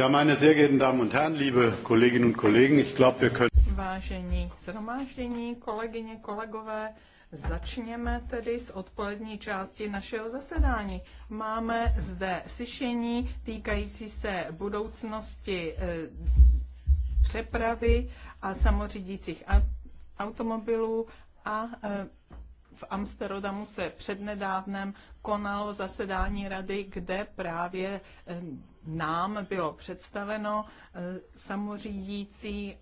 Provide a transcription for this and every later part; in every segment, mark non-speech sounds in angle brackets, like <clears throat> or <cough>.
Ja, meine sehr geehrten Damen und Herren, liebe Kolleginnen und Kollegen, ich glaube, wir können... Vážení zhromáždění, kolegyně, kolegové, začněme tedy s odpolední části našeho zasedání. Máme zde slyšení týkající se budoucnosti e, přepravy a samořídících automobilů a e, v Amsterdamu se přednedávnem konalo zasedání rady, kde právě nám bylo představeno eh, samořídící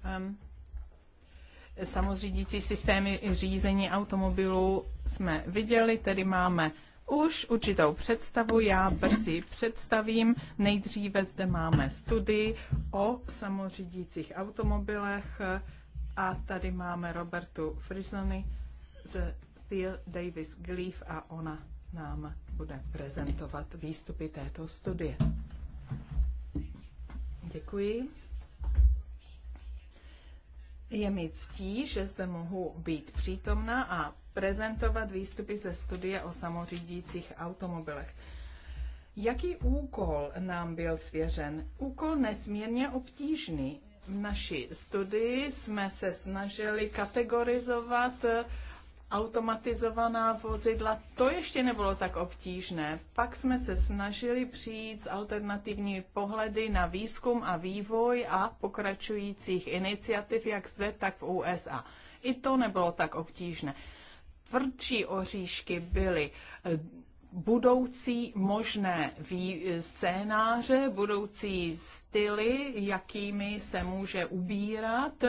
samozřídící systémy řízení automobilů jsme viděli, tedy máme už určitou představu, já brzy představím. Nejdříve zde máme studii o samořídících automobilech eh, a tady máme Robertu Frizony z Phil Davis Gleaf a ona nám bude prezentovat výstupy této studie. Děkuji. Je mi ctí, že zde mohu být přítomna a prezentovat výstupy ze studie o samořídících automobilech. Jaký úkol nám byl svěřen? Úkol nesmírně obtížný. V naší studii jsme se snažili kategorizovat automatizovaná vozidla, to ještě nebylo tak obtížné. Pak jsme se snažili přijít s alternativní pohledy na výzkum a vývoj a pokračujících iniciativ, jak zde, tak v USA. I to nebylo tak obtížné. Tvrdší oříšky byly eh, budoucí možné eh, scénáře, budoucí styly, jakými se může ubírat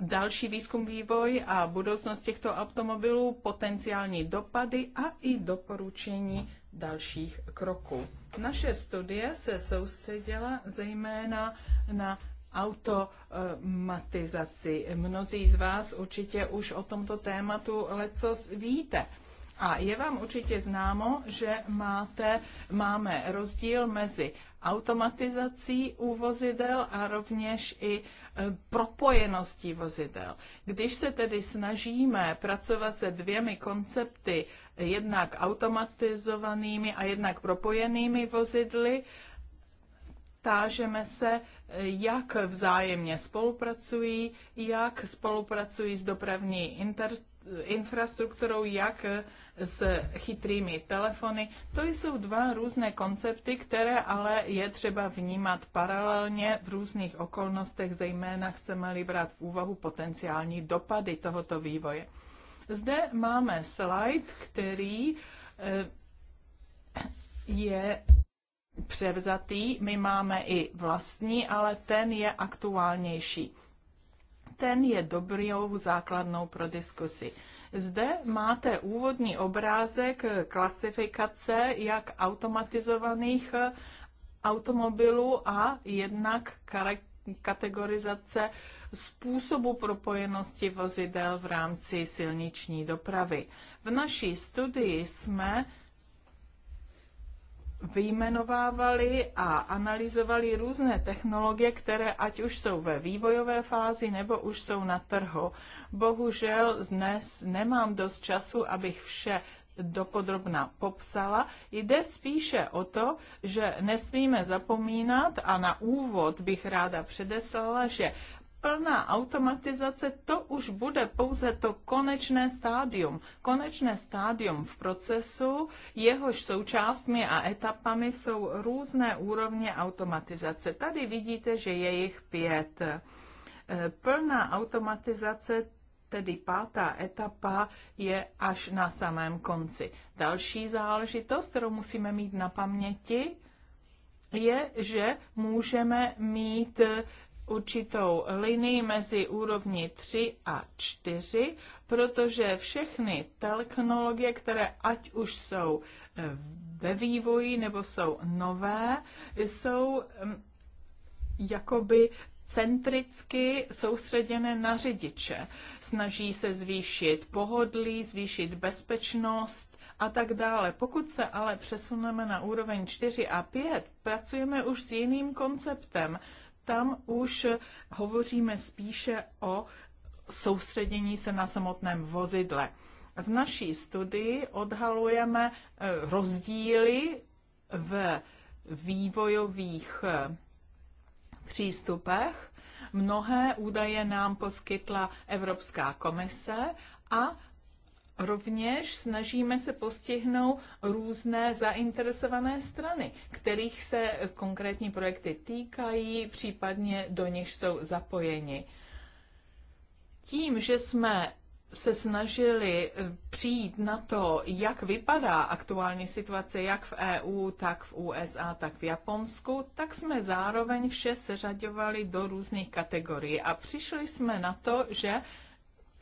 další výzkum, vývoj a budoucnost těchto automobilů, potenciální dopady a i doporučení dalších kroků. Naše studie se soustředila zejména na automatizaci. Mnozí z vás určitě už o tomto tématu lecos víte. A je vám určitě známo, že máte, máme rozdíl mezi automatizací u vozidel a rovněž i Eh, propojeností vozidel. Když se tedy snažíme pracovat se dvěmi koncepty, jednak automatizovanými a jednak propojenými vozidly, tážeme se, jak vzájemně spolupracují, jak spolupracují s dopravní inter- infrastrukturou, jak s chytrými telefony. To jsou dva různé koncepty, které ale je třeba vnímat paralelně v různých okolnostech, zejména chceme-li brát v úvahu potenciální dopady tohoto vývoje. Zde máme slide, který eh, je převzatý. My máme i vlastní, ale ten je aktuálnější ten je dobrou základnou pro diskusi. Zde máte úvodní obrázek klasifikace jak automatizovaných automobilů a jednak kategorizace způsobu propojenosti vozidel v rámci silniční dopravy. V naší studii jsme vyjmenovávali a analyzovali různé technologie, které ať už jsou ve vývojové fázi nebo už jsou na trhu. Bohužel dnes nemám dost času, abych vše dopodrobna popsala. Jde spíše o to, že nesmíme zapomínat a na úvod bych ráda předeslala, že plná automatizace, to už bude pouze to konečné stádium. Konečné stádium v procesu, jehož součástmi a etapami jsou různé úrovně automatizace. Tady vidíte, že je jich pět. E, plná automatizace tedy pátá etapa je až na samém konci. Další záležitost, kterou musíme mít na paměti, je, že můžeme mít určitou linii mezi úrovni 3 a 4, protože všechny technologie, které ať už jsou eh, ve vývoji nebo jsou nové, jsou mm, jakoby centricky soustředěné na řidiče. Snaží se zvýšit pohodlí, zvýšit bezpečnost a tak dále. Pokud se ale přesuneme na úroveň 4 a 5, pracujeme už s jiným konceptem tam už hovoříme spíše o soustředění se na samotném vozidle. V naší studii odhalujeme eh, rozdíly v vývojových eh, přístupech. Mnohé údaje nám poskytla Evropská komise a Rovněž snažíme se postihnout různé zainteresované strany, kterých se konkrétní projekty týkají, případně do nich jsou zapojeni. Tím, že jsme se snažili eh, přijít na to, jak vypadá aktuální situace jak v EU, tak v USA, tak v Japonsku, tak jsme zároveň vše seřadovali do různých kategorií a přišli jsme na to, že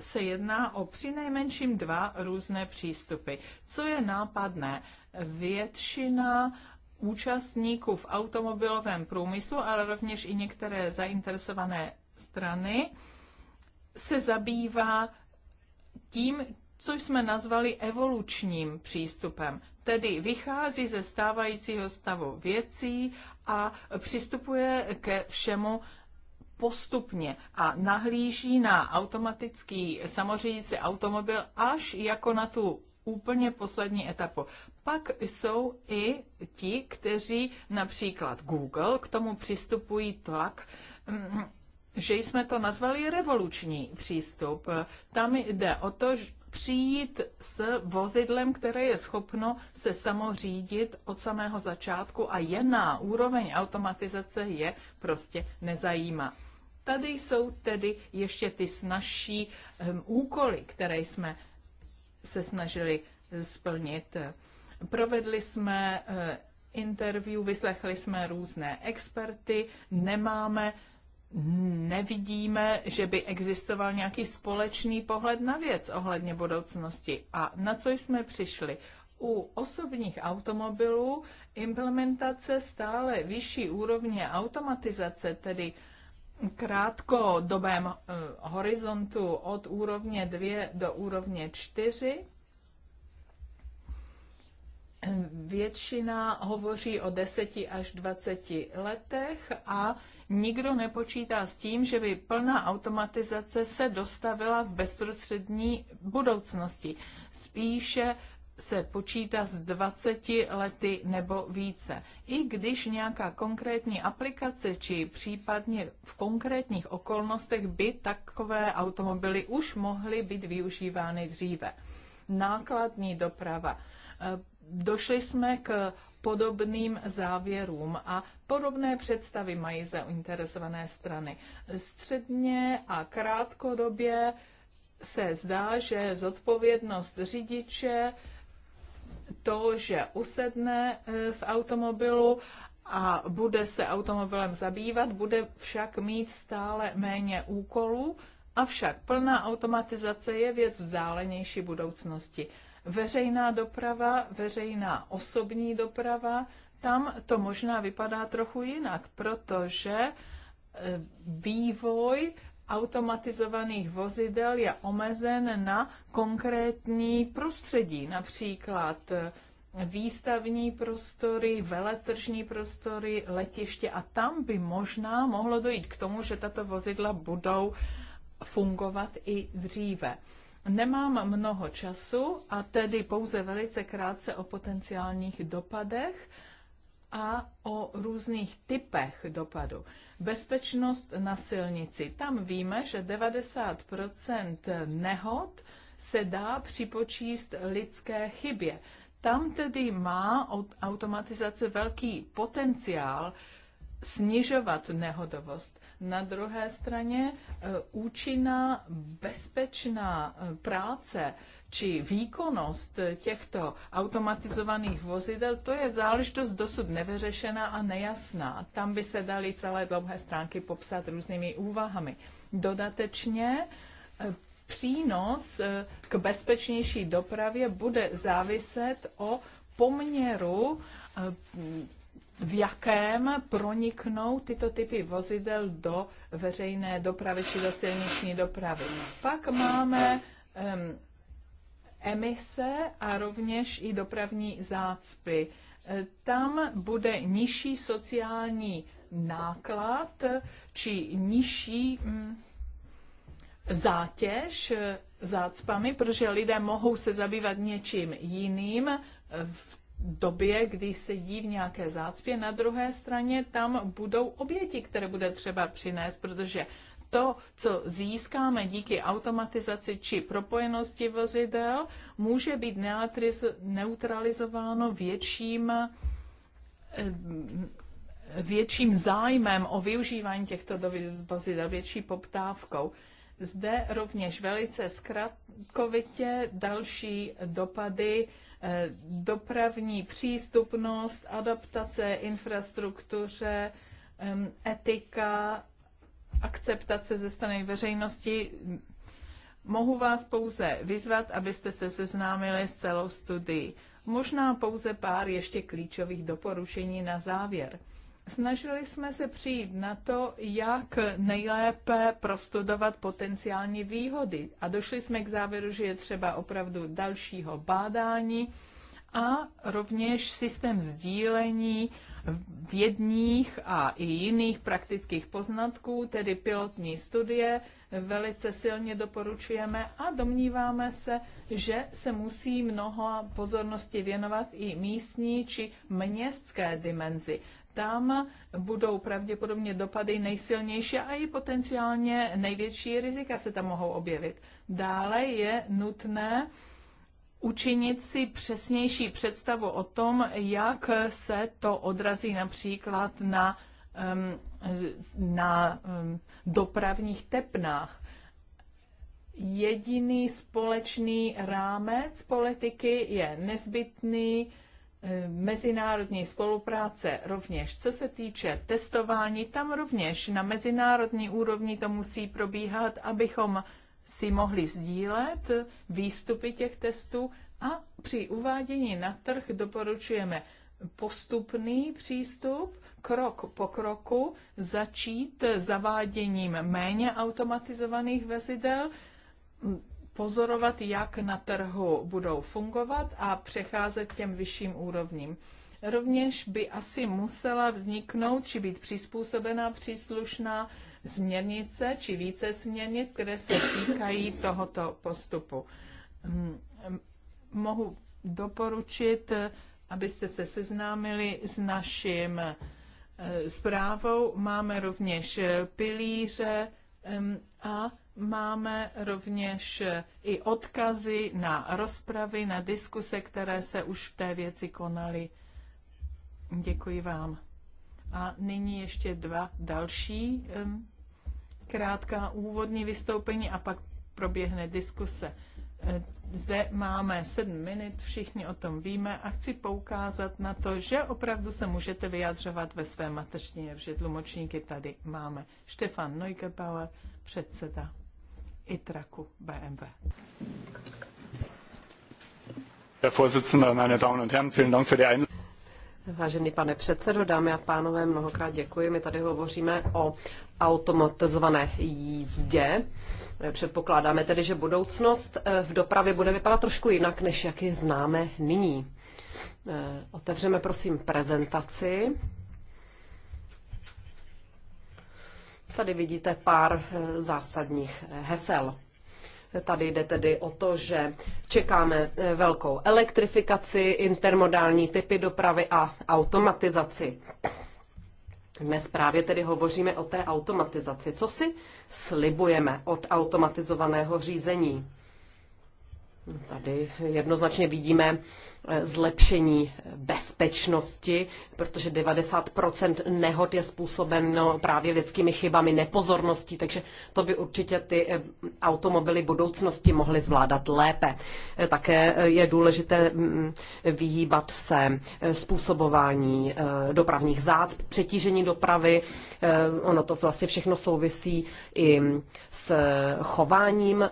se jedná o přinejmenším dva různé přístupy. Co je nápadné? Většina účastníků v automobilovém průmyslu, ale rovněž i některé zainteresované strany se zabývá tím, co jsme nazvali evolučním přístupem, tedy vychází ze stávajícího stavu věcí a přistupuje ke všemu postupně a nahlíží na automatický samořídící automobil až jako na tu úplně poslední etapu. Pak jsou i ti, kteří například Google k tomu přistupují tak, mm, že jsme to nazvali revoluční přístup. Tam jde o to, že přijít s vozidlem, které je schopno se samořídit od samého začátku a jená úroveň automatizace je prostě nezajímá. Tady jsou tedy ještě ty snažší um, úkoly, které jsme se snažili splnit. Provedli jsme uh, interview, vyslechli jsme různé experty, nemáme nevidíme, že by existoval nějaký společný pohled na věc ohledně budoucnosti. A na co jsme přišli? U osobních automobilů implementace stále vyšší úrovně automatizace, tedy krátkodobém eh, horizontu od úrovně 2 do úrovně 4 Většina hovoří o 10 až 20 letech a nikdo nepočítá s tím, že by plná automatizace se dostavila v bezprostřední budoucnosti. Spíše se počítá z 20 lety nebo více. I když nějaká konkrétní aplikace či případně v konkrétních okolnostech by takové automobily už mohly být využívány dříve. Nákladní doprava. E, došli jsme k podobným závěrům a podobné představy mají zainteresované strany. Středně a krátkodobě se zdá, že zodpovědnost řidiče to, že usedne e, v automobilu a bude se automobilem zabývat, bude však mít stále méně úkolů, avšak plná automatizace je věc vzdálenější budoucnosti. Veřejná doprava, veřejná osobní doprava, tam to možná vypadá trochu jinak, protože e, vývoj automatizovaných vozidel je omezen na konkrétní prostředí, například eh, výstavní prostory, veletržní prostory, letiště a tam by možná mohlo dojít k tomu, že tato vozidla budou fungovat i dříve. Nemám mnoho času a tedy pouze velice krátce o potenciálních dopadech a o různých typech dopadu. Bezpečnost na silnici. Tam víme, že 90 nehod se dá připočíst lidské chybě. Tam tedy má automatizace velký potenciál snižovat nehodovost. Na druhé straně e, účinná, bezpečná e, práce či výkonnost těchto automatizovaných vozidel, to je záležitost dosud nevyřešená a nejasná. Tam by se daly celé dlouhé stránky popsat různými úvahami. Dodatečně eh, přínos eh, k bezpečnější dopravě bude záviset o poměru eh, v jakém proniknou tyto typy vozidel do veřejné dopravy či do silniční dopravy. Pak máme um, emise a rovněž i dopravní zácpy. E, tam bude nižší sociální náklad či nižší mm, zátěž e, zácpami, protože lidé mohou se zabývat něčím jiným v době, kdy sedí v nějaké zácpě. Na druhé straně tam budou oběti, které bude třeba přinést, protože to, co získáme díky automatizaci či propojenosti vozidel, může být neutralizováno větším eh, větším zájmem o využívání těchto vozidel, větší poptávkou. Zde rovněž velice zkratkovitě další dopady eh, dopravní přístupnost, adaptace infrastruktuře, eh, etika, akceptace ze strany veřejnosti. Mohu vás pouze vyzvat, abyste se seznámili s celou studií. Možná pouze pár ještě klíčových doporučení na závěr. Snažili jsme se přijít na to, jak nejlépe prostudovat potenciální výhody a došli jsme k závěru, že je třeba opravdu dalšího bádání a rovněž systém sdílení vědních a i jiných praktických poznatků, tedy pilotní studie, velice silně doporučujeme a domníváme se, že se musí mnoho pozornosti věnovat i místní či městské dimenzi. Tam budou pravděpodobně dopady nejsilnější a i potenciálně největší rizika se tam mohou objevit. Dále je nutné učinit si přesnější představu o tom, jak se to odrazí například na, na dopravních tepnách. Jediný společný rámec politiky je nezbytný, mezinárodní spolupráce rovněž. Co se týče testování, tam rovněž na mezinárodní úrovni to musí probíhat, abychom si mohli sdílet výstupy těch testů a při uvádění na trh doporučujeme postupný přístup, krok po kroku, začít zaváděním méně automatizovaných vozidel, pozorovat, jak na trhu budou fungovat a přecházet těm vyšším úrovním. Rovněž by asi musela vzniknout či být přizpůsobená příslušná směrnice či více směrnic, které se týkají tohoto postupu. Mm, mm, mohu doporučit, abyste se seznámili s naším eh, zprávou. Máme rovněž eh, pilíře mm, a máme rovněž eh, i odkazy na rozpravy, na diskuse, které se už v té věci konaly. Děkuji vám. A nyní ještě dva další um, krátká úvodní vystoupení a pak proběhne diskuse. Eh, zde máme sedm minut, všichni o tom víme a chci poukázat na to, že opravdu se můžete vyjadřovat ve své mateřštině, protože tlumočníky tady máme. Štefan Neugebauer, předseda ITRAKu BMW. Herr Vorsitzender, meine Damen und Herren, vielen Dank für die Einladung. Vážený pane předsedo, dámy a pánové, mnohokrát děkuji. My tady hovoříme o automatizované jízdě. Předpokládáme tedy, že budoucnost eh, v dopravě bude vypadat trošku jinak, než jak ji známe nyní. Eh, otevřeme prosím prezentaci. Tady vidíte pár eh, zásadních hesel. Tady jde tedy o to, že čekáme eh, velkou elektrifikaci, intermodální typy dopravy a automatizaci. Dnes právě tedy hovoříme o té automatizaci. Co si slibujeme od automatizovaného řízení? Tady jednoznačně vidíme Eh, zlepšení bezpečnosti, protože 90% nehod je způsobeno právě lidskými chybami, nepozorností, takže to by určitě ty eh, automobily budoucnosti mohly zvládat lépe. Eh, také je důležité mm, vyhýbat se způsobování dopravních zácp, přetížení dopravy, ono to vlastně všechno souvisí i s chováním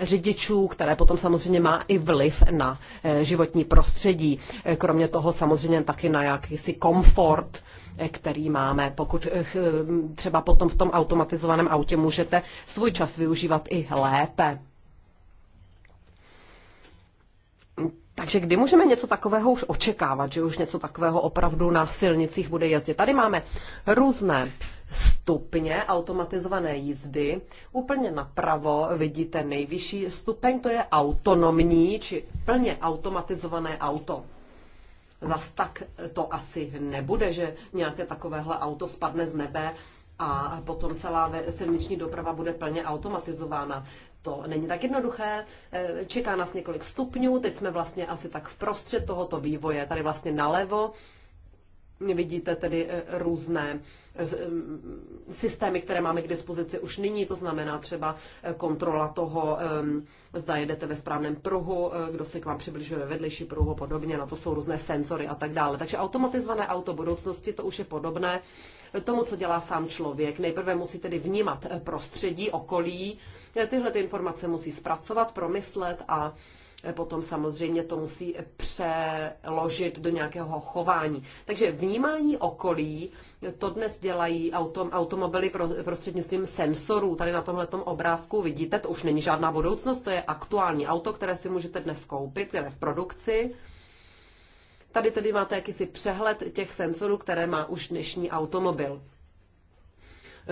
řidičů, které potom samozřejmě má i vliv na životní životní prostředí. Eh, kromě toho samozřejmě taky na jakýsi komfort, eh, který máme. Pokud eh, třeba potom v tom automatizovaném autě můžete svůj čas využívat i lépe. Takže kdy můžeme něco takového už očekávat, že už něco takového opravdu na silnicích bude jezdit? Tady máme různé stupně automatizované jízdy. Úplně napravo vidíte nejvyšší stupeň, to je autonomní či plně automatizované auto. Zas tak to asi nebude, že nějaké takovéhle auto spadne z nebe a potom celá silniční doprava bude plně automatizována. To není tak jednoduché, eh, čeká nás několik stupňů, teď jsme vlastně asi tak v prostřed tohoto vývoje, tady vlastně nalevo Vidíte tedy eh, různé eh, eh, systémy, které máme k dispozici už nyní, to znamená třeba kontrola toho, zda jedete ve správném pruhu, kdo se k vám přibližuje vedlejší pruhu a podobně, na to jsou různé senzory a tak dále. Takže automatizované auto budoucnosti to už je podobné tomu, co dělá sám člověk. Nejprve musí tedy vnímat prostředí, okolí, tyhle ty informace musí zpracovat, promyslet a potom samozřejmě to musí přeložit do nějakého chování. Takže vnímání okolí, to dnes dělají autom, automobily prostřednictvím sensorů. Tady na tomhle obrázku vidíte, to už není žádná budoucnost, to je aktuální auto, které si můžete dnes koupit, které je v produkci. Tady tedy máte jakýsi přehled těch sensorů, které má už dnešní automobil.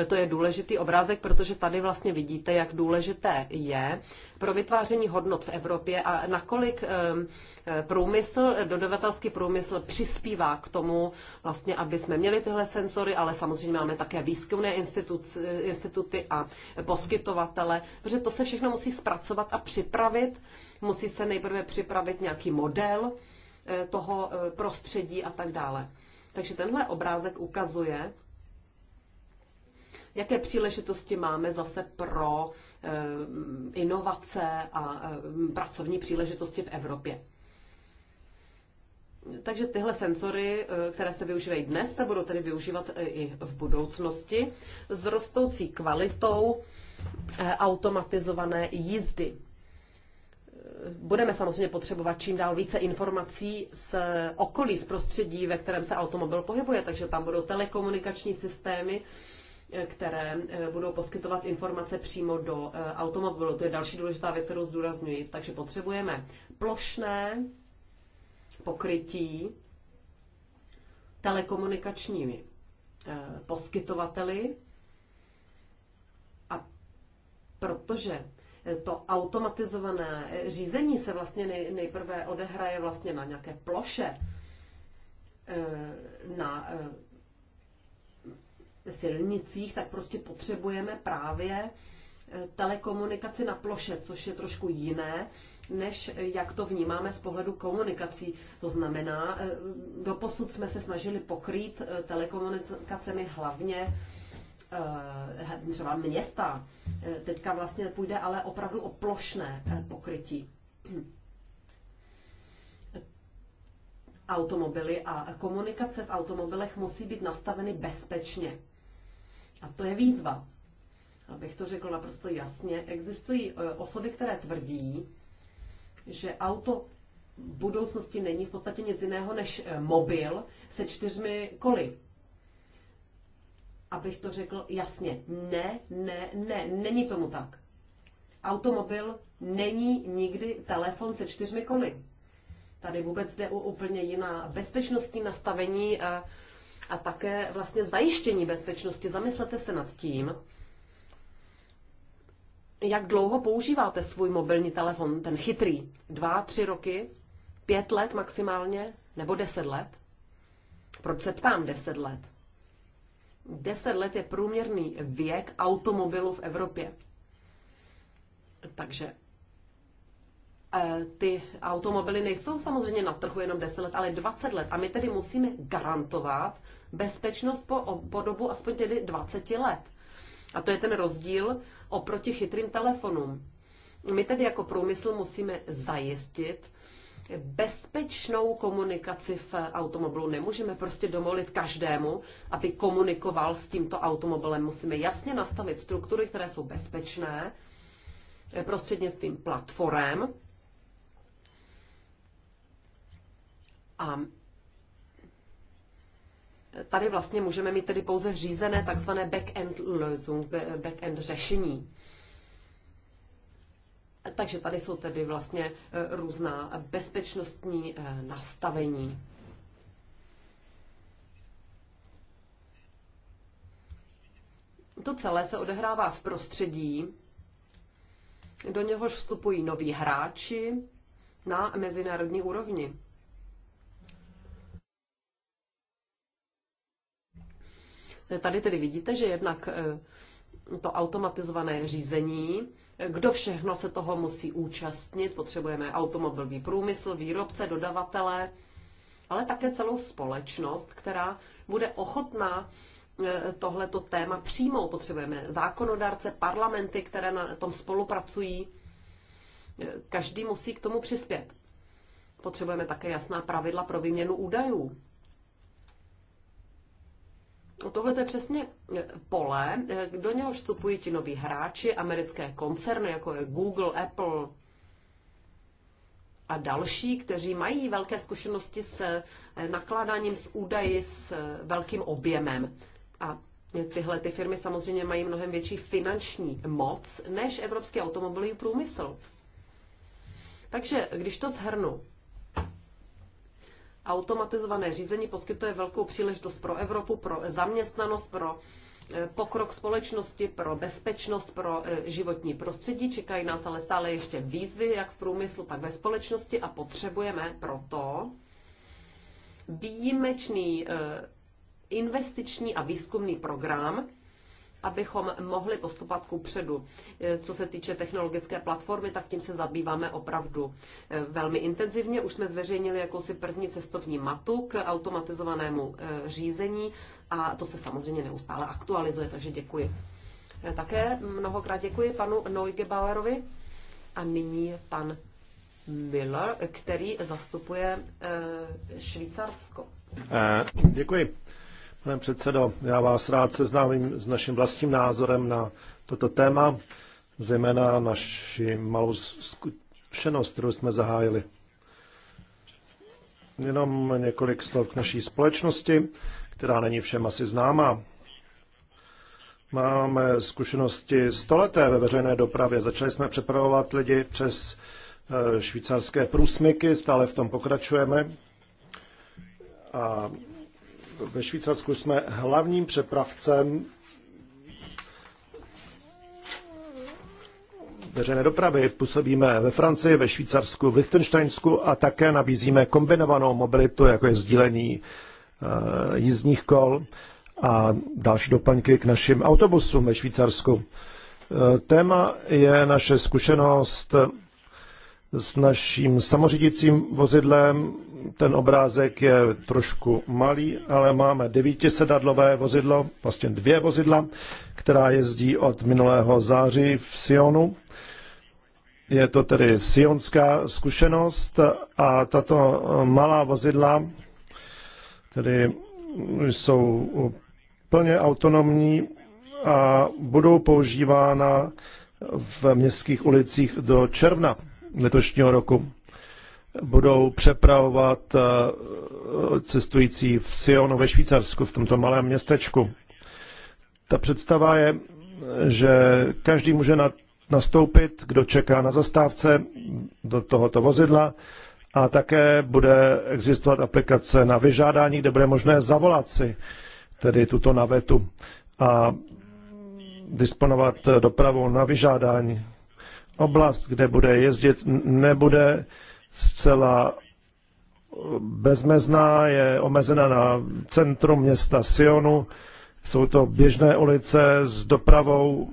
To je důležitý obrázek, protože tady vlastně vidíte, jak důležité je pro vytváření hodnot v Evropě a nakolik ehm, e, průmysl, dodavatelský průmysl přispívá k tomu, vlastně, aby jsme měli tyhle senzory, ale samozřejmě máme také výzkumné instituty a poskytovatele, protože to se všechno musí zpracovat a připravit. Musí se nejprve připravit nějaký model e, toho e, prostředí a tak dále. Takže tenhle obrázek ukazuje, jaké příležitosti máme zase pro eh, inovace a eh, pracovní příležitosti v Evropě. Takže tyhle senzory, eh, které se využívají dnes, se budou tedy využívat i v budoucnosti s rostoucí kvalitou automatizované jízdy. Budeme samozřejmě potřebovat čím dál více informací z okolí, z prostředí, ve kterém se automobil pohybuje, takže tam budou telekomunikační systémy, které eh, budou poskytovat informace přímo do eh, automobilu. To je další důležitá věc, kterou zdůraznuju. Takže potřebujeme plošné pokrytí telekomunikačními eh, poskytovateli a protože to automatizované řízení se vlastně nejprve odehraje vlastně na nějaké ploše, na silnicích, tak prostě potřebujeme právě e, telekomunikaci na ploše, což je trošku jiné, než e, jak to vnímáme z pohledu komunikací. To znamená, e, doposud jsme se snažili pokrýt telekomunikacemi hlavně třeba města. Teďka vlastně půjde ale opravdu o plošné pokrytí. Automobily a komunikace v automobilech musí být nastaveny bezpečně. A to je výzva. Abych to řekl naprosto jasně, existují e, osoby, které tvrdí, že auto v budoucnosti není v podstatě nic jiného než e, mobil se čtyřmi koly. Abych to řekl jasně, ne, ne, ne, není tomu tak. Automobil není nikdy telefon se čtyřmi koly. Tady vůbec jde o úplně jiná bezpečnostní nastavení a e, a také vlastně zajištění bezpečnosti. Zamyslete se nad tím, jak dlouho používáte svůj mobilní telefon, ten chytrý? Dva, tři roky? Pět let maximálně? Nebo deset let? Proč se ptám deset let? Deset let je průměrný věk automobilu v Evropě. Takže eh, ty automobily nejsou samozřejmě na trhu jenom 10 let, ale 20 let. A my tedy musíme garantovat, bezpečnost po, po dobu aspoň tedy 20 let. A to je ten rozdíl oproti chytrým telefonům. My tedy jako průmysl musíme zajistit bezpečnou komunikaci v automobilu. Nemůžeme prostě domolit každému, aby komunikoval s tímto automobilem. Musíme jasně nastavit struktury, které jsou bezpečné eh, prostřednictvím platform. A tady vlastně můžeme mít tedy pouze řízené takzvané back-end lösung, back-end řešení. Takže tady jsou tedy vlastně eh, různá bezpečnostní eh, nastavení. To celé se odehrává v prostředí, do něhož vstupují noví hráči na mezinárodní úrovni. Tady tedy vidíte, že jednak eh, to automatizované řízení, eh, kdo všechno se toho musí účastnit, potřebujeme automobilový průmysl, výrobce, dodavatele, ale také celou společnost, která bude ochotná eh, tohleto téma přijmout. Potřebujeme zákonodárce, parlamenty, které na tom spolupracují. Každý musí k tomu přispět. Potřebujeme také jasná pravidla pro výměnu údajů. Tohle je přesně e, pole, e, do něhož vstupují ti noví hráči, americké koncerny, jako je Google, Apple a další, kteří mají velké zkušenosti s e, nakládáním s údaji s velkým objemem. A tyhle ty firmy samozřejmě mají mnohem větší finanční moc než evropský automobilový průmysl. Takže když to zhrnu, automatizované řízení poskytuje velkou příležitost pro Evropu, pro zaměstnanost, pro eh, pokrok společnosti, pro bezpečnost, pro eh, životní prostředí. Čekají nás ale stále ještě výzvy, jak v průmyslu, tak ve společnosti a potřebujeme proto výjimečný eh, investiční a výzkumný program, abychom mohli postupovat ku předu. Eh, co se týče technologické platformy, tak tím se zabýváme opravdu eh, velmi intenzivně. Už jsme zveřejnili jakousi první cestovní matu k automatizovanému eh, řízení a to se samozřejmě neustále aktualizuje, takže děkuji. Také mnohokrát děkuji panu Bauerovi a nyní pan Miller, který zastupuje Švýcarsko. Děkuji. Pane předsedo, já vás rád seznámím s naším vlastním názorem na toto téma, zejména naši malou zkušenost, kterou jsme zahájili. Jenom několik slov k naší společnosti, která není všem asi známá. Máme zkušenosti stoleté ve veřejné dopravě. Začali jsme přepravovat lidi přes eh, švýcarské průsmyky, stále v tom pokračujeme. A ve Švýcarsku jsme hlavním přepravcem veřejné dopravy. Působíme ve Francii, ve Švýcarsku, v Lichtensteinsku a také nabízíme kombinovanou mobilitu, jako je sdílení eh, jízdních kol a další doplňky k našim autobusům ve Švýcarsku. Eh, téma je naše zkušenost s naším samořídicím vozidlem ten obrázek je trošku malý, ale máme devítisedadlové vozidlo, vlastně dvě vozidla, která jezdí od minulého září v Sionu. Je to tedy sionská zkušenost a tato malá vozidla, tedy jsou plně autonomní a budou používána v městských ulicích do června letošního roku budou přepravovat eh, cestující v Sionu ve Švýcarsku, v tomto malém městečku. Ta představa je, že každý může nastoupit, kdo čeká na zastávce do tohoto vozidla a také bude existovat aplikace na vyžádání, kde bude možné zavolat si tedy tuto navetu a disponovat dopravou na vyžádání. Oblast, kde bude jezdit, nebude zcela bezmezná, je omezena na centrum města Sionu. Jsou to běžné ulice s dopravou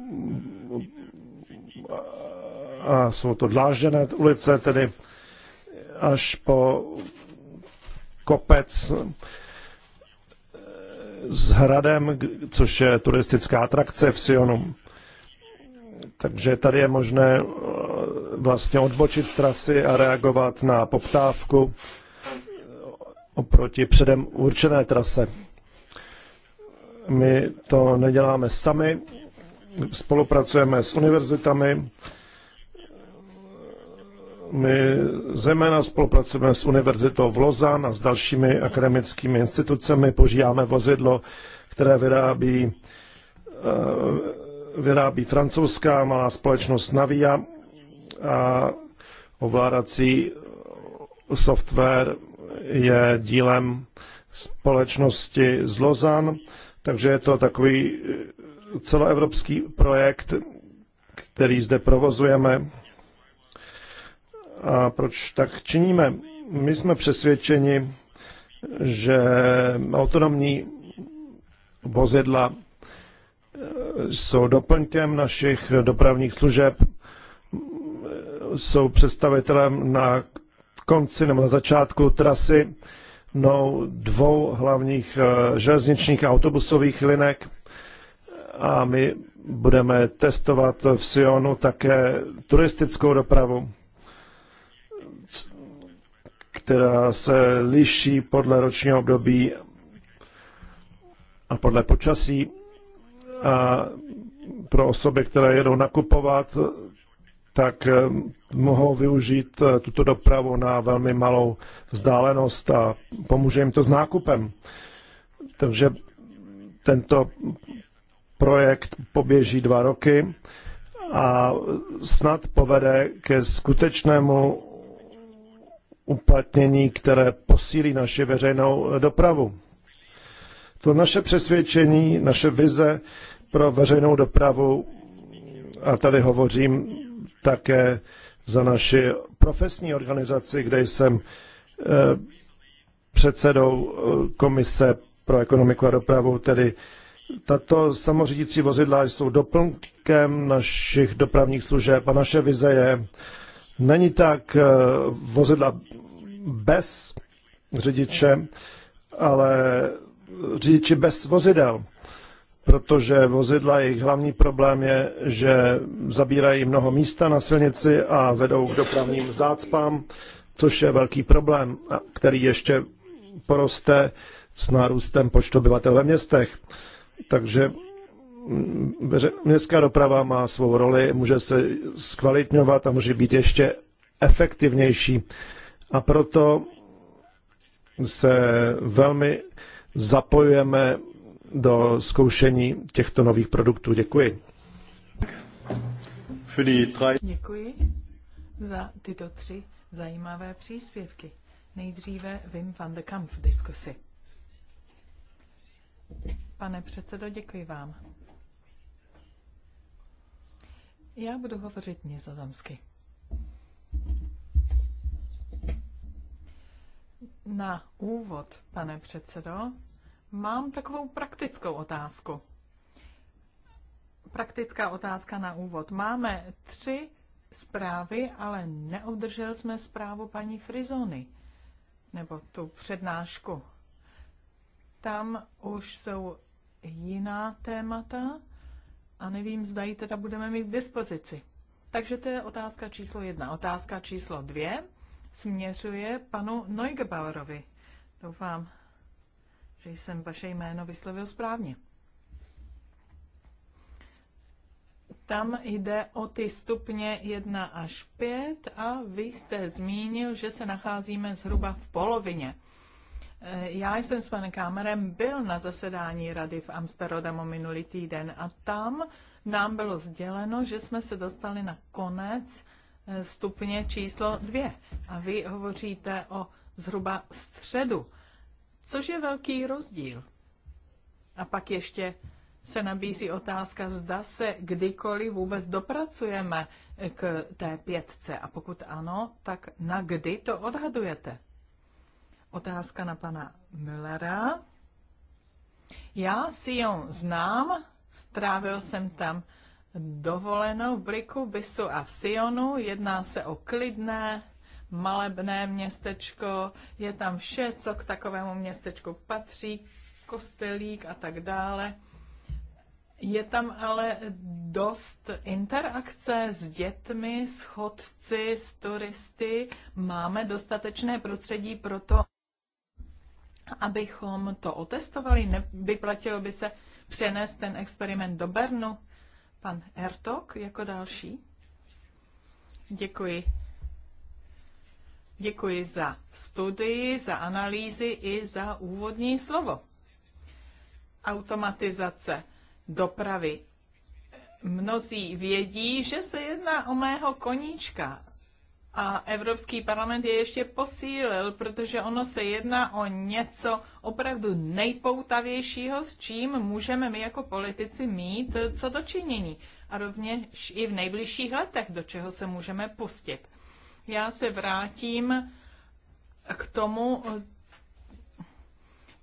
a jsou to dlážděné ulice, tedy až po kopec s hradem, což je turistická atrakce v Sionu. Takže tady je možné vlastně odbočit z trasy a reagovat na poptávku oproti předem určené trase. My to neděláme sami, spolupracujeme s univerzitami, my zejména spolupracujeme s Univerzitou v Lozan a s dalšími akademickými institucemi, požíváme vozidlo, které vyrábí, eh, vyrábí francouzská malá společnost Navia ovládací software je dílem společnosti z Lozan, takže je to takový celoevropský projekt, který zde provozujeme. A proč tak činíme? My jsme přesvědčeni, že autonomní vozidla jsou doplňkem našich dopravních služeb, jsou představitelem na konci nebo na začátku trasy no, dvou hlavních eh, železničních a autobusových linek a my budeme testovat v Sionu také turistickou dopravu, která se liší podle ročního období a podle počasí. A pro osoby, které jedou nakupovat, tak eh, mohou využít eh, tuto dopravu na velmi malou vzdálenost a pomůže jim to s nákupem. Takže tento projekt poběží dva roky a snad povede ke skutečnému uplatnění, které posílí naši veřejnou dopravu. To naše přesvědčení, naše vize pro veřejnou dopravu, a tady hovořím také za naši profesní organizaci, kde jsem eh, předsedou eh, Komise pro ekonomiku a dopravu, tedy tato samořídící vozidla jsou doplňkem našich dopravních služeb a naše vize je, není tak eh, vozidla bez řidiče, ale řidiči bez vozidel protože vozidla, jejich hlavní problém je, že zabírají mnoho místa na silnici a vedou k dopravním zácpám, což je velký problém, který ještě poroste s nárůstem počtu obyvatel ve městech. Takže mm, městská doprava má svou roli, může se zkvalitňovat a může být ještě efektivnější. A proto se velmi zapojujeme do zkoušení těchto nových produktů. Děkuji. Děkuji za tyto tři zajímavé příspěvky. Nejdříve Wim van de Kamp v diskusi. Pane předsedo, děkuji vám. Já budu hovořit nizozemsky. Na úvod, pane předsedo, Mám takovou praktickou otázku. Praktická otázka na úvod. Máme tři zprávy, ale neobdržel jsme zprávu paní Frizony, nebo tu přednášku. Tam už jsou jiná témata a nevím, zda ji teda budeme mít k dispozici. Takže to je otázka číslo jedna. Otázka číslo dvě směřuje panu Neugebauerovi. Doufám, že jsem vaše jméno vyslovil správně. Tam jde o ty stupně 1 až 5 a vy jste zmínil, že se nacházíme zhruba v polovině. Já jsem s panem Kámerem byl na zasedání rady v Amsterdamu minulý týden a tam nám bylo sděleno, že jsme se dostali na konec eh, stupně číslo 2. A vy hovoříte o zhruba středu což je velký rozdíl. A pak ještě se nabízí otázka, zda se kdykoliv vůbec dopracujeme k té pětce a pokud ano, tak na kdy to odhadujete? Otázka na pana Müllera. Já si Sion znám, trávil jsem tam dovolenou v Briku, Bisu a v Sionu. Jedná se o klidné malebné městečko, je tam vše, co k takovému městečku patří, kostelík a tak dále. Je tam ale dost interakce s dětmi, s chodci, s turisty. Máme dostatečné prostředí pro to, abychom to otestovali. Vyplatilo by se přenést ten experiment do Bernu. Pan Ertok jako další. Děkuji. Děkuji za studii, za analýzy i za úvodní slovo. Automatizace dopravy. Mnozí vědí, že se jedná o mého koníčka. A Evropský parlament je ještě posílil, protože ono se jedná o něco opravdu nejpoutavějšího, s čím můžeme my jako politici mít co dočinění. A rovněž i v nejbližších letech, do čeho se můžeme pustit. Já se vrátím k tomu,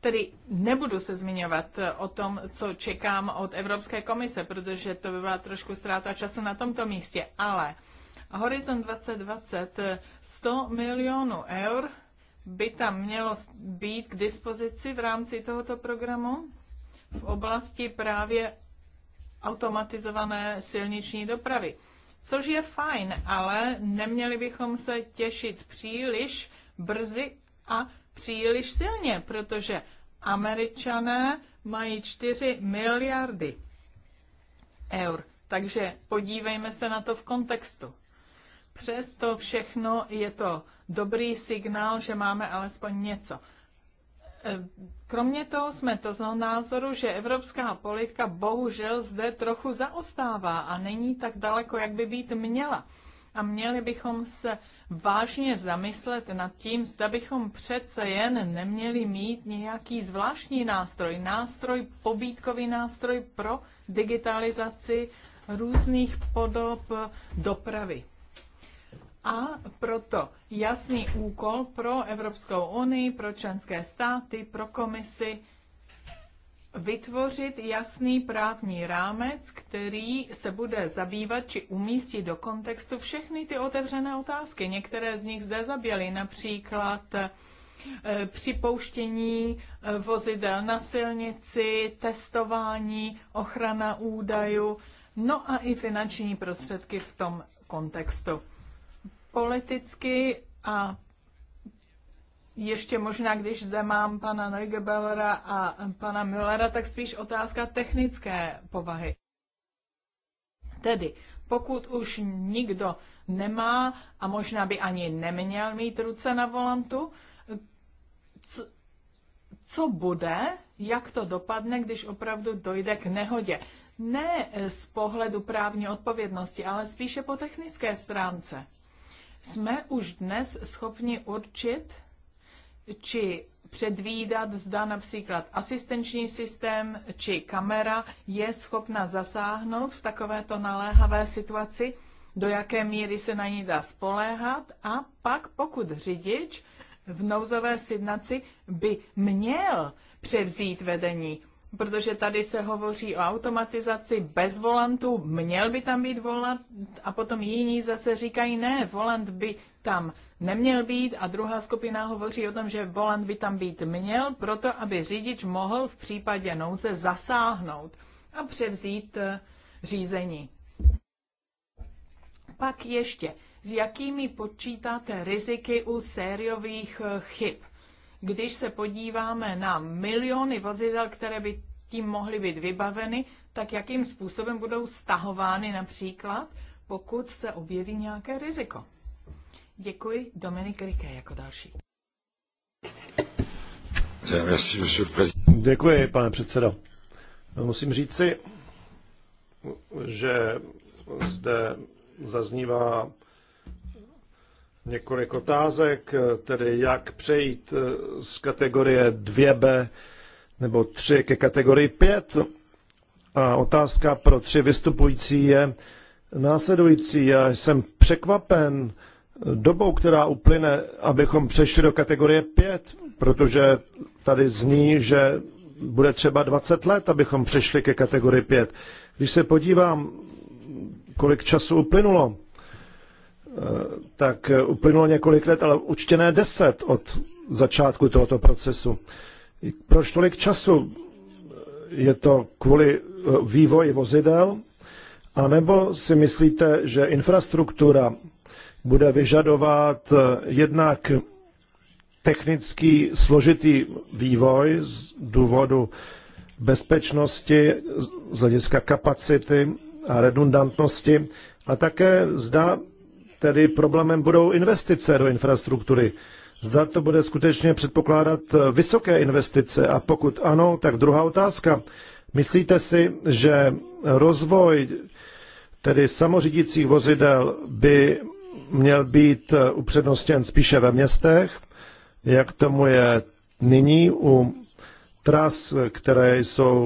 tedy nebudu se zmiňovat o tom, co čekám od Evropské komise, protože to by byla trošku ztráta času na tomto místě, ale Horizon 2020 100 milionů eur by tam mělo být k dispozici v rámci tohoto programu v oblasti právě automatizované silniční dopravy což je fajn, ale neměli bychom se těšit příliš brzy a příliš silně, protože američané mají 4 miliardy eur. Takže podívejme se na to v kontextu. Přesto všechno je to dobrý signál, že máme alespoň něco. Kromě toho jsme to z názoru, že evropská politika bohužel zde trochu zaostává a není tak daleko, jak by být měla. A měli bychom se vážně zamyslet nad tím, zda bychom přece jen neměli mít nějaký zvláštní nástroj, nástroj, pobídkový nástroj pro digitalizaci různých podob dopravy a proto jasný úkol pro Evropskou unii, pro členské státy, pro komisi vytvořit jasný právní rámec, který se bude zabývat či umístí do kontextu všechny ty otevřené otázky. Některé z nich zde zaběly, například eh, připouštění eh, vozidel na silnici, testování, ochrana údajů, no a i finanční prostředky v tom kontextu politicky a ještě možná, když zde mám pana Neugebellera a pana Müllera, tak spíš otázka technické povahy. Tedy, pokud už nikdo nemá a možná by ani neměl mít ruce na volantu, co, co bude, jak to dopadne, když opravdu dojde k nehodě. Ne z pohledu právní odpovědnosti, ale spíše po technické stránce jsme už dnes schopni určit, či předvídat, zda například asistenční systém či kamera je schopna zasáhnout v takovéto naléhavé situaci, do jaké míry se na ní dá spoléhat a pak pokud řidič v nouzové signaci by měl převzít vedení protože tady se hovoří o automatizaci bez volantu, měl by tam být volant a potom jiní zase říkají, ne, volant by tam neměl být a druhá skupina hovoří o tom, že volant by tam být měl, proto aby řidič mohl v případě nouze zasáhnout a převzít eh, řízení. Pak ještě, s jakými počítáte riziky u sériových eh, chyb? Když se podíváme na miliony vozidel, které by tím mohly být vybaveny, tak jakým způsobem budou stahovány například, pokud se objeví nějaké riziko. Děkuji. Dominik Rike jako další. Děkuji, pane předsedo. Musím říci, že zde zaznívá několik otázek, tedy jak přejít eh, z kategorie 2B nebo 3 ke kategorii 5. A otázka pro tři vystupující je následující. Já jsem překvapen dobou, která uplyne, abychom přešli do kategorie 5, protože tady zní, že bude třeba 20 let, abychom přešli ke kategorii 5. Když se podívám, kolik času uplynulo, Eh, tak eh, uplynulo několik let, ale určitě ne deset od začátku tohoto procesu. Proč tolik času? Eh, je to kvůli vývoji vozidel? A nebo si myslíte, že infrastruktura bude vyžadovat jednak technický složitý vývoj z důvodu bezpečnosti, z hlediska kapacity a redundantnosti, a také zda tedy problémem budou investice do infrastruktury. Zda to bude skutečně předpokládat eh, vysoké investice a pokud ano, tak druhá otázka. Myslíte si, že rozvoj tedy samořídících vozidel by měl být eh, upřednostněn spíše ve městech, jak tomu je nyní u tras, které jsou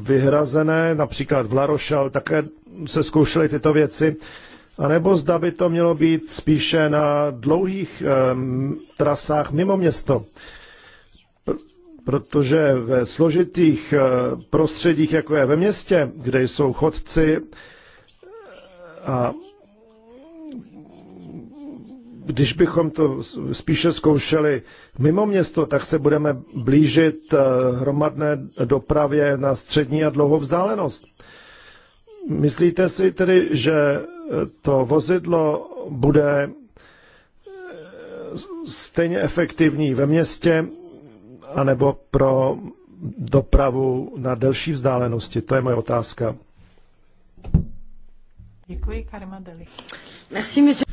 vyhrazené, například v Larošal, také se zkoušely tyto věci anebo zda by to mělo být spíše na dlouhých um, trasách mimo město. Pr- protože ve složitých eh, prostředích, jako je ve městě, kde jsou chodci eh, a když bychom to spíše zkoušeli mimo město, tak se budeme blížit hromadné dopravě na střední a dlouhou vzdálenost. Myslíte si tedy, že to vozidlo bude eh, stejně efektivní ve městě anebo pro dopravu na delší vzdálenosti? To je moje otázka. Děkuji, Karima Deli.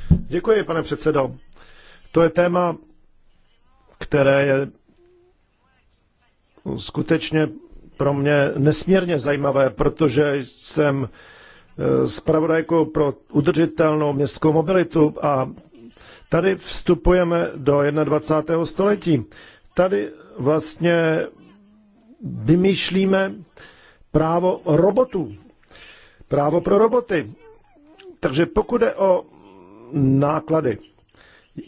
Děkuji, pane předsedo. To je téma, které je skutečně pro mě nesmírně zajímavé, protože jsem zpravodajkou pro udržitelnou městskou mobilitu a tady vstupujeme do 21. století. Tady vlastně vymýšlíme právo robotů, právo pro roboty. Takže pokud je o náklady,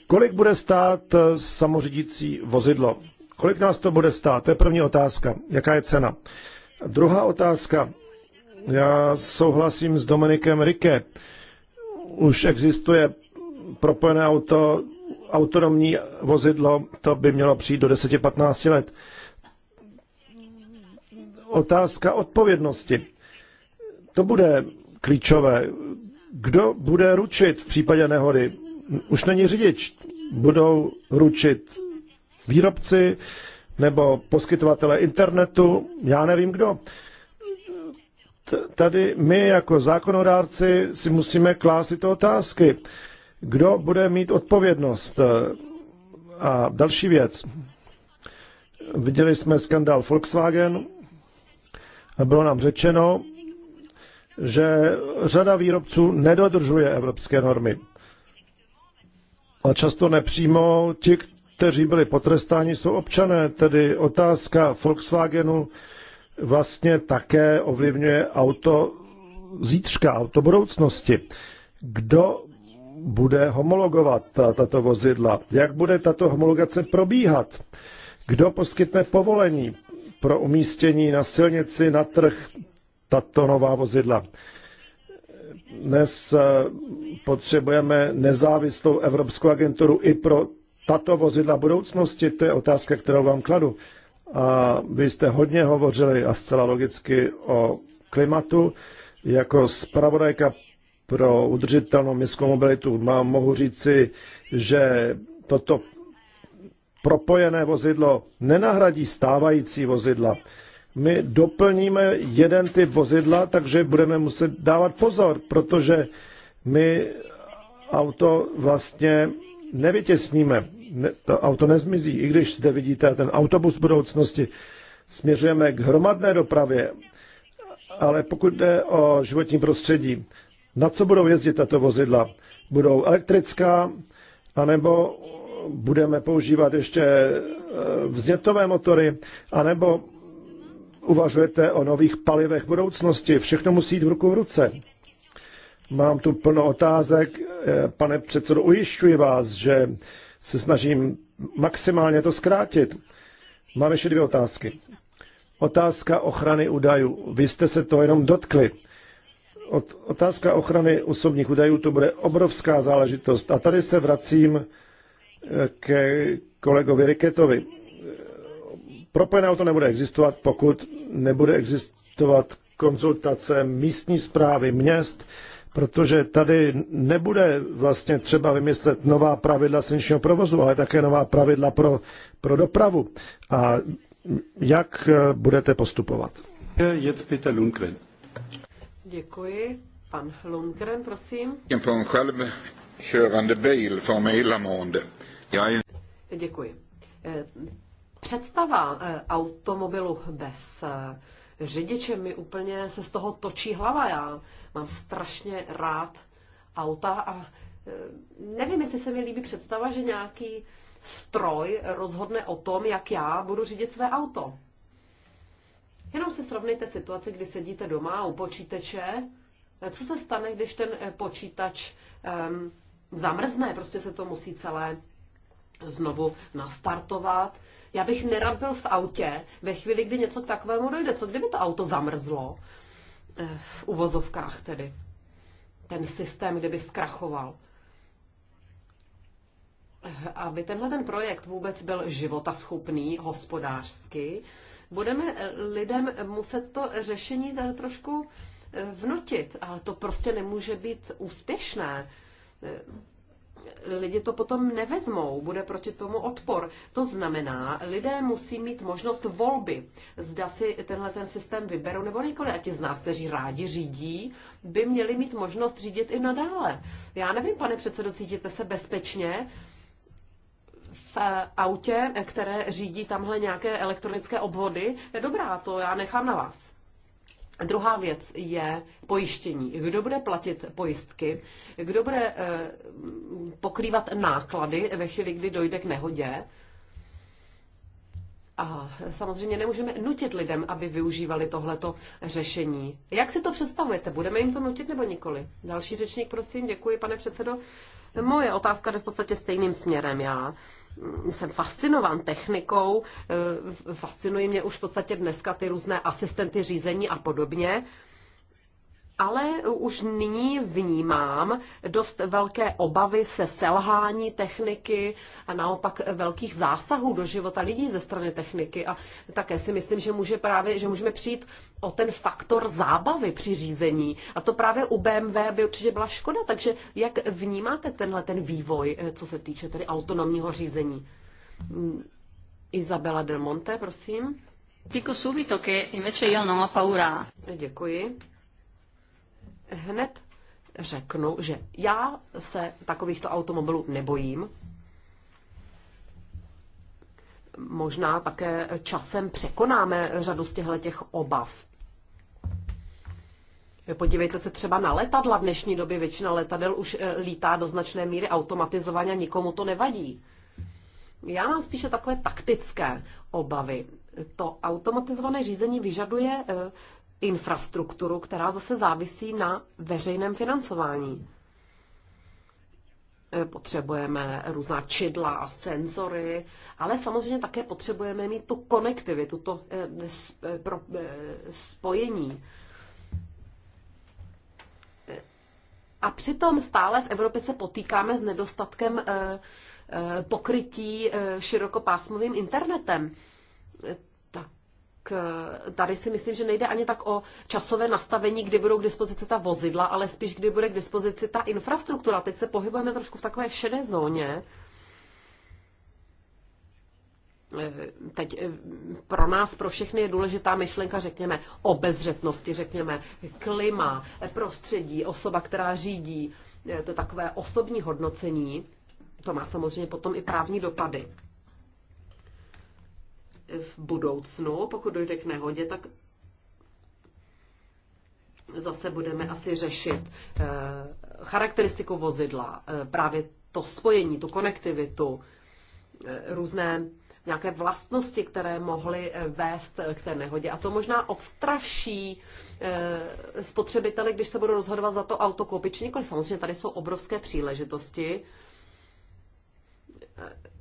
kolik bude stát samořídící vozidlo? Kolik nás to bude stát? To je první otázka. Jaká je cena? druhá otázka. Já souhlasím s Dominikem Rike. Už existuje propojené auto, autonomní vozidlo, to by mělo přijít do 10-15 let. Otázka odpovědnosti. To bude klíčové. Kdo bude ručit v případě nehody? Už není řidič. Budou ručit výrobci nebo poskytovatele internetu, já nevím kdo tady my jako zákonodárci si musíme klást tyto otázky. Kdo bude mít odpovědnost? A další věc. Viděli jsme skandál Volkswagen a bylo nám řečeno, že řada výrobců nedodržuje evropské normy. A často nepřímo ti, kteří byli potrestáni, jsou občané. Tedy otázka Volkswagenu vlastně také ovlivňuje auto zítřka, auto budoucnosti. Kdo bude homologovat tato vozidla? Jak bude tato homologace probíhat? Kdo poskytne povolení pro umístění na silnici, na trh tato nová vozidla? Dnes eh, potřebujeme nezávislou Evropskou agenturu i pro tato vozidla budoucnosti. To je otázka, kterou vám kladu. A vy jste hodně hovořili a zcela logicky o klimatu. Jako zpravodajka pro udržitelnou městskou mobilitu mám, mohu říci, že toto propojené vozidlo nenahradí stávající vozidla. My doplníme jeden typ vozidla, takže budeme muset dávat pozor, protože my auto vlastně nevytěsníme ne, to auto nezmizí, i když zde vidíte ten autobus budoucnosti. Směřujeme k hromadné dopravě, ale pokud jde o životní prostředí, na co budou jezdit tato vozidla? Budou elektrická, anebo budeme používat ještě eh, vznětové motory, anebo uvažujete o nových palivech budoucnosti. Všechno musí jít v ruku v ruce. Mám tu plno otázek. Eh, pane předsedo, ujišťuji vás, že se snažím maximálně to zkrátit. Mám ještě dvě otázky. Otázka ochrany údajů. Vy jste se to jenom dotkli. Otázka ochrany osobních údajů, to bude obrovská záležitost. A tady se vracím eh, ke kolegovi Riketovi. Propojené auto nebude existovat, pokud nebude existovat konzultace místní zprávy měst, protože tady nebude vlastně třeba vymyslet nová pravidla silničního provozu, ale také nová pravidla pro, pro dopravu. A jak eh, budete postupovat? Peter Lundgren. Děkuji. Pan Lundgren, prosím. Děkuji. Eh, představa eh, automobilu bez řidiče mi úplně se z toho točí hlava. Já mám strašně rád auta a e, nevím, jestli se mi líbí představa, že nějaký stroj rozhodne o tom, jak já budu řídit své auto. Jenom si srovnejte situaci, kdy sedíte doma u počítače. E, co se stane, když ten e, počítač um, zamrzne? Prostě se to musí celé znovu nastartovat. Já bych nerad byl v autě ve chvíli, kdy něco k takovému dojde. Co kdyby to auto zamrzlo? Eh, v uvozovkách tedy. Ten systém, kdyby zkrachoval. Eh, aby tenhle ten projekt vůbec byl životaschopný hospodářsky, budeme eh, lidem muset to řešení trošku vnutit. Ale to prostě nemůže být úspěšné lidi to potom nevezmou, bude proti tomu odpor. To znamená, lidé musí mít možnost volby, zda si tenhle ten systém vyberou nebo nikoli. A ti z nás, kteří rádi řídí, by měli mít možnost řídit i nadále. Já nevím, pane předsedo, cítíte se bezpečně v eh, autě, které řídí tamhle nějaké elektronické obvody? Je Dobrá, to já nechám na vás. Druhá věc je pojištění. Kdo bude platit pojistky, kdo bude eh, pokrývat náklady ve chvíli, kdy dojde k nehodě. A samozřejmě nemůžeme nutit lidem, aby využívali tohleto řešení. Jak si to představujete? Budeme jim to nutit nebo nikoli? Další řečník, prosím, děkuji, pane předsedo. Moje otázka jde v podstatě stejným směrem. Já jsem fascinován technikou, eh, fascinují mě už v podstatě dneska ty různé asistenty řízení a podobně ale už nyní vnímám dost velké obavy se selhání techniky a naopak velkých zásahů do života lidí ze strany techniky. A také si myslím, že, může právě, že můžeme přijít o ten faktor zábavy při řízení. A to právě u BMW by určitě byla škoda. Takže jak vnímáte tenhle ten vývoj, eh, co se týče tedy autonomního řízení? Mm, Isabella Del Monte, prosím. Dico subito che invece io non ho paura. Děkuji hned řeknu, že já se takovýchto automobilů nebojím. Možná také časem překonáme řadu z těchto těch obav. Podívejte se třeba na letadla. V dnešní době většina letadel už eh, lítá do značné míry automatizovaně a nikomu to nevadí. Já mám spíše takové taktické obavy. To automatizované řízení vyžaduje eh, infrastrukturu, která zase závisí na veřejném financování. E, potřebujeme různá čidla a senzory, ale samozřejmě také potřebujeme mít tu konektivitu, to e, e, spojení. A přitom stále v Evropě se potýkáme s nedostatkem pokrytí širokopásmovým internetem tady si myslím, že nejde ani tak o časové nastavení, kdy budou k dispozici ta vozidla, ale spíš kdy bude k dispozici ta infrastruktura. Teď se pohybujeme trošku v takové šedé zóně. Eh, teď eh, pro nás, pro všechny je důležitá myšlenka, řekněme, o bezřetnosti, řekněme, klima, prostředí, osoba, která řídí, eh, to je takové osobní hodnocení. To má samozřejmě potom i právní dopady v budoucnu, pokud dojde k nehodě, tak zase budeme asi řešit eh, charakteristiku vozidla, eh, právě to spojení, tu konektivitu, eh, různé nějaké vlastnosti, které mohly vést k té nehodě. A to možná odstraší spotřebiteli, když se budou rozhodovat za to auto koupit či nikoliv. Samozřejmě tady jsou obrovské příležitosti,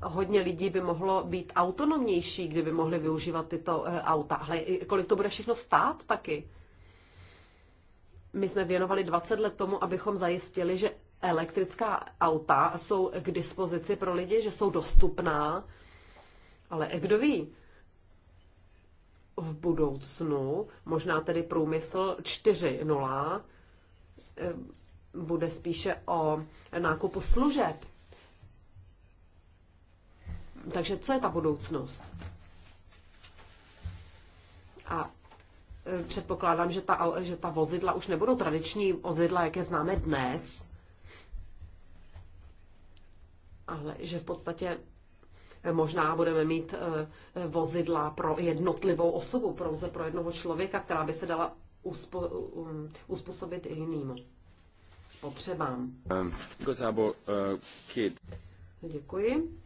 hodně lidí by mohlo být autonomnější, kdyby mohli využívat tyto eh, auta. Ale kolik to bude všechno stát taky? My jsme věnovali 20 let tomu, abychom zajistili, že elektrická auta jsou k dispozici pro lidi, že jsou dostupná. Ale eh, kdo ví, v budoucnu, možná tedy průmysl 4.0, eh, bude spíše o nákupu služeb takže co je ta budoucnost? A e, předpokládám, že ta, že ta vozidla už nebudou tradiční vozidla, jak je známe dnes, ale že v podstatě možná budeme mít e, vozidla pro jednotlivou osobu, pouze pro jednoho člověka, která by se dala uspo, um, uspůsobit i jiným potřebám. Um, Děkuji.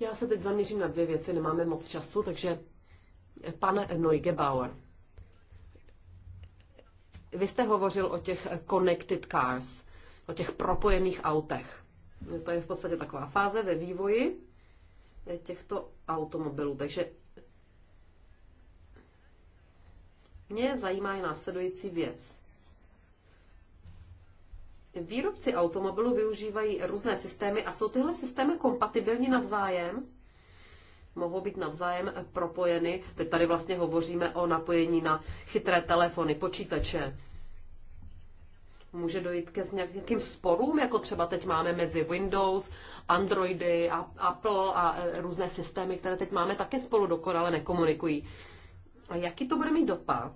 Já se teď zaměřím na dvě věci, nemáme moc času, takže pan Neugebauer. Vy jste hovořil o těch connected cars, o těch propojených autech. To je v podstatě taková fáze ve vývoji těchto automobilů. Takže mě zajímá i následující věc. Výrobci automobilů využívají různé systémy a jsou tyhle systémy kompatibilní navzájem? Mohou být navzájem propojeny. Teď tady vlastně hovoříme o napojení na chytré telefony, počítače. Může dojít ke nějakým sporům, jako třeba teď máme mezi Windows, Androidy, a Apple a e, různé systémy, které teď máme, také spolu dokonale nekomunikují. A jaký to bude mít dopad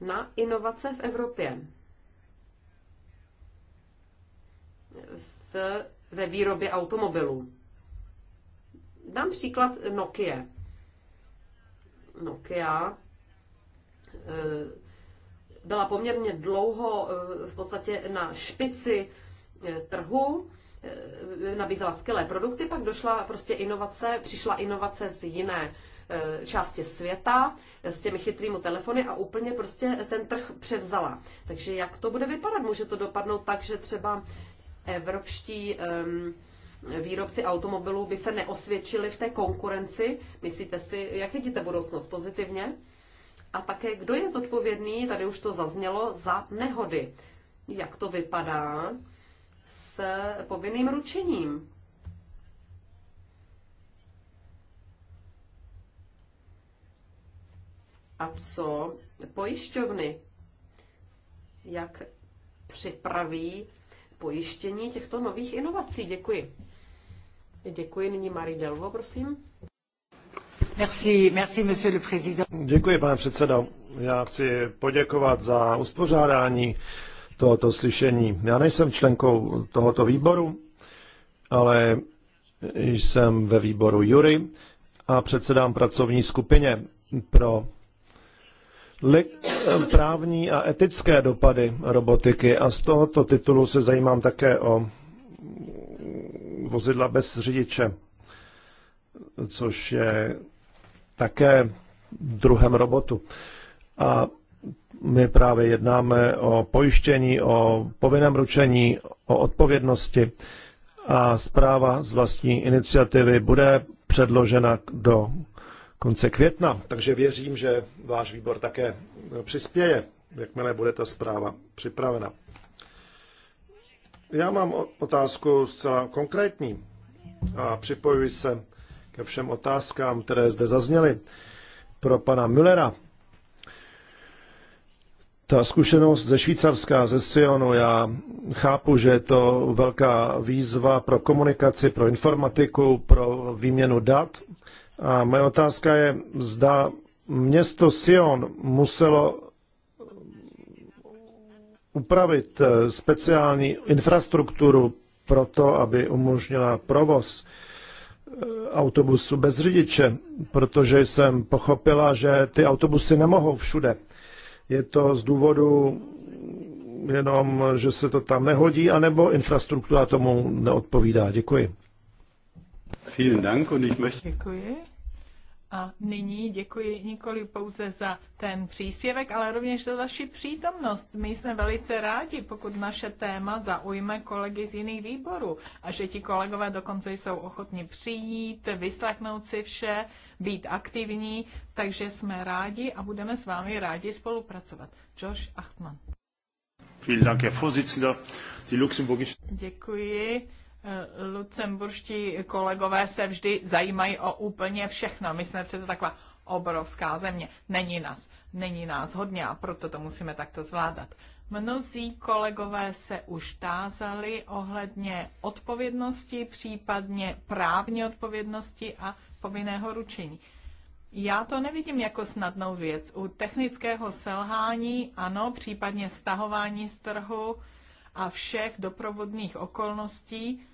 na inovace v Evropě? v, ve výrobě automobilů. Dám příklad Nokia. Nokia eh, byla poměrně dlouho eh, v podstatě na špici eh, trhu, nabízela skvělé produkty, pak došla prostě inovace, přišla inovace z jiné části světa s těmi chytrými telefony a úplně prostě ten trh převzala. Takže jak to bude vypadat? Může to dopadnout tak, že třeba evropští výrobci automobilů by se neosvědčili v té konkurenci. Myslíte si, jak vidíte budoucnost pozitivně? A také, kdo je zodpovědný, tady už to zaznělo, za nehody. Jak to vypadá s povinným ručením? A co pojišťovny? Jak připraví pojištění těchto nových inovací. Děkuji. Děkuji. Nyní Marie Delvo, prosím. Merci, merci, monsieur le président. Děkuji, pane předsedo. Já chci poděkovat za uspořádání tohoto slyšení. Já nejsem členkou tohoto výboru, ale jsem ve výboru Jury a předsedám pracovní skupině pro právní a etické dopady robotiky a z tohoto titulu se zajímám také o vozidla bez řidiče, což je také druhém robotu. A my právě jednáme o pojištění, o povinném ručení, o odpovědnosti a zpráva z vlastní iniciativy bude předložena do konce května, takže věřím, že váš výbor také přispěje, jakmile bude ta zpráva připravena. Já mám otázku zcela konkrétní a připojuji se ke všem otázkám, které zde zazněly pro pana Müllera. Ta zkušenost ze Švýcarska, ze Sionu, já chápu, že je to velká výzva pro komunikaci, pro informatiku, pro výměnu dat, a moje otázka je, zda město Sion muselo upravit eh, speciální infrastrukturu pro to, aby umožnila provoz eh, autobusu bez řidiče, protože jsem pochopila, že ty autobusy nemohou všude. Je to z důvodu jenom, že se to tam nehodí, anebo infrastruktura tomu neodpovídá. Děkuji. Vielen Dank und ich möchte... Děkuji. A nyní děkuji nikoli pouze za ten příspěvek, ale rovněž za vaši přítomnost. My jsme velice rádi, pokud naše téma zaujme kolegy z jiných výborů a že ti kolegové dokonce jsou ochotni přijít, vyslechnout si vše, být aktivní, takže jsme rádi a budeme s vámi rádi spolupracovat. Josh Achtman. Vielen Dank, Herr Vorsitzender. Die Luxemburgische... Děkuji Lucemburští kolegové se vždy zajímají o úplně všechno. My jsme přece taková obrovská země. Není nás, není nás hodně a proto to musíme takto zvládat. Mnozí kolegové se už tázali ohledně odpovědnosti, případně právní odpovědnosti a povinného ručení. Já to nevidím jako snadnou věc. U technického selhání, ano, případně stahování z trhu a všech doprovodných okolností,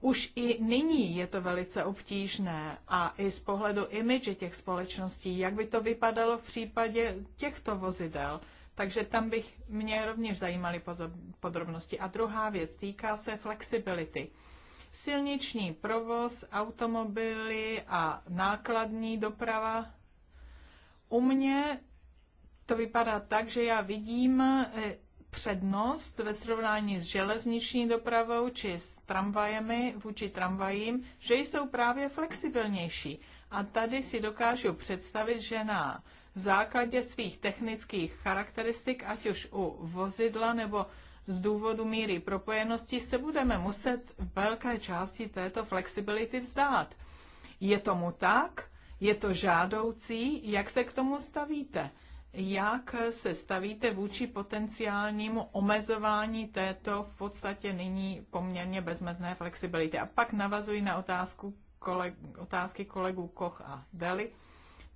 už i nyní je to velice obtížné a i z pohledu imidže těch společností, jak by to vypadalo v případě těchto vozidel. Takže tam bych mě rovněž zajímaly podrobnosti. A druhá věc týká se flexibility. Silniční provoz, automobily a nákladní doprava. U mě to vypadá tak, že já vidím eh, přednost ve srovnání s železniční dopravou či s tramvajemi vůči tramvajím, že jsou právě flexibilnější. A tady si dokážu představit, že na základě svých technických charakteristik, ať už u vozidla nebo z důvodu míry propojenosti, se budeme muset v velké části této flexibility vzdát. Je tomu tak? Je to žádoucí? Jak se k tomu stavíte? Jak se stavíte vůči potenciálnímu omezování této v podstatě nyní poměrně bezmezné flexibility? A pak navazuji na otázku koleg, otázky kolegů Koch a Deli,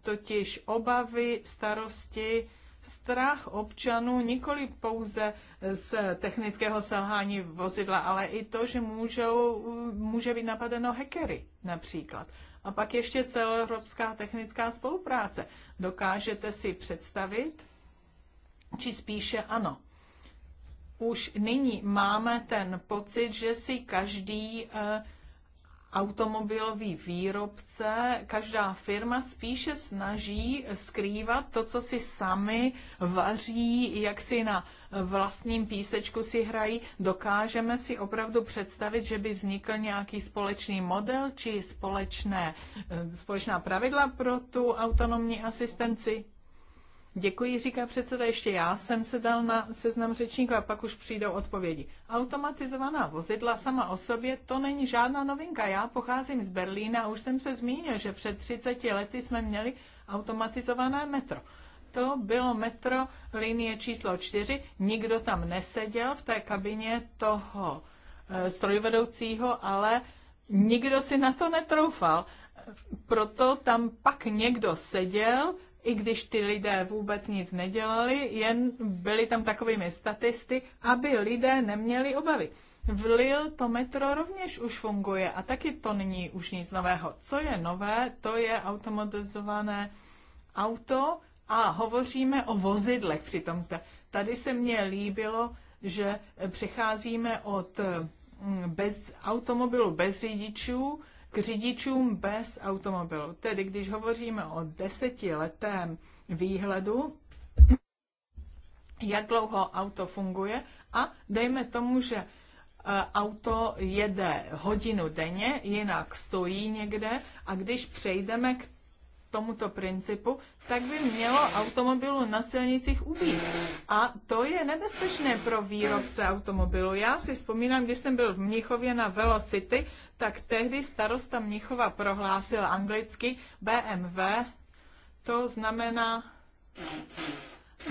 totiž obavy, starosti, strach občanů nikoli pouze z technického selhání vozidla, ale i to, že můžou, může být napadeno hackery například. A pak ještě celoevropská technická spolupráce. Dokážete si představit, či spíše ano. Už nyní máme ten pocit, že si každý uh, automobilový výrobce, každá firma spíše snaží skrývat to, co si sami vaří, jak si na vlastním písečku si hrají. Dokážeme si opravdu představit, že by vznikl nějaký společný model či společné, eh, společná pravidla pro tu autonomní asistenci? Děkuji, říká předseda, ještě já jsem se dal na seznam řečníků a pak už přijdou odpovědi. Automatizovaná vozidla sama o sobě, to není žádná novinka. Já pocházím z Berlína a už jsem se zmínil, že před 30 lety jsme měli automatizované metro. To bylo metro linie číslo 4, nikdo tam neseděl v té kabině toho eh, strojvedoucího, ale nikdo si na to netroufal proto tam pak někdo seděl, i když ty lidé vůbec nic nedělali, jen byli tam takovými statisty, aby lidé neměli obavy. V Lille to metro rovněž už funguje a taky to není už nic nového. Co je nové, to je automatizované auto a hovoříme o vozidlech přitom zde. Tady se mně líbilo, že přecházíme od mm, bez automobilu bez řidičů k řidičům bez automobilu. Tedy když hovoříme o desetiletém výhledu, jak dlouho auto funguje a dejme tomu, že e, auto jede hodinu denně, jinak stojí někde a když přejdeme k tomuto principu, tak by mělo automobilu na silnicích ubít. A to je nebezpečné pro výrobce automobilu. Já si vzpomínám, když jsem byl v Mnichově na Velocity, tak tehdy starosta Mnichova prohlásil anglicky BMW, to znamená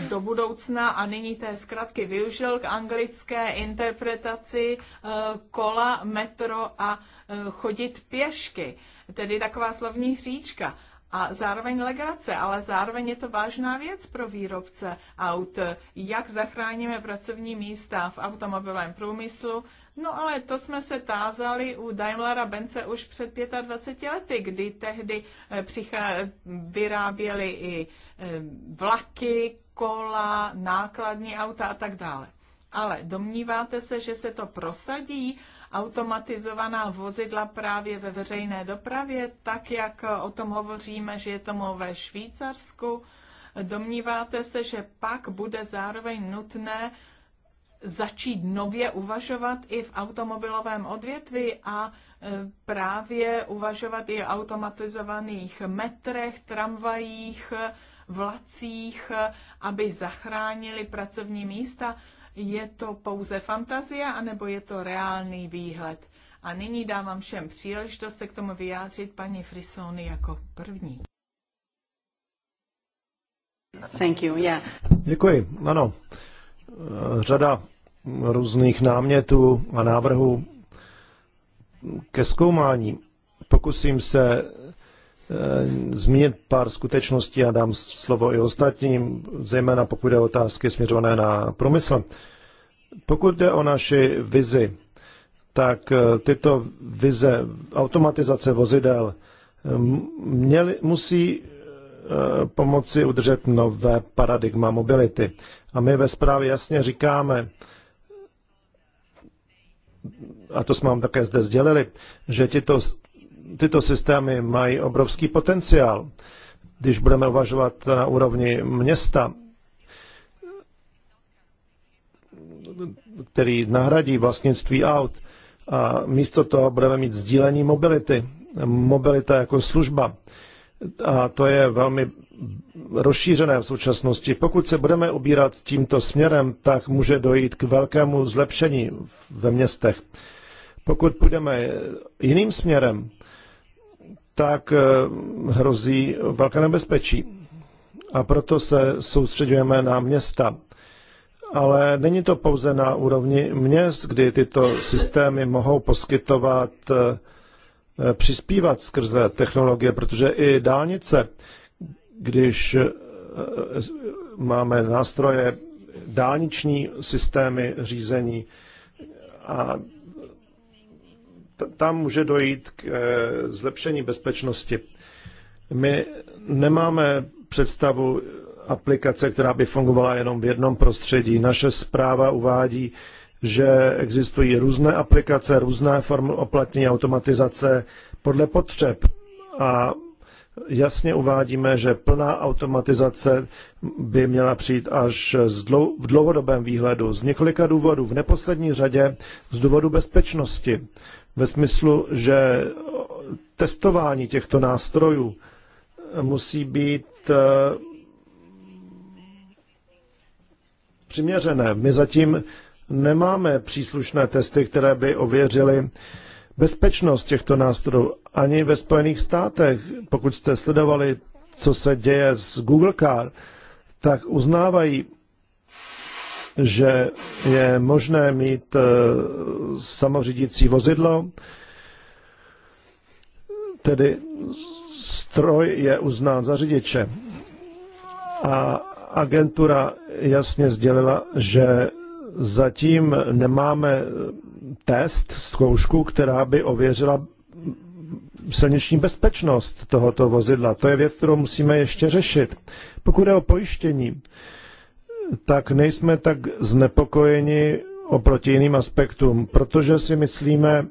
do budoucna a nyní té zkratky využil k anglické interpretaci eh, kola, metro a eh, chodit pěšky. Tedy taková slovní hříčka a zároveň legrace, ale zároveň je to vážná věc pro výrobce aut, jak zachráníme pracovní místa v automobilovém průmyslu. No ale to jsme se tázali u Daimlera Bence už před 25 lety, kdy tehdy eh, přichá, vyráběli i eh, vlaky, kola, nákladní auta a tak dále. Ale domníváte se, že se to prosadí automatizovaná vozidla právě ve veřejné dopravě, tak jak o tom hovoříme, že je tomu ve Švýcarsku. Domníváte se, že pak bude zároveň nutné začít nově uvažovat i v automobilovém odvětví a e, právě uvažovat i o automatizovaných metrech, tramvajích, vlacích, aby zachránili pracovní místa je to pouze fantazie, anebo je to reálný výhled. A nyní dávám všem příležitost se k tomu vyjádřit paní Frisony jako první. Thank you, yeah. Děkuji, ano. Řada různých námětů a návrhů ke zkoumání. Pokusím se Eh, zmínit pár skutečností a dám slovo i ostatním, zejména pokud jde o otázky směřované na průmysl. Pokud jde o naši vizi, tak eh, tyto vize automatizace vozidel eh, měli, musí pomoci udržet nové paradigma mobility. A my ve zprávě jasně říkáme, a to jsme vám také zde sdělili, že tyto tyto systémy mají obrovský potenciál. Když budeme uvažovat na úrovni města, který nahradí vlastnictví aut, a místo toho budeme mít sdílení mobility, mobilita jako služba. A to je velmi rozšířené v současnosti. Pokud se budeme ubírat tímto směrem, tak může dojít k velkému zlepšení ve městech. Pokud půjdeme jiným směrem, tak eh, hrozí velké nebezpečí. A proto se soustředujeme na města. Ale není to pouze na úrovni měst, kdy tyto systémy mohou poskytovat, eh, přispívat skrze technologie, protože i dálnice, když eh, máme nástroje, dálniční systémy řízení a tam může dojít k eh, zlepšení bezpečnosti. My nemáme představu aplikace, která by fungovala jenom v jednom prostředí. Naše zpráva uvádí, že existují různé aplikace, různé formy oplatní automatizace podle potřeb. A jasně uvádíme, že plná automatizace by měla přijít až v dlouhodobém výhledu z několika důvodů. V neposlední řadě z důvodu bezpečnosti ve smyslu, že testování těchto nástrojů musí být eh, přiměřené. My zatím nemáme příslušné testy, které by ověřily bezpečnost těchto nástrojů. Ani ve Spojených státech, pokud jste sledovali, co se děje s Google Car, tak uznávají že je možné mít eh, samořídící vozidlo, tedy stroj je uznán za řidiče. A agentura jasně sdělila, že zatím nemáme test, zkoušku, která by ověřila silniční bezpečnost tohoto vozidla. To je věc, kterou musíme ještě řešit. Pokud je o pojištění, tak nejsme tak znepokojeni oproti jiným aspektům, protože si myslíme,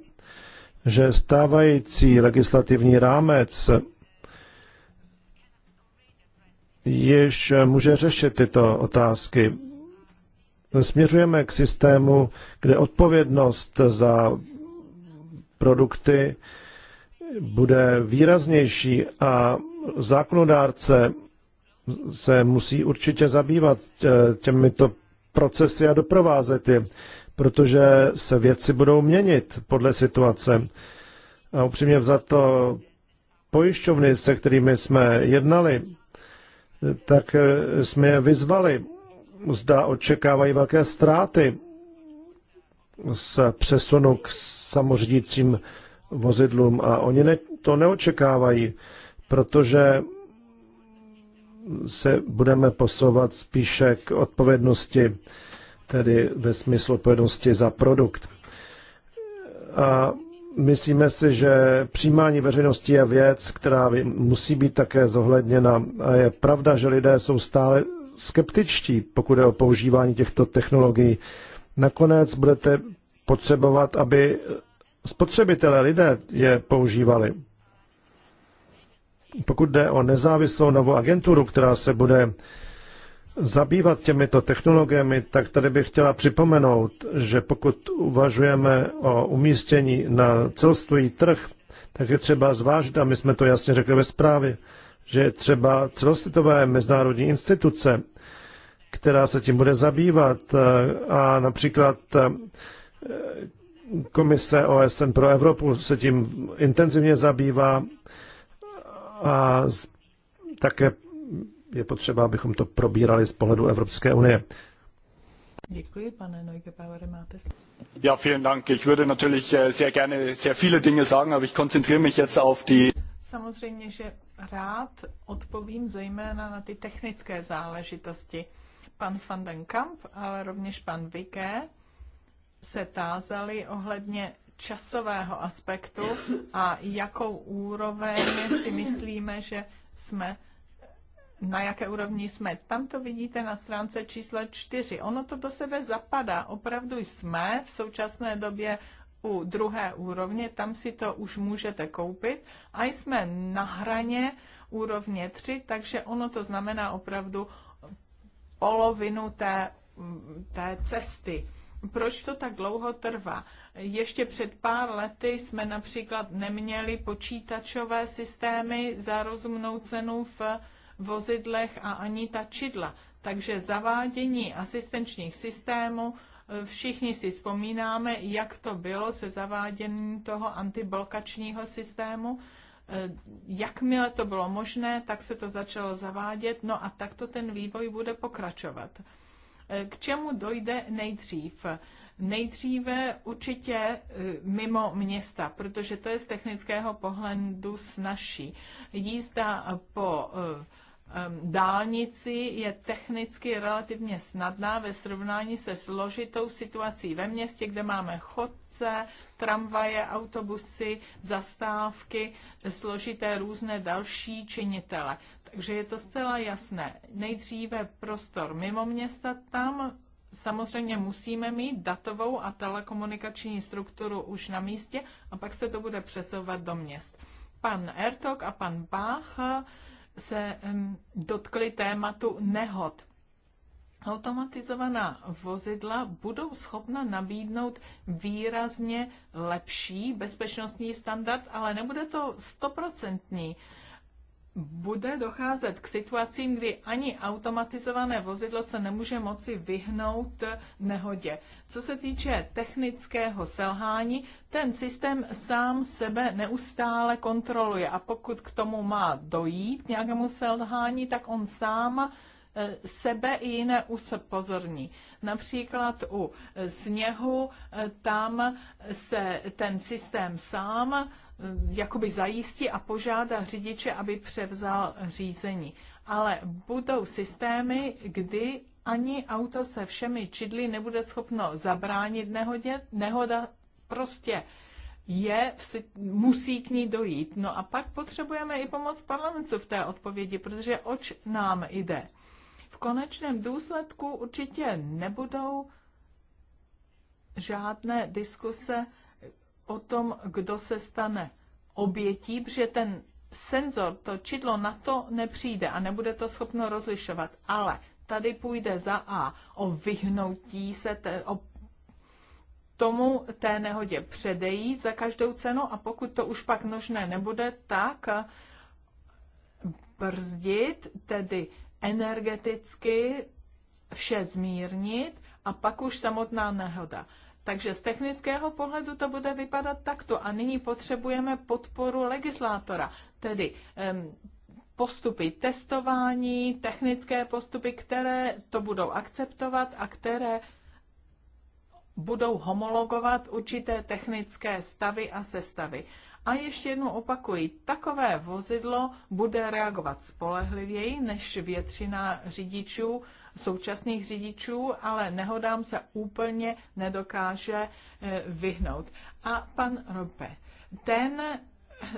že stávající legislativní rámec již může řešit tyto otázky. Směřujeme k systému, kde odpovědnost za produkty bude výraznější a zákonodárce se musí určitě zabývat těmito procesy a doprovázet je, protože se věci budou měnit podle situace. A upřímně to pojišťovny, se kterými jsme jednali, tak e, jsme je vyzvali. Zda očekávají velké ztráty z přesunu k samořídícím vozidlům a oni ne, to neočekávají, protože se budeme posouvat spíše k odpovědnosti, tedy ve smyslu odpovědnosti za produkt. A myslíme si, že přijímání veřejnosti je věc, která musí být také zohledněna. A je pravda, že lidé jsou stále skeptičtí, pokud je o používání těchto technologií. Nakonec budete potřebovat, aby spotřebitelé lidé je používali pokud jde o nezávislou novou agenturu, která se bude zabývat těmito technologiemi, tak tady bych chtěla připomenout, že pokud uvažujeme o umístění na celostvý trh, tak je třeba zvážit, a my jsme to jasně řekli ve zprávě, že je třeba celostitové mezinárodní instituce, která se tím bude zabývat a například e, Komise OSN pro Evropu se tím intenzivně zabývá a také je potřeba, abychom to probírali z pohledu Evropské unie. Děkuji, pane Neugebauer, máte Ja, vielen Dank. Ich würde natürlich äh, sehr gerne sehr viele Dinge sagen, aber ich konzentriere mich jetzt auf die... Samozřejmě, že rád odpovím zejména na ty technické záležitosti. Pan van den Kamp, ale rovněž pan Viké se tázali ohledně časového aspektu a jakou úroveň si myslíme, že jsme na jaké úrovni jsme. Tam to vidíte na stránce číslo čtyři. Ono to do sebe zapadá. Opravdu jsme v současné době u druhé úrovně, tam si to už můžete koupit. A jsme na hraně úrovně tři, takže ono to znamená opravdu polovinu té, té cesty. Proč to tak dlouho trvá? Ještě před pár lety jsme například neměli počítačové systémy za rozumnou cenu v vozidlech a ani ta čidla. Takže zavádění asistenčních systémů, eh, všichni si vzpomínáme, jak to bylo se zaváděním toho antiblokačního systému. Eh, jakmile to bylo možné, tak se to začalo zavádět, no a takto ten vývoj bude pokračovat. Eh, k čemu dojde nejdřív? Nejdříve určitě e, mimo města, protože to je z technického pohledu snažší. Jízda po e, dálnici je technicky relativně snadná ve srovnání se složitou situací ve městě, kde máme chodce, tramvaje, autobusy, zastávky, složité různé další činitele. Takže je to zcela jasné. Nejdříve prostor mimo města, tam samozřejmě musíme mít datovou a telekomunikační strukturu už na místě a pak se to bude přesouvat do měst. Pan Ertok a pan Bach se dotkli tématu nehod. Automatizovaná vozidla budou schopna nabídnout výrazně lepší bezpečnostní standard, ale nebude to stoprocentní bude docházet k situacím, kdy ani automatizované vozidlo se nemůže moci vyhnout nehodě. Co se týče technického selhání, ten systém sám sebe neustále kontroluje a pokud k tomu má dojít, nějakému selhání, tak on sám sebe i jiné upozorní. Například u sněhu, eh, tam se ten systém sám eh, jakoby zajistí a požádá řidiče, aby převzal řízení. Ale budou systémy, kdy ani auto se všemi čidly nebude schopno zabránit nehodě, nehoda prostě je, musí k ní dojít. No a pak potřebujeme i pomoc parlamentu v té odpovědi, protože oč nám jde konečném důsledku určitě nebudou žádné diskuse o tom, kdo se stane obětí, protože ten senzor, to čidlo na to nepřijde a nebude to schopno rozlišovat. Ale tady půjde za A o vyhnutí se, té, o tomu té nehodě předejít za každou cenu a pokud to už pak nožné nebude, tak brzdit, tedy energeticky vše zmírnit a pak už samotná nehoda. Takže z technického pohledu to bude vypadat takto. A nyní potřebujeme podporu legislátora, tedy um, postupy testování, technické postupy, které to budou akceptovat a které budou homologovat určité technické stavy a sestavy. A ještě jednou opakuji, takové vozidlo bude reagovat spolehlivěji než většina řidičů, současných řidičů, ale nehodám se úplně nedokáže eh, vyhnout. A pan Rope, ten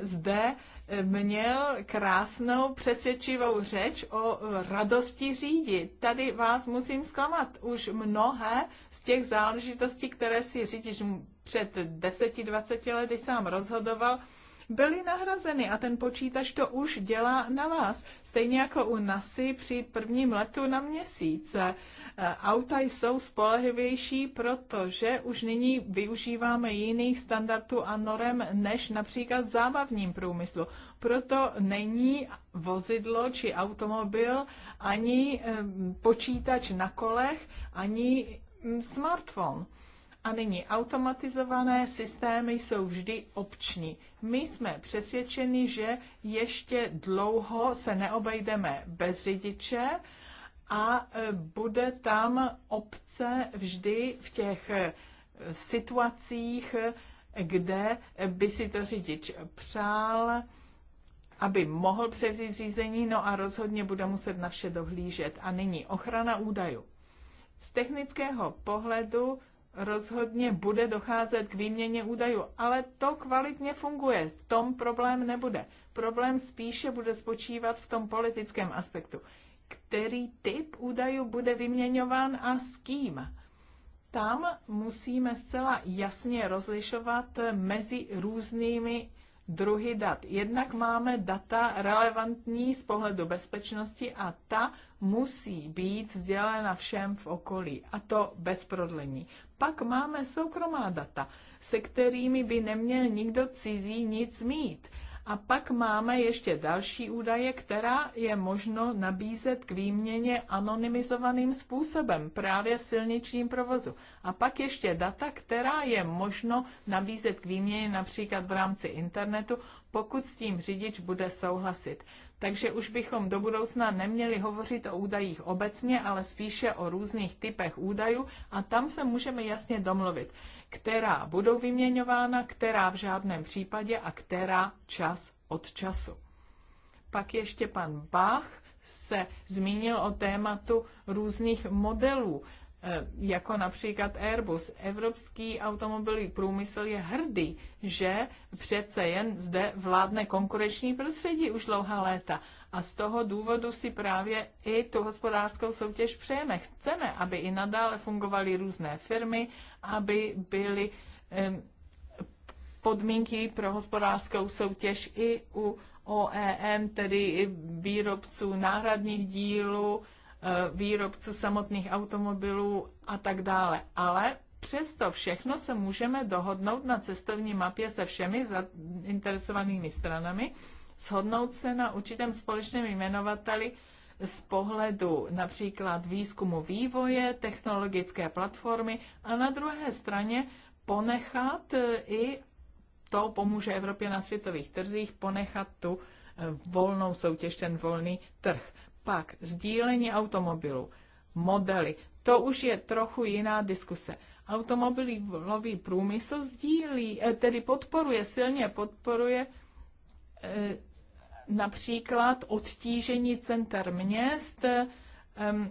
zde eh, měl krásnou přesvědčivou řeč o eh, radosti řídit. Tady vás musím zklamat. Už mnohé z těch záležitostí, které si řidič před 10-20 lety sám rozhodoval, byly nahrazeny a ten počítač to už dělá na vás. Stejně jako u NASY při prvním letu na měsíc. E, auta jsou spolehlivější, protože už nyní využíváme jiných standardů a norem než například v zábavním průmyslu. Proto není vozidlo či automobil ani e, počítač na kolech, ani mm, smartphone. A nyní automatizované systémy jsou vždy opční. My jsme přesvědčeni, že ještě dlouho se neobejdeme bez řidiče a e, bude tam obce vždy v těch e, situacích, e, kde by si to řidič přál, aby mohl převzít řízení, no a rozhodně bude muset na vše dohlížet. A nyní ochrana údajů. Z technického pohledu rozhodně bude docházet k výměně údajů, ale to kvalitně funguje. V tom problém nebude. Problém spíše bude spočívat v tom politickém aspektu. Který typ údajů bude vyměňován a s kým? Tam musíme zcela jasně rozlišovat mezi různými druhy dat. Jednak máme data relevantní z pohledu bezpečnosti a ta musí být sdělena všem v okolí, a to bez prodlení. Pak máme soukromá data, se kterými by neměl nikdo cizí nic mít. A pak máme ještě další údaje, která je možno nabízet k výměně anonymizovaným způsobem, právě v silničním provozu. A pak ještě data, která je možno nabízet k výměně například v rámci internetu, pokud s tím řidič bude souhlasit. Takže už bychom do budoucna neměli hovořit o údajích obecně, ale spíše o různých typech údajů a tam se můžeme jasně domluvit, která budou vyměňována, která v žádném případě a která čas od času. Pak ještě pan Bach se zmínil o tématu různých modelů Eh, jako například Airbus. Evropský automobilový průmysl je hrdý, že přece jen zde vládne konkurenční prostředí už dlouhá léta. A z toho důvodu si právě i tu hospodářskou soutěž přejeme. Chceme, aby i nadále fungovaly různé firmy, aby byly podmínky pro hospodářskou soutěž i u OEM, tedy i výrobců náhradních dílů, Eh, výrobců samotných automobilů a tak dále. Ale přesto všechno se můžeme dohodnout na cestovní mapě se všemi zainteresovanými stranami, shodnout se na určitém společném jmenovateli z pohledu například výzkumu vývoje, technologické platformy a na druhé straně ponechat eh, i to pomůže Evropě na světových trzích ponechat tu eh, volnou soutěž, ten volný trh. Pak sdílení automobilů, modely, to už je trochu jiná diskuse. Automobilový průmysl sdílí, eh, tedy podporuje, silně podporuje eh, například odtížení center měst, ehm,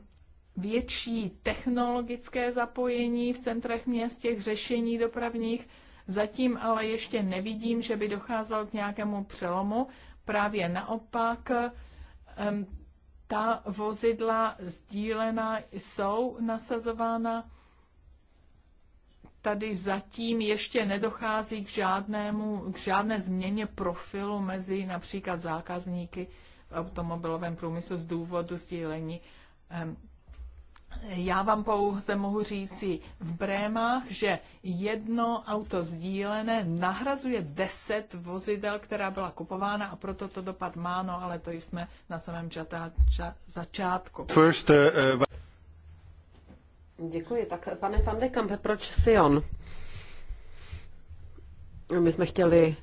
větší technologické zapojení v centrech měst, těch řešení dopravních. Zatím ale ještě nevidím, že by docházelo k nějakému přelomu. Právě naopak, ehm, ta vozidla sdílená jsou nasazována. Tady zatím ještě nedochází k, žádnému, k žádné změně profilu mezi například zákazníky v automobilovém průmyslu z důvodu sdílení já vám pouze mohu říci v Brémách, že jedno auto sdílené nahrazuje deset vozidel, která byla kupována a proto to dopad má, no ale to jsme na samém čata, ča, začátku. First, uh, uh... Děkuji. Tak pane Fandekampe, proč Sion? My jsme chtěli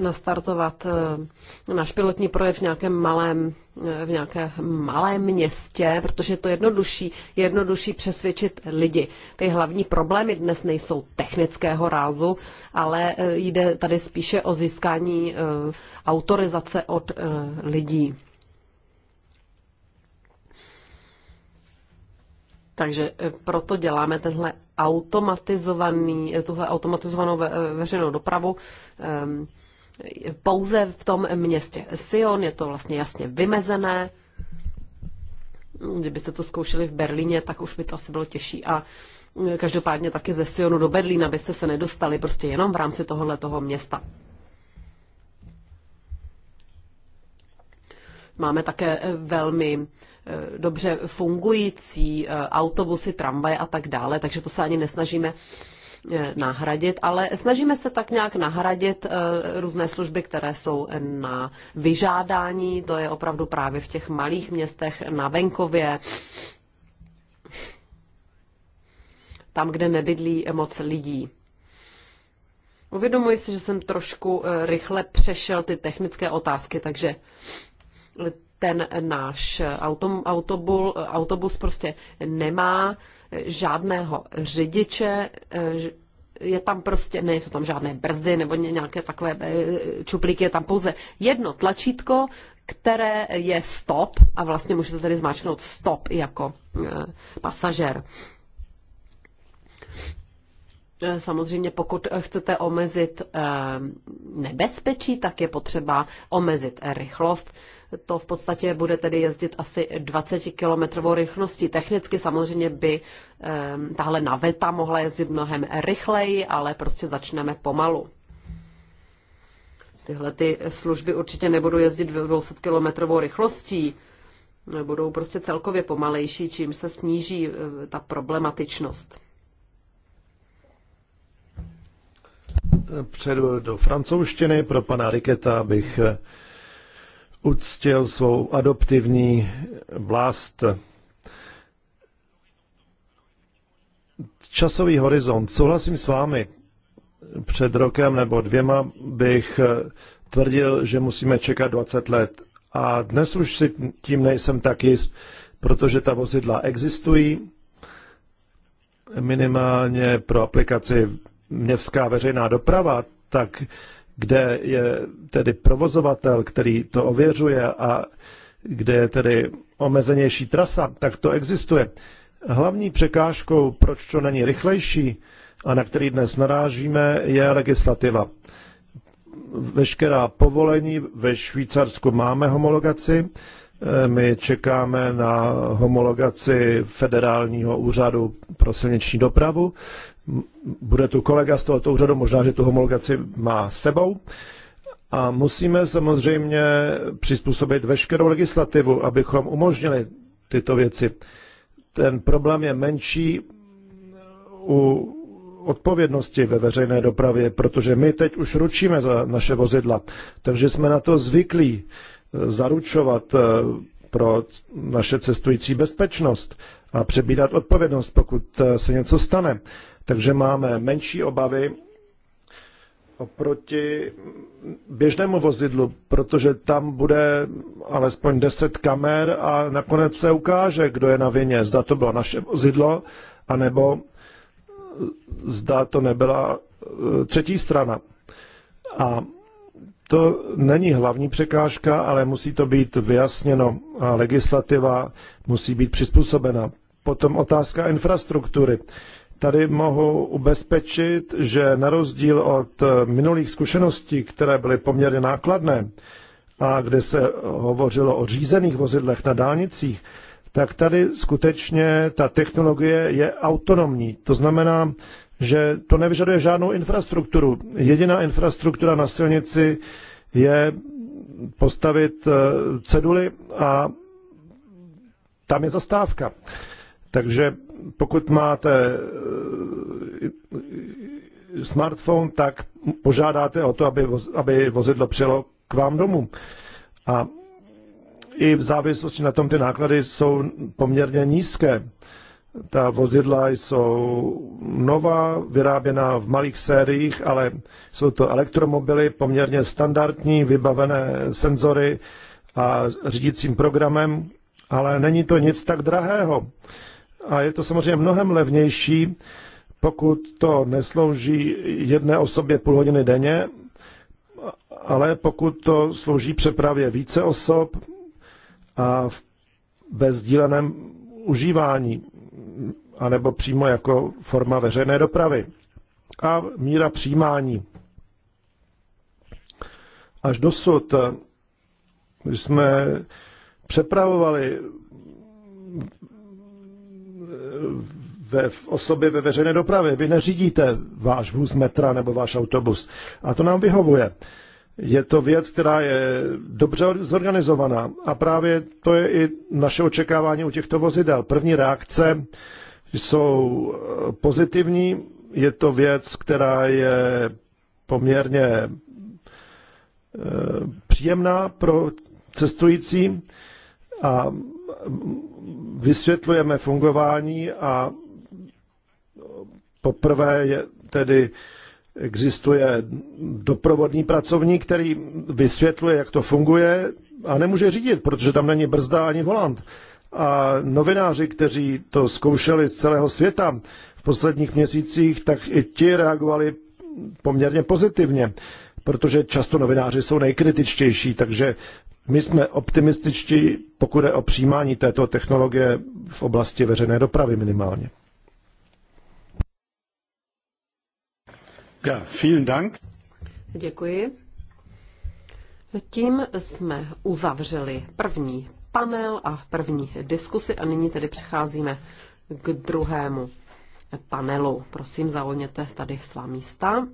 nastartovat eh, náš pilotní projekt v nějakém malém, eh, v nějakém malém městě, protože je to jednodušší, jednodušší přesvědčit lidi. Ty hlavní problémy dnes nejsou technického rázu, ale eh, jde tady spíše o získání autorizace od lidí. Takže proto děláme tenhle automatizovaný, tuhle automatizovanou veřejnou dopravu. Ehm, pouze v tom městě Sion, je to vlastně jasně vymezené. Kdybyste to zkoušeli v Berlíně, tak už by to asi bylo těžší a každopádně taky ze Sionu do Berlína byste se nedostali prostě jenom v rámci tohohle toho města. Máme také eh, velmi eh, dobře fungující eh, autobusy, tramvaje a tak dále, takže to se ani nesnažíme E, nahradit, ale snažíme se tak nějak nahradit e, různé služby, které jsou na vyžádání, to je opravdu právě v těch malých městech na venkově, tam, kde nebydlí moc lidí. Uvědomuji si, že jsem trošku e, rychle přešel ty technické otázky, takže ten náš autobus, autobus prostě nemá žádného řidiče, je tam prostě, nejsou tam žádné brzdy nebo nějaké takové eh, čuplíky, je tam pouze jedno tlačítko, které je stop a vlastně můžete tedy zmáčknout stop jako eh, pasažer. Eh, samozřejmě, pokud chcete omezit nebezpečí, tak je potřeba omezit rychlost to v podstatě bude tedy jezdit asi 20-kilometrovou rychlostí. Technicky samozřejmě by ehm, tahle naveta mohla jezdit mnohem rychleji, ale prostě začneme pomalu. Tyhle ty služby určitě nebudou jezdit 200-kilometrovou rychlostí, budou prostě celkově pomalejší, čím se sníží eh, ta problematičnost. Předu do francouzštiny pro pana Riketa, bych eh, uctil svou adoptivní vlast. Časový horizont. Souhlasím s vámi. Před rokem nebo dvěma bych eh, tvrdil, že musíme čekat 20 let. A dnes už si tím nejsem tak jist, protože ta vozidla existují minimálně pro aplikaci městská veřejná doprava, tak kde je tedy provozovatel, který to ověřuje a kde je tedy omezenější trasa, tak to existuje. Hlavní překážkou, proč to není rychlejší a na který dnes narážíme, je legislativa. Veškerá povolení ve Švýcarsku máme homologaci, my čekáme na homologaci Federálního úřadu pro silniční dopravu bude tu kolega z tohoto úřadu, možná, že tu homologaci má sebou. A musíme samozřejmě přizpůsobit veškerou legislativu, abychom umožnili tyto věci. Ten problém je menší u odpovědnosti ve veřejné dopravě, protože my teď už ručíme za naše vozidla, takže jsme na to zvyklí zaručovat eh, pro naše cestující bezpečnost a přebídat odpovědnost, pokud eh, se něco stane. Takže máme menší obavy oproti běžnému vozidlu, protože tam bude alespoň 10 kamer a nakonec se ukáže, kdo je na vině. Zda to bylo naše vozidlo, anebo zda to nebyla e, třetí strana. A to není hlavní překážka, ale musí to být vyjasněno a legislativa musí být přizpůsobena. Potom otázka infrastruktury. Tady mohu ubezpečit, že na rozdíl od minulých zkušeností, které byly poměrně nákladné, a kde se hovořilo o řízených vozidlech na dálnicích, tak tady skutečně ta technologie je autonomní. To znamená, že to nevyžaduje žádnou infrastrukturu. Jediná infrastruktura na silnici je postavit eh, ceduly a tam je zastávka. Takže pokud máte eh, smartphone, tak požádáte o to, aby, voz, aby vozidlo přijelo k vám domů. A i v závislosti na tom ty náklady jsou poměrně nízké. Ta vozidla jsou nová, vyráběná v malých sériích, ale jsou to elektromobily, poměrně standardní, vybavené senzory a řídícím programem, ale není to nic tak drahého. A je to samozřejmě mnohem levnější, pokud to neslouží jedné osobě půl hodiny denně, ale pokud to slouží přepravě více osob a v bezdíleném užívání, anebo přímo jako forma veřejné dopravy. A míra přijímání. Až dosud jsme přepravovali ve, v osobě ve veřejné dopravě. Vy neřídíte váš vůz metra nebo váš autobus. A to nám vyhovuje. Je to věc, která je dobře zorganizovaná. A právě to je i naše očekávání u těchto vozidel. První reakce jsou eh, pozitivní. Je to věc, která je poměrně eh, příjemná pro cestující a mm, vysvětlujeme fungování a Poprvé je tedy existuje doprovodný pracovník, který vysvětluje, jak to funguje a nemůže řídit, protože tam není brzda ani volant. A novináři, kteří to zkoušeli z celého světa v posledních měsících, tak i ti reagovali poměrně pozitivně, protože často novináři jsou nejkritičtější, takže my jsme optimističtí, pokud je o přijímání této technologie v oblasti veřejné dopravy minimálně. Ja, vielen Dank. Děkuji. Tím jsme uzavřeli první panel a první diskusi a nyní tedy přecházíme k druhému panelu. Prosím, zaujměte tady svá místa.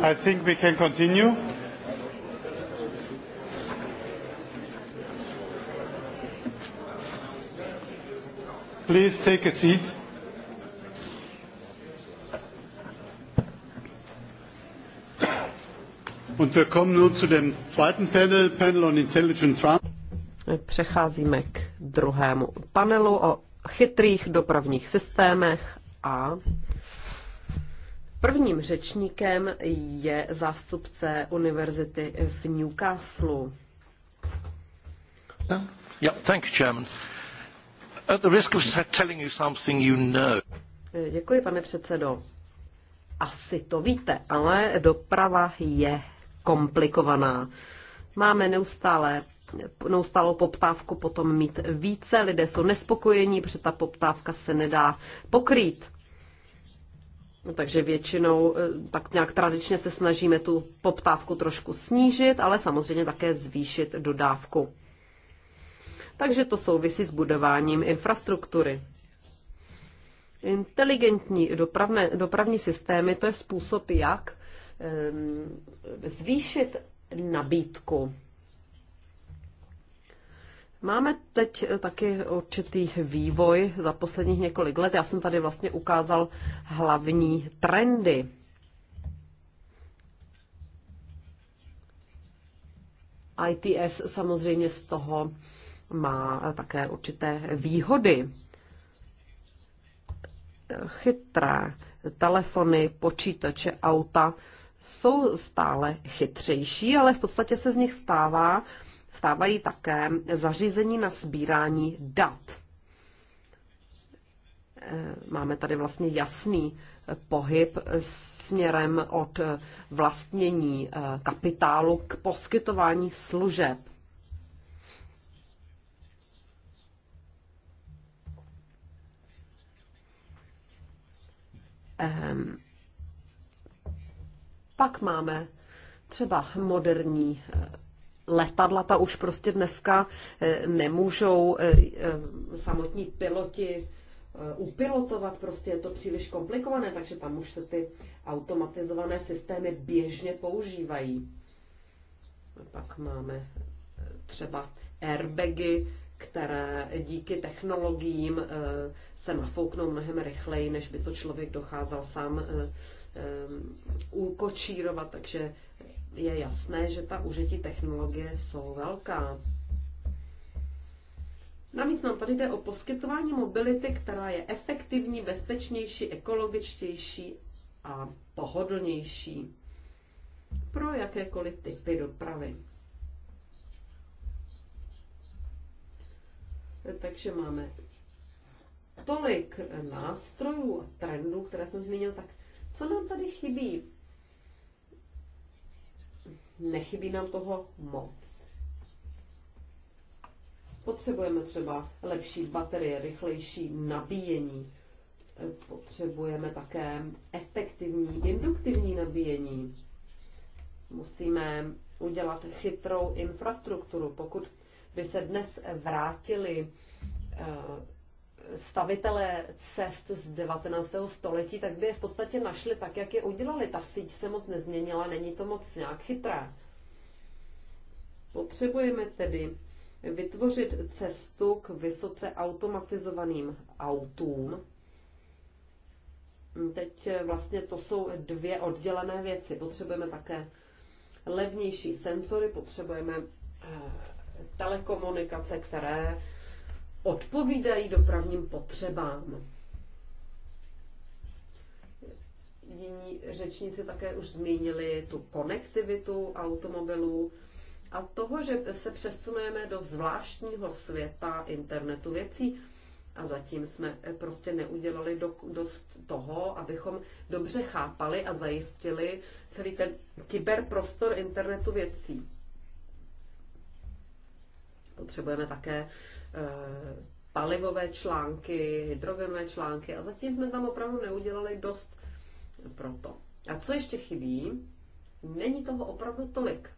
I think we can continue. Please take a seat. Und wir kommen nun zu dem zweiten Panel, Panel on Intelligent Transport. Přecházíme k druhému panelu o chytrých dopravních systémech a Prvním řečníkem je zástupce univerzity v Newcastle. No? Yeah, thank you, Chairman. At the risk of telling you something you know. Eh, děkuji, pane předsedo. Asi to víte, ale doprava je komplikovaná. Máme neustále neustálou poptávku potom mít více. Lidé jsou nespokojení, protože ta poptávka se nedá pokrýt. Takže většinou eh, tak nějak tradičně se snažíme tu poptávku trošku snížit, ale samozřejmě také zvýšit dodávku. Takže to souvisí s budováním infrastruktury. Inteligentní dopravné, dopravní systémy, to je způsob, jak ehm, zvýšit nabídku Máme teď eh, taky určitý vývoj za posledních několik let. Já jsem tady vlastně ukázal hlavní trendy. ITS samozřejmě z toho má také určité výhody. Chytré telefony, počítače, auta jsou stále chytřejší, ale v podstatě se z nich stává stávají také zařízení na sbírání dat. Eh, máme tady vlastně jasný eh, pohyb eh, směrem od vlastnění kapitálu k poskytování služeb. Ehm, pak máme třeba moderní letadla ta už prostě dneska eh, nemůžou eh, eh, samotní piloti upilotovat, prostě je to příliš komplikované, takže tam už se ty automatizované systémy běžně používají. A pak máme třeba airbagy, které díky technologiím se nafouknou mnohem rychleji, než by to člověk docházel sám ukočírovat, takže je jasné, že ta užití technologie jsou velká. Navíc nám tady jde o poskytování mobility, která je efektivní, bezpečnější, ekologičtější a pohodlnější pro jakékoliv typy dopravy. Takže máme tolik nástrojů a trendů, které jsem zmínil, tak co nám tady chybí? nechybí nám toho moc. Potřebujeme třeba lepší baterie, rychlejší nabíjení. Potřebujeme také efektivní, induktivní nabíjení. Musíme udělat chytrou infrastrukturu. Pokud by se dnes vrátili eh, stavitelé cest z 19. století, tak by je v podstatě našli tak, jak je udělali. Ta síť se moc nezměnila, není to moc nějak chytré. Potřebujeme tedy vytvořit cestu k vysoce automatizovaným autům. Teď eh, vlastně to jsou dvě oddělené věci. Potřebujeme také levnější senzory, potřebujeme eh, telekomunikace, které odpovídají dopravním potřebám. Jiní řečníci také už zmínili tu konektivitu automobilů a toho, že se přesunujeme do zvláštního světa internetu věcí a zatím jsme eh, prostě neudělali dost toho, abychom dobře chápali a zajistili celý ten kyberprostor internetu věcí. Potřebujeme také Eh, palivové články, hydrogenové články a zatím jsme tam opravdu neudělali dost pro to. A co ještě chybí, není toho opravdu tolik.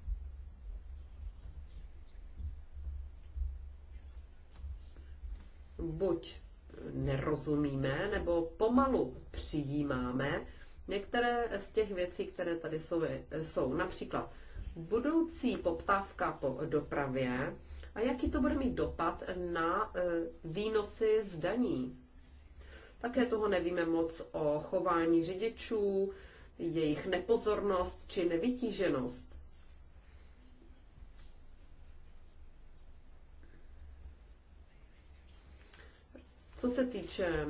Buď nerozumíme, nebo pomalu přijímáme některé z těch věcí, které tady jsou. jsou. Například budoucí poptávka po dopravě a jaký to bude mít dopad na e, výnosy z daní. Také toho nevíme moc o chování řidičů, jejich nepozornost či nevytíženost. Co se týče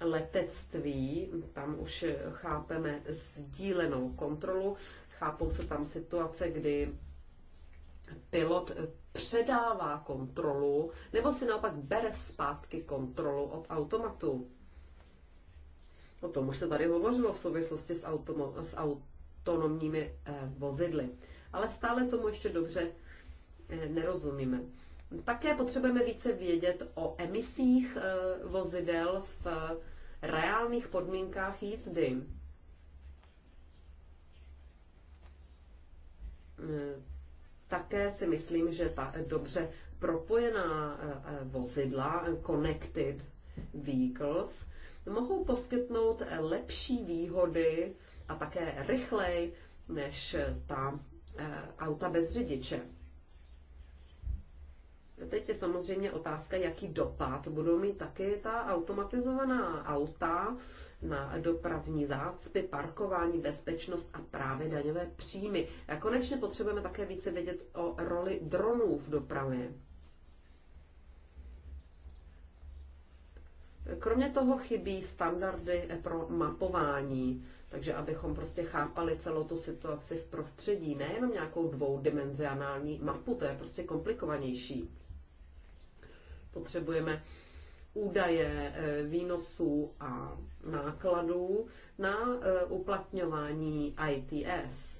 letectví, tam už chápeme sdílenou kontrolu, chápou se tam situace, kdy pilot předává kontrolu, nebo si naopak bere zpátky kontrolu od automatu. O tom už se tady hovořilo v souvislosti s, automo, s autonomními eh, vozidly. Ale stále tomu ještě dobře eh, nerozumíme. Také potřebujeme více vědět o emisích eh, vozidel v eh, reálných podmínkách jízdy. Eh, také si myslím, že ta dobře propojená eh, eh, vozidla, connected vehicles, mohou poskytnout lepší výhody a také rychleji než ta eh, auta bez řidiče. Teď je samozřejmě otázka, jaký dopad budou mít taky ta automatizovaná auta na dopravní zácpy, parkování, bezpečnost a právě daňové příjmy. A konečně potřebujeme také více vědět o roli dronů v dopravě. Kromě toho chybí standardy pro mapování, takže abychom prostě chápali celou tu situaci v prostředí, nejenom nějakou dvoudimenzionální mapu, to je prostě komplikovanější. Potřebujeme údaje eh, výnosů a nákladů na e, uplatňování ITS.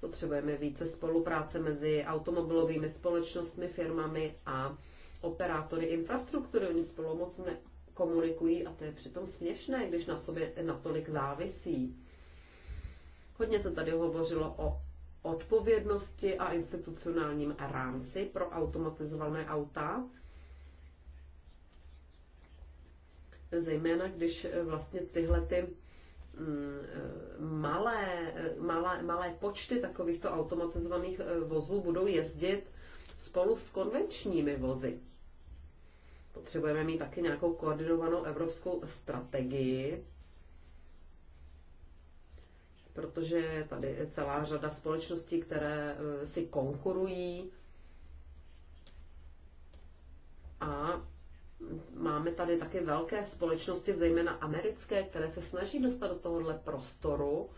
Potřebujeme více spolupráce mezi automobilovými společnostmi, firmami a operátory infrastruktury. Oni spolu moc nekomunikují a to je přitom směšné, když na sobě natolik závisí. Hodně se tady hovořilo o odpovědnosti a institucionálním rámci pro automatizované auta. zejména když eh, vlastně tyhle ty mm, eh, malé, eh, malé, malé počty takovýchto automatizovaných vozů budou jezdit spolu s konvenčními vozy. Potřebujeme mít taky nějakou koordinovanou evropskou strategii, protože je tady celá řada společností, které si konkurují a máme tady také velké společnosti, zejména americké, které se snaží dostat do tohohle prostoru.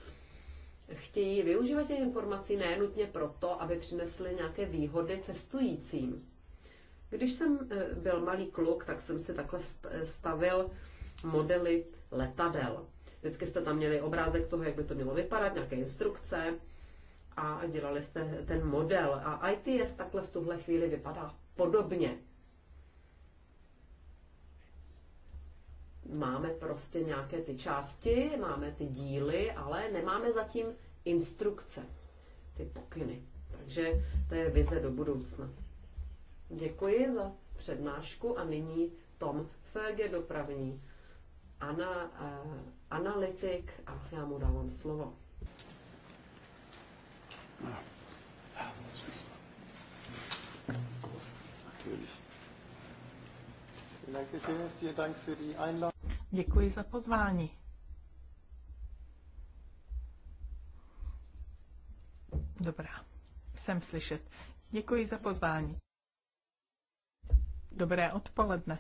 Chtějí využívat těch informací nenutně proto, aby přinesly nějaké výhody cestujícím. Když jsem eh, byl malý kluk, tak jsem si takhle eh, stavil modely letadel. Vždycky jste tam měli obrázek toho, jak by to mělo vypadat, nějaké instrukce a dělali jste ten model. A ITS takhle v tuhle chvíli vypadá podobně. máme prostě nějaké ty části, máme ty díly, ale nemáme zatím instrukce, ty pokyny. Takže to je vize do budoucna. Děkuji za přednášku a nyní Tom Felge, dopravní ana, uh, analytik a já mu dávám slovo. vielen Dank für die Einladung. Děkuji za pozvání. Dobrá, jsem slyšet. Děkuji za pozvání. Dobré odpoledne.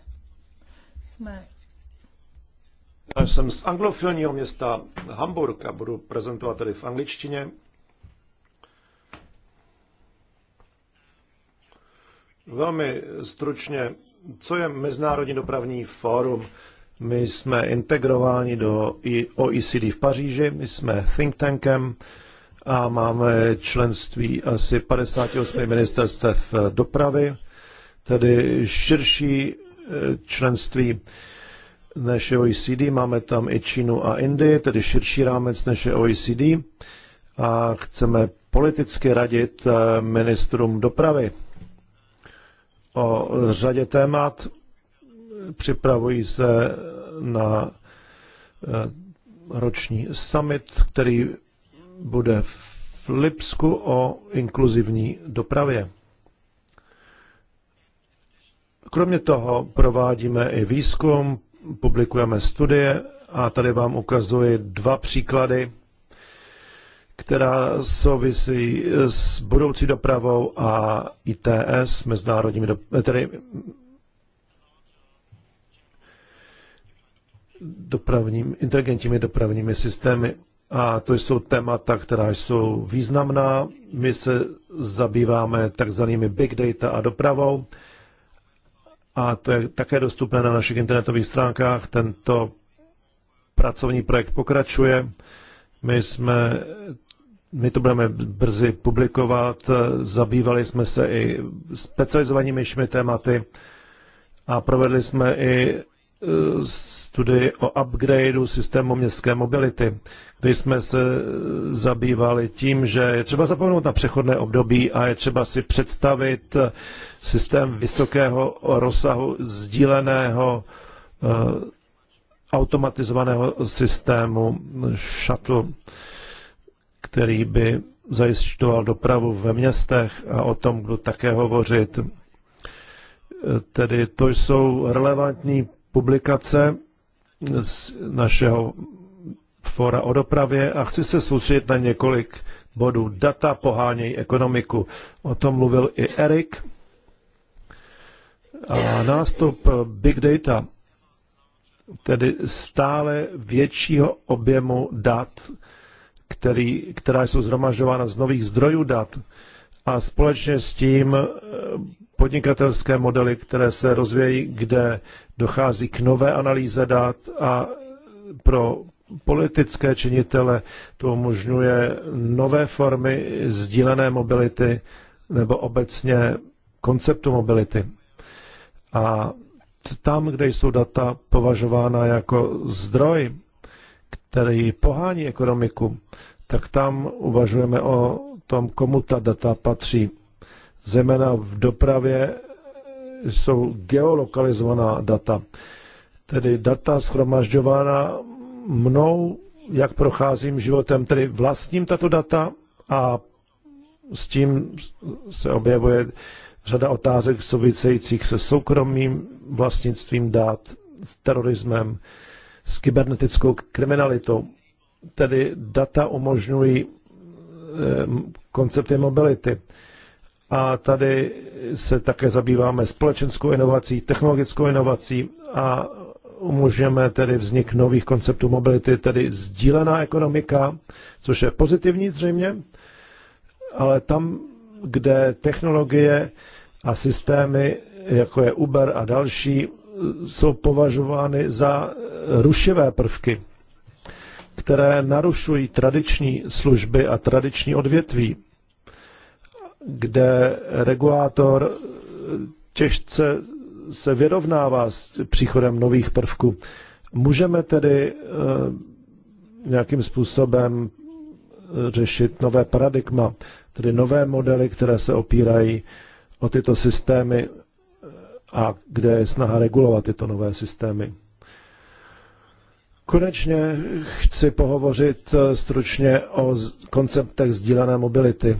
Jsme... Já jsem z anglofilního města Hamburg a budu prezentovat tady v angličtině. Velmi stručně, co je Mezinárodní dopravní fórum? My jsme integrováni do OECD v Paříži, my jsme think tankem a máme členství asi 58 ministerstev dopravy, tedy širší e, členství než je OECD. Máme tam i Čínu a Indii, tedy širší rámec než je OECD. A chceme politicky radit e, ministrům dopravy o řadě témat Připravují se na eh, roční summit, který bude v Lipsku o inkluzivní dopravě. Kromě toho provádíme i výzkum, publikujeme studie a tady vám ukazuji dva příklady, která souvisí s budoucí dopravou a ITS, mezinárodními, tedy dopravním, inteligentními dopravními systémy. A to jsou témata, která jsou významná. My se zabýváme takzvanými big data a dopravou. A to je také dostupné na našich internetových stránkách. Tento pracovní projekt pokračuje. My jsme my to budeme brzy publikovat. Zabývali jsme se i specializovanými tématy a provedli jsme i Eh, studii o upgradeu systému městské mobility, kde jsme se eh, zabývali tím, že je třeba zapomenout na přechodné období a je třeba si představit eh, systém vysokého rozsahu sdíleného automatizovaného systému shuttle, který by zajišťoval dopravu ve městech a o tom budu také hovořit. Tedy to jsou relevantní publikace z našeho fora o dopravě a chci se soustředit na několik bodů. Data pohánějí ekonomiku. O tom mluvil i Erik. A nástup big data, tedy stále většího objemu dat, který, která jsou zhromažována z nových zdrojů dat, a společně s tím podnikatelské modely, které se rozvějí, kde dochází k nové analýze dat a pro politické činitele to umožňuje nové formy sdílené mobility nebo obecně konceptu mobility. A tam, kde jsou data považována jako zdroj, který pohání ekonomiku, tak tam uvažujeme o tom, komu ta data patří zejména v dopravě, jsou geolokalizovaná data. Tedy data schromažďována mnou, jak procházím životem, tedy vlastním tato data a s tím se objevuje řada otázek souvisejících se soukromým vlastnictvím dát, s terorismem, s kybernetickou kriminalitou. Tedy data umožňují eh, koncepty mobility. A tady se také zabýváme společenskou inovací, technologickou inovací a umožňujeme tedy vznik nových konceptů mobility, tedy sdílená ekonomika, což je pozitivní zřejmě, ale tam, kde technologie a systémy, jako je Uber a další, jsou považovány za rušivé prvky, které narušují tradiční služby a tradiční odvětví kde regulátor eh, těžce se vyrovnává s příchodem nových prvků. Můžeme tedy eh, nějakým způsobem eh, řešit nové paradigma, tedy nové modely, které se opírají o tyto systémy a kde je snaha regulovat tyto nové systémy. Konečně chci pohovořit stručně o konceptech sdílené mobility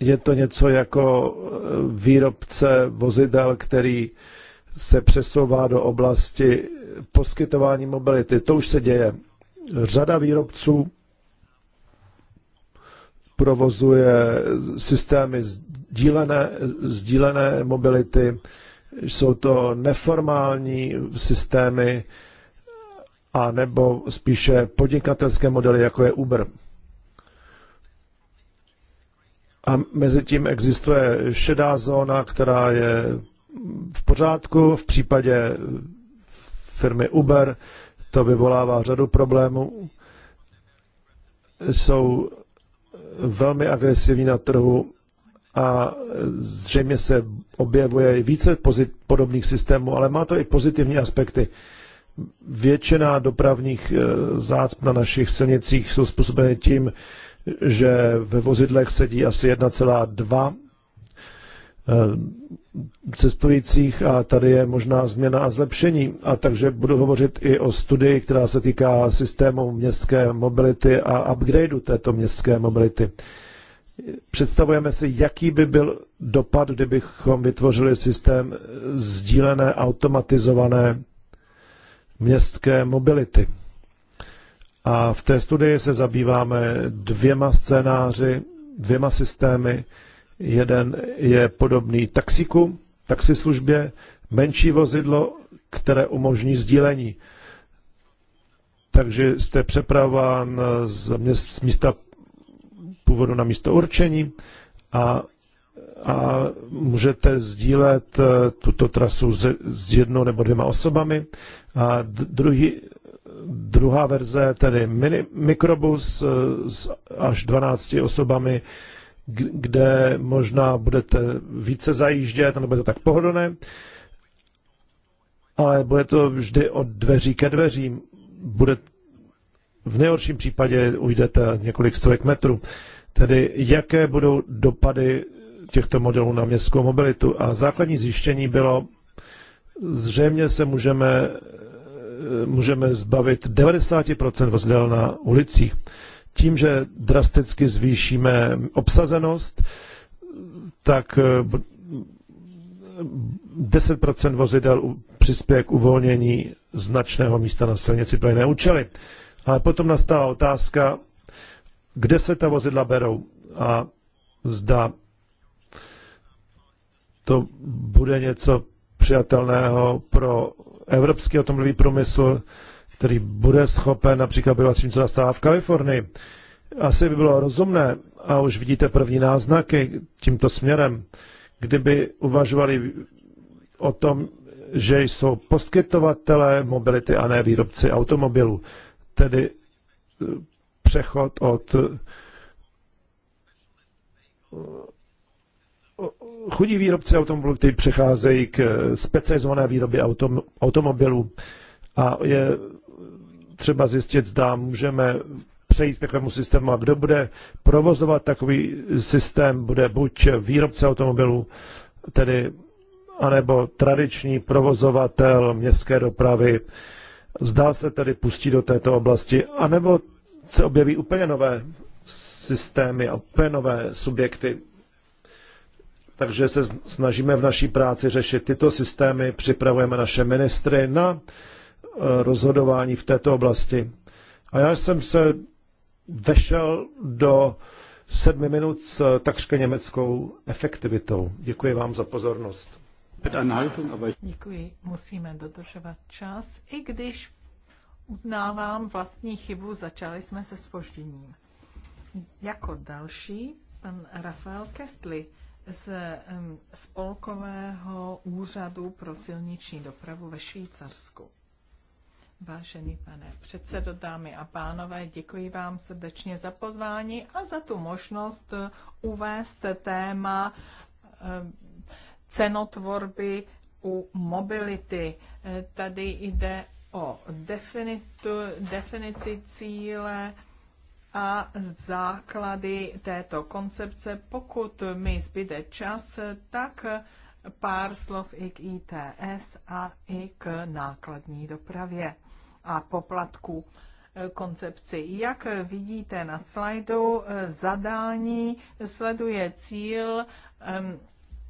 je to něco jako eh, výrobce vozidel, který se přesouvá do oblasti poskytování mobility. To už se děje. Řada výrobců provozuje systémy sdílené, sdílené mobility, jsou to neformální systémy, a nebo spíše podnikatelské modely, jako je Uber. A mezi tím existuje šedá zóna, která je v pořádku. V případě firmy Uber to vyvolává řadu problémů. Jsou velmi agresivní na trhu a zřejmě se objevuje více podobných systémů, ale má to i pozitivní aspekty. Většina dopravních eh, zácp na našich silnicích jsou způsobeny tím, že ve vozidlech sedí asi 1,2 eh, cestujících a tady je možná změna a zlepšení. A takže budu hovořit i o studii, která se týká systému městské mobility a upgradeu této městské mobility. Představujeme si, jaký by byl dopad, kdybychom vytvořili systém sdílené, automatizované městské mobility. A v té studii se zabýváme dvěma scénáři, dvěma systémy. Jeden je podobný taxiku, taxislužbě, menší vozidlo, které umožní sdílení. Takže jste přepraván z, místa původu na místo určení a, a můžete sdílet eh, tuto trasu s jednou nebo dvěma osobami. A druhý druhá verze, tedy mini, mikrobus eh, s až 12 osobami, kde možná budete více zajíždět, nebo je to tak pohodlné, ale bude to vždy od dveří ke dveřím. Bude, v nejhorším případě ujdete několik stovek metrů. Tedy jaké budou dopady těchto modelů na městskou mobilitu. A základní zjištění bylo, zřejmě se můžeme můžeme zbavit 90% vozidel na ulicích. Tím, že drasticky zvýšíme obsazenost, tak 10% eh, vozidel přispěje k uvolnění značného místa na silnici pro jiné účely. Ale potom nastává otázka, kde se ta vozidla berou a zda to bude něco přijatelného pro evropský automobilový průmysl, který bude schopen například bývat s tím, co nastává v Kalifornii. Asi by bylo rozumné, a už vidíte první náznaky tímto směrem, kdyby uvažovali o tom, že jsou poskytovatelé mobility a ne výrobci automobilů. Tedy eh, přechod od chudí výrobci automobilů, kteří přecházejí k eh, specializované výrobě autom, automobilů. A je třeba zjistit, zda můžeme přejít k takovému systému a kdo bude provozovat takový systém, bude buď výrobce automobilů, tedy anebo tradiční provozovatel městské dopravy, zdá se tedy pustí do této oblasti, anebo se objeví úplně nové systémy a úplně nové subjekty, takže se snažíme v naší práci řešit tyto systémy, připravujeme naše ministry na eh, rozhodování v této oblasti. A já jsem se vešel do sedmi minut s takřka německou efektivitou. Děkuji vám za pozornost. Děkuji. Musíme dodržovat čas, i když uznávám vlastní chybu, začali jsme se spožděním. Jako další pan Rafael Kestli z Spolkového úřadu pro silniční dopravu ve Švýcarsku. Vážený pane předsedo, dámy a pánové, děkuji vám srdečně za pozvání a za tu možnost eh, uvést téma eh, cenotvorby u mobility. Eh, tady jde o definitu, definici cíle a základy této koncepce. Pokud mi zbyde čas, tak pár slov i k ITS a i k nákladní dopravě a poplatku koncepci. Jak vidíte na slajdu, zadání sleduje cíl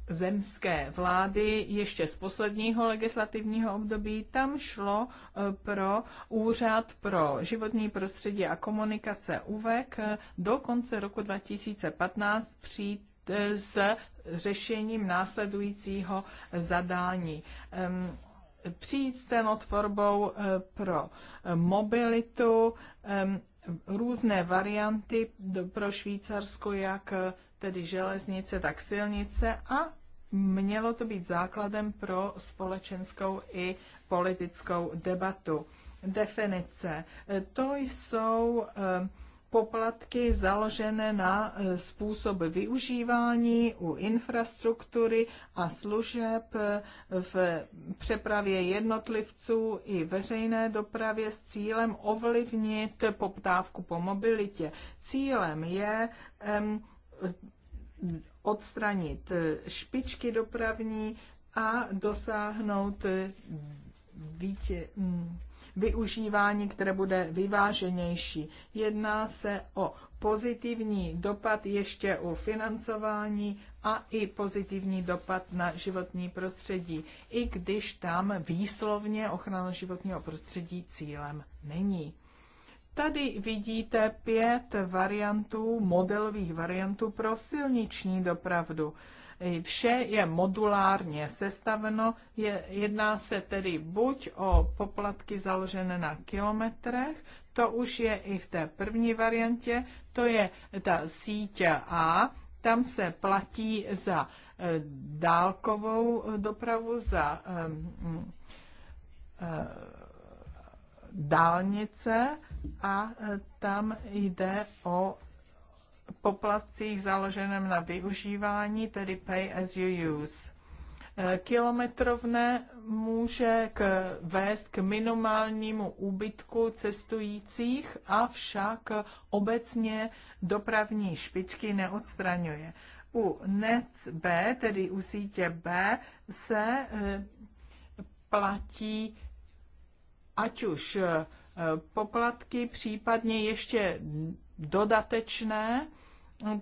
zemské vlády ještě z posledního legislativního období. Tam šlo e, pro Úřad pro životní prostředí a komunikace UVEK do konce roku 2015 přijít e, s řešením následujícího zadání. Přijít s cenotvorbou e, pro mobilitu, různé varianty pro Švýcarsko, jak tedy železnice, tak silnice a Mělo to být základem pro společenskou i politickou debatu. Definice. To jsou eh, poplatky založené na eh, způsob využívání u infrastruktury a služeb eh, v přepravě jednotlivců i veřejné dopravě s cílem ovlivnit poptávku po mobilitě. Cílem je odstranit eh, špičky dopravní a dosáhnout eh, vítě, mm, využívání, které bude vyváženější. Jedná se o pozitivní dopad ještě u financování a i pozitivní dopad na životní prostředí, i když tam výslovně ochrana životního prostředí cílem není. Tady vidíte pět variantů, modelových variantů pro silniční dopravdu. Vše je modulárně sestaveno, je, jedná se tedy buď o poplatky založené na kilometrech, to už je i v té první variantě, to je ta síť A, tam se platí za eh, dálkovou dopravu, za um, uh, dálnice a e, tam jde o poplatcích založeném na využívání, tedy pay as you use. E, kilometrovné může k, vést k minimálnímu úbytku cestujících, avšak obecně dopravní špičky neodstraňuje. U NEC B, tedy u sítě B, se e, platí ať už poplatky, případně ještě dodatečné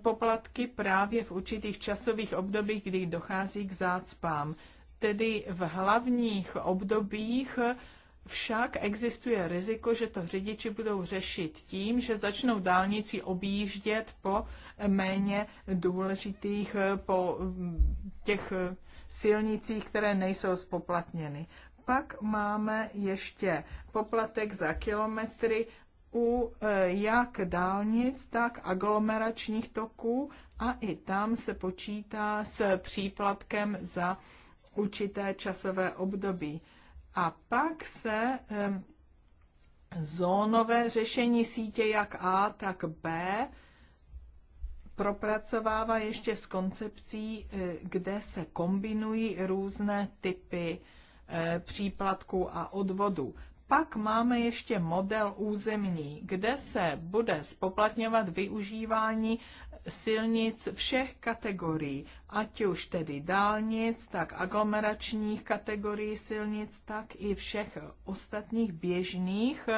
poplatky právě v určitých časových obdobích, kdy dochází k zácpám. Tedy v hlavních obdobích však existuje riziko, že to řidiči budou řešit tím, že začnou dálnici objíždět po méně důležitých, po těch silnicích, které nejsou spoplatněny pak máme ještě poplatek za kilometry u e, jak dálnic, tak aglomeračních toků a i tam se počítá s příplatkem za určité časové období. A pak se e, zónové řešení sítě jak A, tak B propracovává ještě s koncepcí, e, kde se kombinují různé typy Eh, příplatků a odvodů. Pak máme ještě model územní, kde se bude spoplatňovat využívání silnic všech kategorií, ať už tedy dálnic, tak aglomeračních kategorií silnic, tak i všech ostatních běžných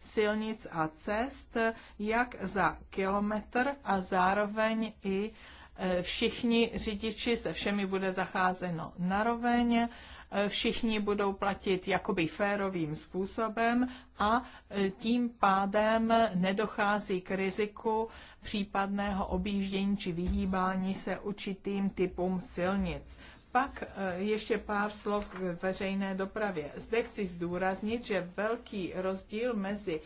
silnic a cest, jak za kilometr a zároveň i eh, všichni řidiči se všemi bude zacházeno naroveň všichni budou platit jakoby férovým způsobem a e, tím pádem nedochází k riziku případného objíždění či vyhýbání se určitým typům silnic. Pak e, ještě pár slov k veřejné dopravě. Zde chci zdůraznit, že velký rozdíl mezi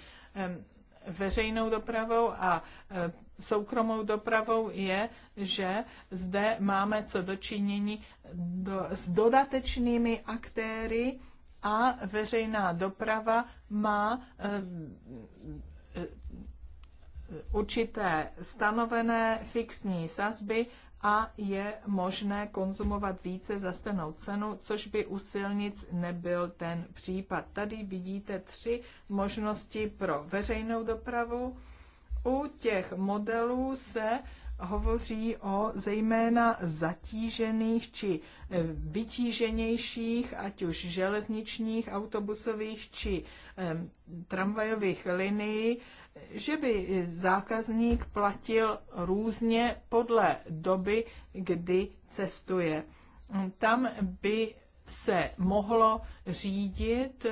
veřejnou dopravou a e, soukromou dopravou je, že zde máme co dočinění do, s dodatečnými aktéry a veřejná doprava má eh, eh, určité stanovené fixní sazby a je možné konzumovat více za stejnou cenu, což by u silnic nebyl ten případ. Tady vidíte tři možnosti pro veřejnou dopravu u těch modelů se hovoří o zejména zatížených či eh, vytíženějších, ať už železničních, autobusových či tramvajových linií, že by zákazník platil různě podle doby, kdy cestuje. Tam by se mohlo řídit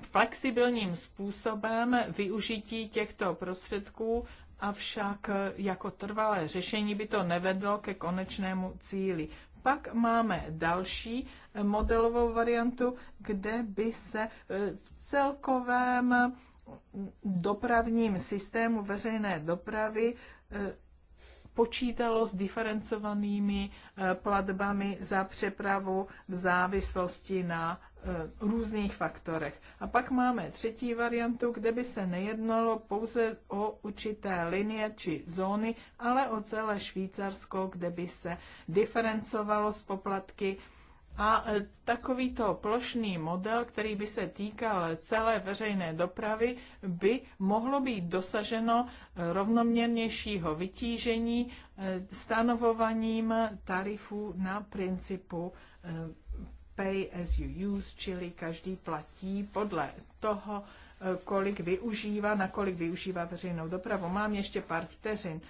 flexibilním způsobem využití těchto prostředků, avšak jako trvalé řešení by to nevedlo ke konečnému cíli. Pak máme další modelovou variantu, kde by se eh, v celkovém dopravním systému veřejné dopravy eh, počítalo s diferencovanými eh, platbami za přepravu v závislosti na Eh, různých faktorech. A pak máme třetí variantu, kde by se nejednalo pouze o určité linie či zóny, ale o celé Švýcarsko, kde by se diferencovalo z poplatky. A eh, takovýto plošný model, který by se týkal celé veřejné dopravy, by mohlo být dosaženo eh, rovnoměrnějšího vytížení stanovováním tarifů na principu pay as you use, čili každý platí podle toho, eh, kolik využívá, nakolik využívá veřejnou dopravu. Mám ještě pár vteřin.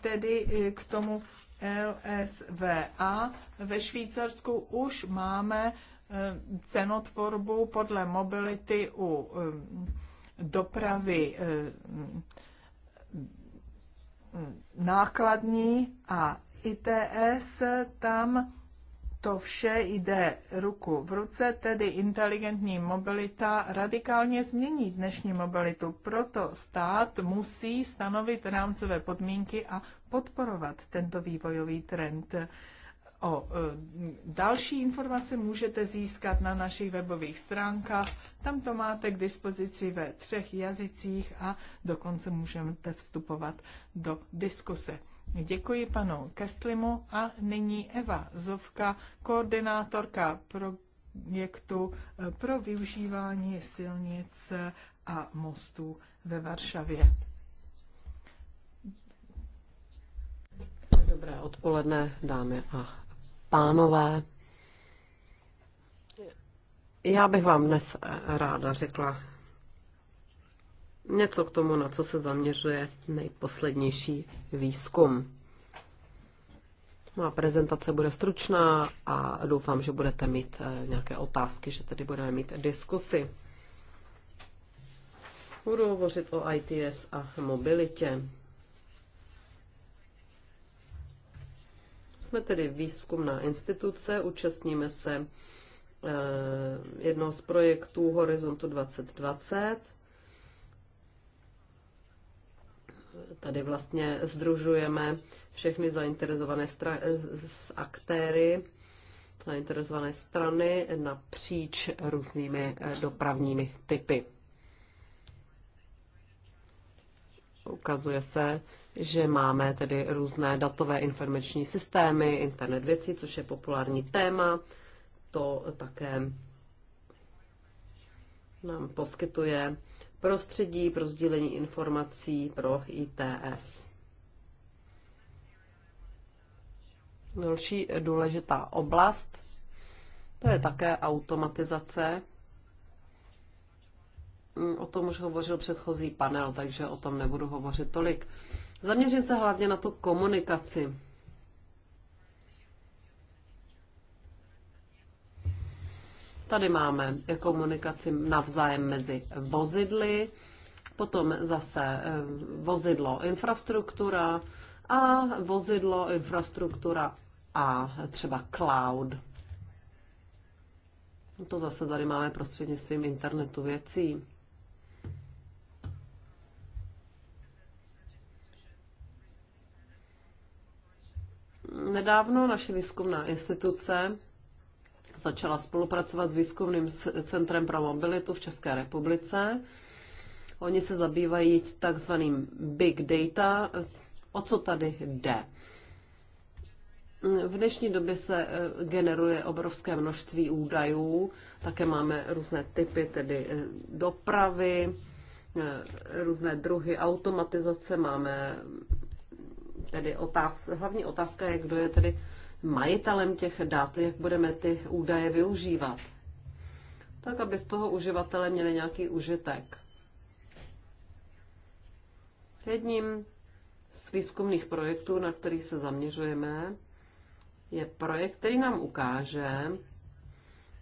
Tedy eh, k tomu LSVA. Ve Švýcarsku už máme eh, cenotvorbu podle mobility u dopravy nákladní a ITS tam to vše jde ruku v ruce, tedy inteligentní mobilita radikálně změní dnešní mobilitu. Proto stát musí stanovit rámcové podmínky a podporovat tento vývojový trend. O e, další informace můžete získat na našich webových stránkách. Tam to máte k dispozici ve třech jazycích a dokonce můžete vstupovat do diskuse. Děkuji panu Kestlimu a nyní Eva Zovka, koordinátorka projektu eh, pro využívání silnic a mostů ve Varšavě. Dobré odpoledne, dámy a pánové. Já bych vám dnes eh, ráda řekla něco k tomu, na co se zaměřuje nejposlednější výzkum. Má prezentace bude stručná a doufám, že budete mít eh, nějaké otázky, že tedy budeme mít diskusy. Budu hovořit o ITS a mobilitě. Jsme tedy výzkumná instituce, účastníme se eh, jednoho z projektů Horizontu 2020 Tady vlastně združujeme všechny zainteresované stra- aktéry, zainteresované strany napříč různými eh, dopravními typy. Ukazuje se, že máme tedy různé datové informační systémy, internet věcí, což je populární téma. To také nám poskytuje prostředí pro sdílení informací pro ITS. Další důležitá oblast, to je také automatizace. Mm, o tom už hovořil předchozí panel, takže o tom nebudu hovořit tolik. Zaměřím se hlavně na tu komunikaci. Tady máme komunikaci navzájem mezi vozidly, potom zase eh, vozidlo infrastruktura a vozidlo infrastruktura a třeba cloud. To zase tady máme prostřednictvím internetu věcí. Nedávno naše výzkumná instituce začala spolupracovat s výzkumným centrem pro mobilitu v České republice. Oni se zabývají takzvaným big data. O co tady jde? V dnešní době se e, generuje obrovské množství údajů, také máme různé typy, tedy e, dopravy, e, různé druhy automatizace, máme tedy otázka, hlavní otázka je, kdo je tedy majitelem těch dat, jak budeme ty údaje využívat, tak aby z toho uživatele měli nějaký užitek. Jedním z výzkumných projektů, na který se zaměřujeme, je projekt, který nám ukáže,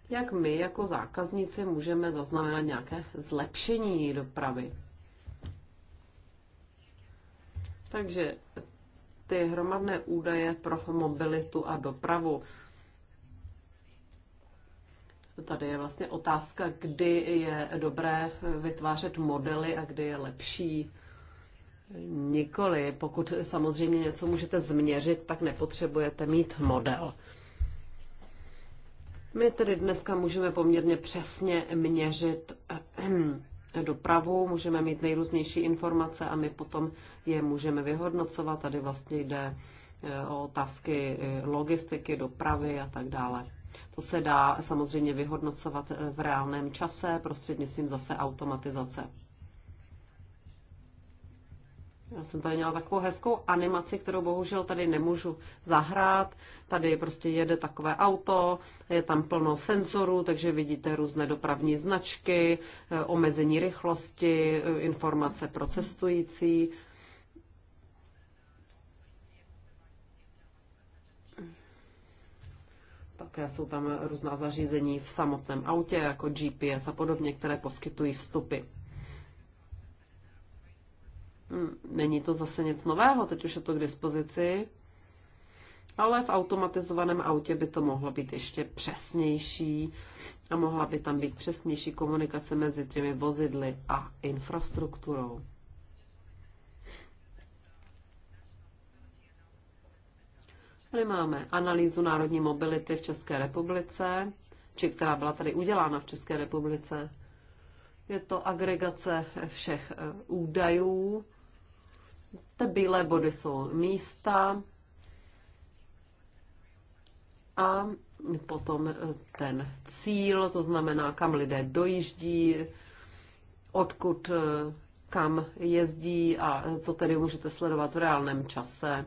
jak my jako zákazníci můžeme zaznamenat nějaké zlepšení dopravy. Takže ty hromadné údaje pro mobilitu a dopravu. Tady je vlastně otázka, kdy je dobré vytvářet modely a kdy je lepší nikoli. Pokud samozřejmě něco můžete změřit, tak nepotřebujete mít model. My tedy dneska můžeme poměrně přesně měřit <clears throat> dopravu, můžeme mít nejrůznější informace a my potom je můžeme vyhodnocovat. Tady vlastně jde e, o otázky e, logistiky, dopravy a tak dále. To se dá samozřejmě vyhodnocovat e, v reálném čase prostřednictvím zase automatizace. Já jsem tady měla takovou hezkou animaci, kterou bohužel tady nemůžu zahrát. Tady prostě jede takové auto, je tam plno senzorů, takže vidíte různé dopravní značky, eh, omezení rychlosti, eh, informace pro cestující. Také jsou tam různá zařízení v samotném autě, jako GPS a podobně, které poskytují vstupy. Hm, není to zase nic nového, teď už je to k dispozici, ale v automatizovaném autě by to mohlo být ještě přesnější a mohla by tam být přesnější komunikace mezi těmi vozidly a infrastrukturou. Tady máme analýzu národní mobility v České republice, či která byla tady udělána v České republice. Je to agregace všech eh, údajů ty bílé body jsou místa a potom eh, ten cíl, to znamená, kam lidé dojíždí, odkud eh, kam jezdí a to tedy můžete sledovat v reálném čase.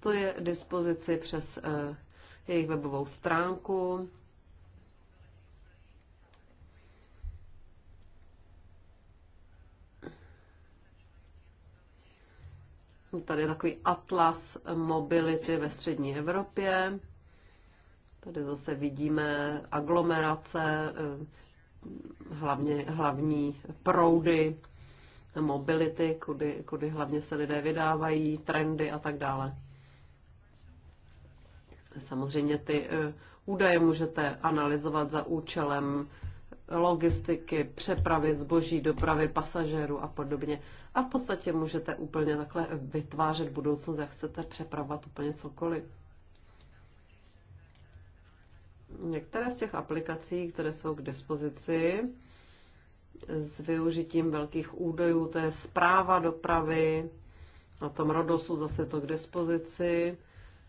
To je dispozici přes eh, jejich webovou stránku. Tady je takový atlas mobility ve střední Evropě. Tady zase vidíme aglomerace, eh, hlavně hlavní proudy mobility, kudy, kudy hlavně se lidé vydávají, trendy a tak dále. Samozřejmě ty eh, údaje můžete analyzovat za účelem logistiky, přepravy zboží, dopravy pasažérů a podobně. A v podstatě můžete úplně takhle vytvářet budoucnost, jak chcete přepravovat úplně cokoliv. Některé z těch aplikací, které jsou k dispozici, s využitím velkých údajů, to je zpráva dopravy, na tom Rodosu zase to k dispozici,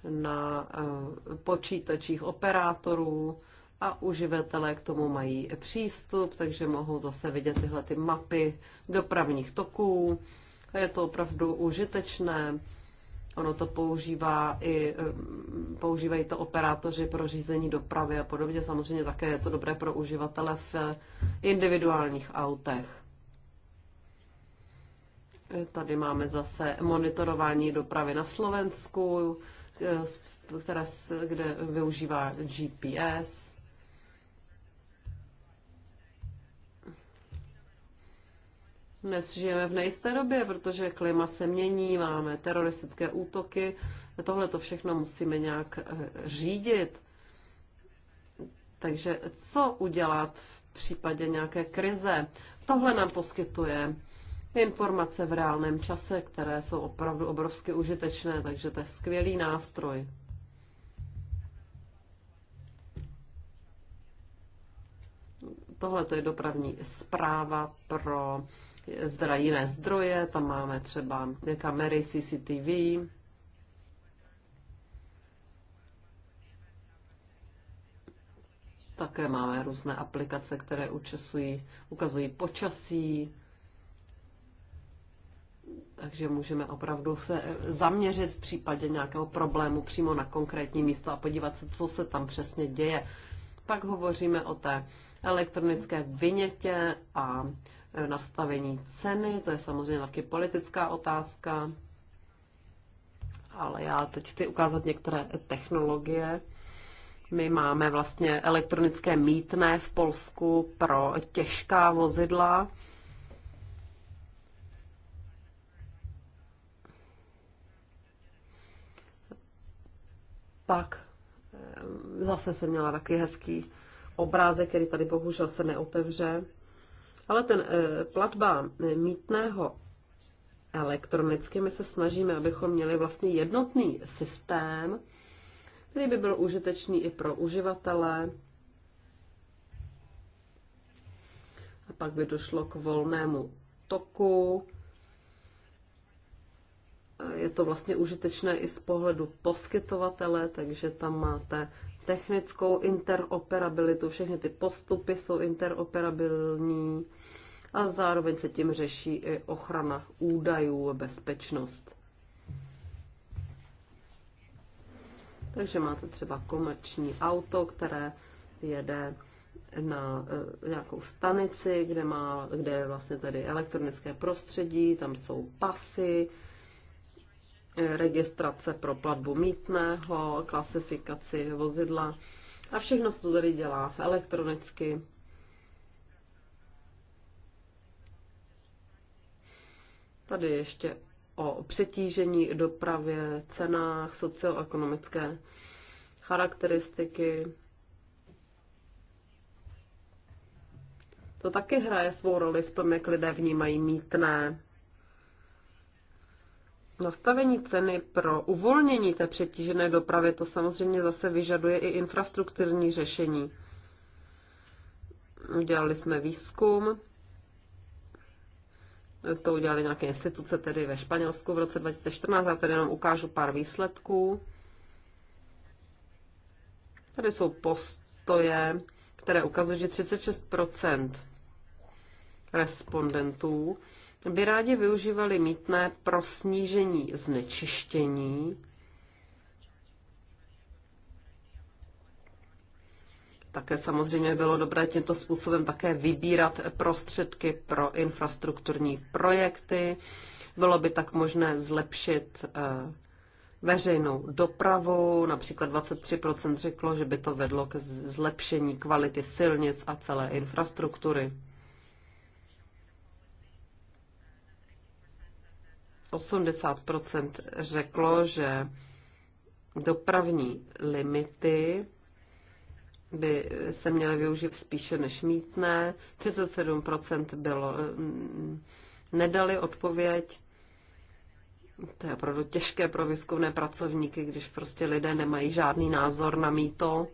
na eh, počítačích operátorů, a uživatelé k tomu mají přístup, takže mohou zase vidět tyhle ty mapy dopravních toků. Je to opravdu užitečné. Ono to používá i, eh, používají to operátoři pro řízení dopravy a podobně. Samozřejmě také je to dobré pro uživatele v individuálních autech. Tady máme zase monitorování dopravy na Slovensku, eh, které, kde využívá GPS. Dnes žijeme v nejisté době, protože klima se mění, máme teroristické útoky, tohle to všechno musíme nějak eh, řídit. Takže co udělat v případě nějaké krize? Tohle nám poskytuje informace v reálném čase, které jsou opravdu obrovsky užitečné, takže to je skvělý nástroj. Tohle to je dopravní zpráva pro zdra jiné zdroje, tam máme třeba kamery CCTV, Také máme různé aplikace, které učesují, ukazují počasí, takže můžeme opravdu se zaměřit v případě nějakého problému přímo na konkrétní místo a podívat se, co se tam přesně děje. Pak hovoříme o té elektronické vynětě a nastavení ceny, to je samozřejmě taky politická otázka, ale já teď chci ukázat některé technologie. My máme vlastně elektronické mítné v Polsku pro těžká vozidla. Pak eh, zase jsem měla takový hezký obrázek, který tady bohužel se neotevře. Ale ten eh, platba eh, mítného elektronicky my se snažíme, abychom měli vlastně jednotný systém, který by byl užitečný i pro uživatele. A pak by došlo k volnému toku. Eh, je to vlastně užitečné i z pohledu poskytovatele, takže tam máte technickou interoperabilitu. Všechny ty postupy jsou interoperabilní a zároveň se tím řeší i ochrana údajů a bezpečnost. Takže máte třeba komerční auto, které jede na eh, nějakou stanici, kde, má, kde je vlastně tady elektronické prostředí, tam jsou pasy, registrace pro platbu mítného, klasifikaci vozidla a všechno se to tady dělá elektronicky. Tady ještě o přetížení, dopravě, cenách, socioekonomické charakteristiky. To taky hraje svou roli v tom, jak lidé vnímají mítné. Nastavení ceny pro uvolnění té přetížené dopravy to samozřejmě zase vyžaduje i infrastrukturní řešení. Udělali jsme výzkum, to udělali nějaké instituce tedy ve Španělsku v roce 2014, já tady jenom ukážu pár výsledků. Tady jsou postoje, které ukazují, že 36 respondentů by rádi využívali mítné pro snížení znečištění, Také samozřejmě bylo dobré tímto způsobem také vybírat prostředky pro infrastrukturní projekty. Bylo by tak možné zlepšit eh, veřejnou dopravu. Například 23% řeklo, že by to vedlo k zlepšení kvality silnic a celé infrastruktury. 80 řeklo, že dopravní limity by se měly využít spíše než mítné. 37 bylo mm, nedali odpověď. To je opravdu těžké pro výzkumné pracovníky, když prostě lidé nemají žádný názor na mýto.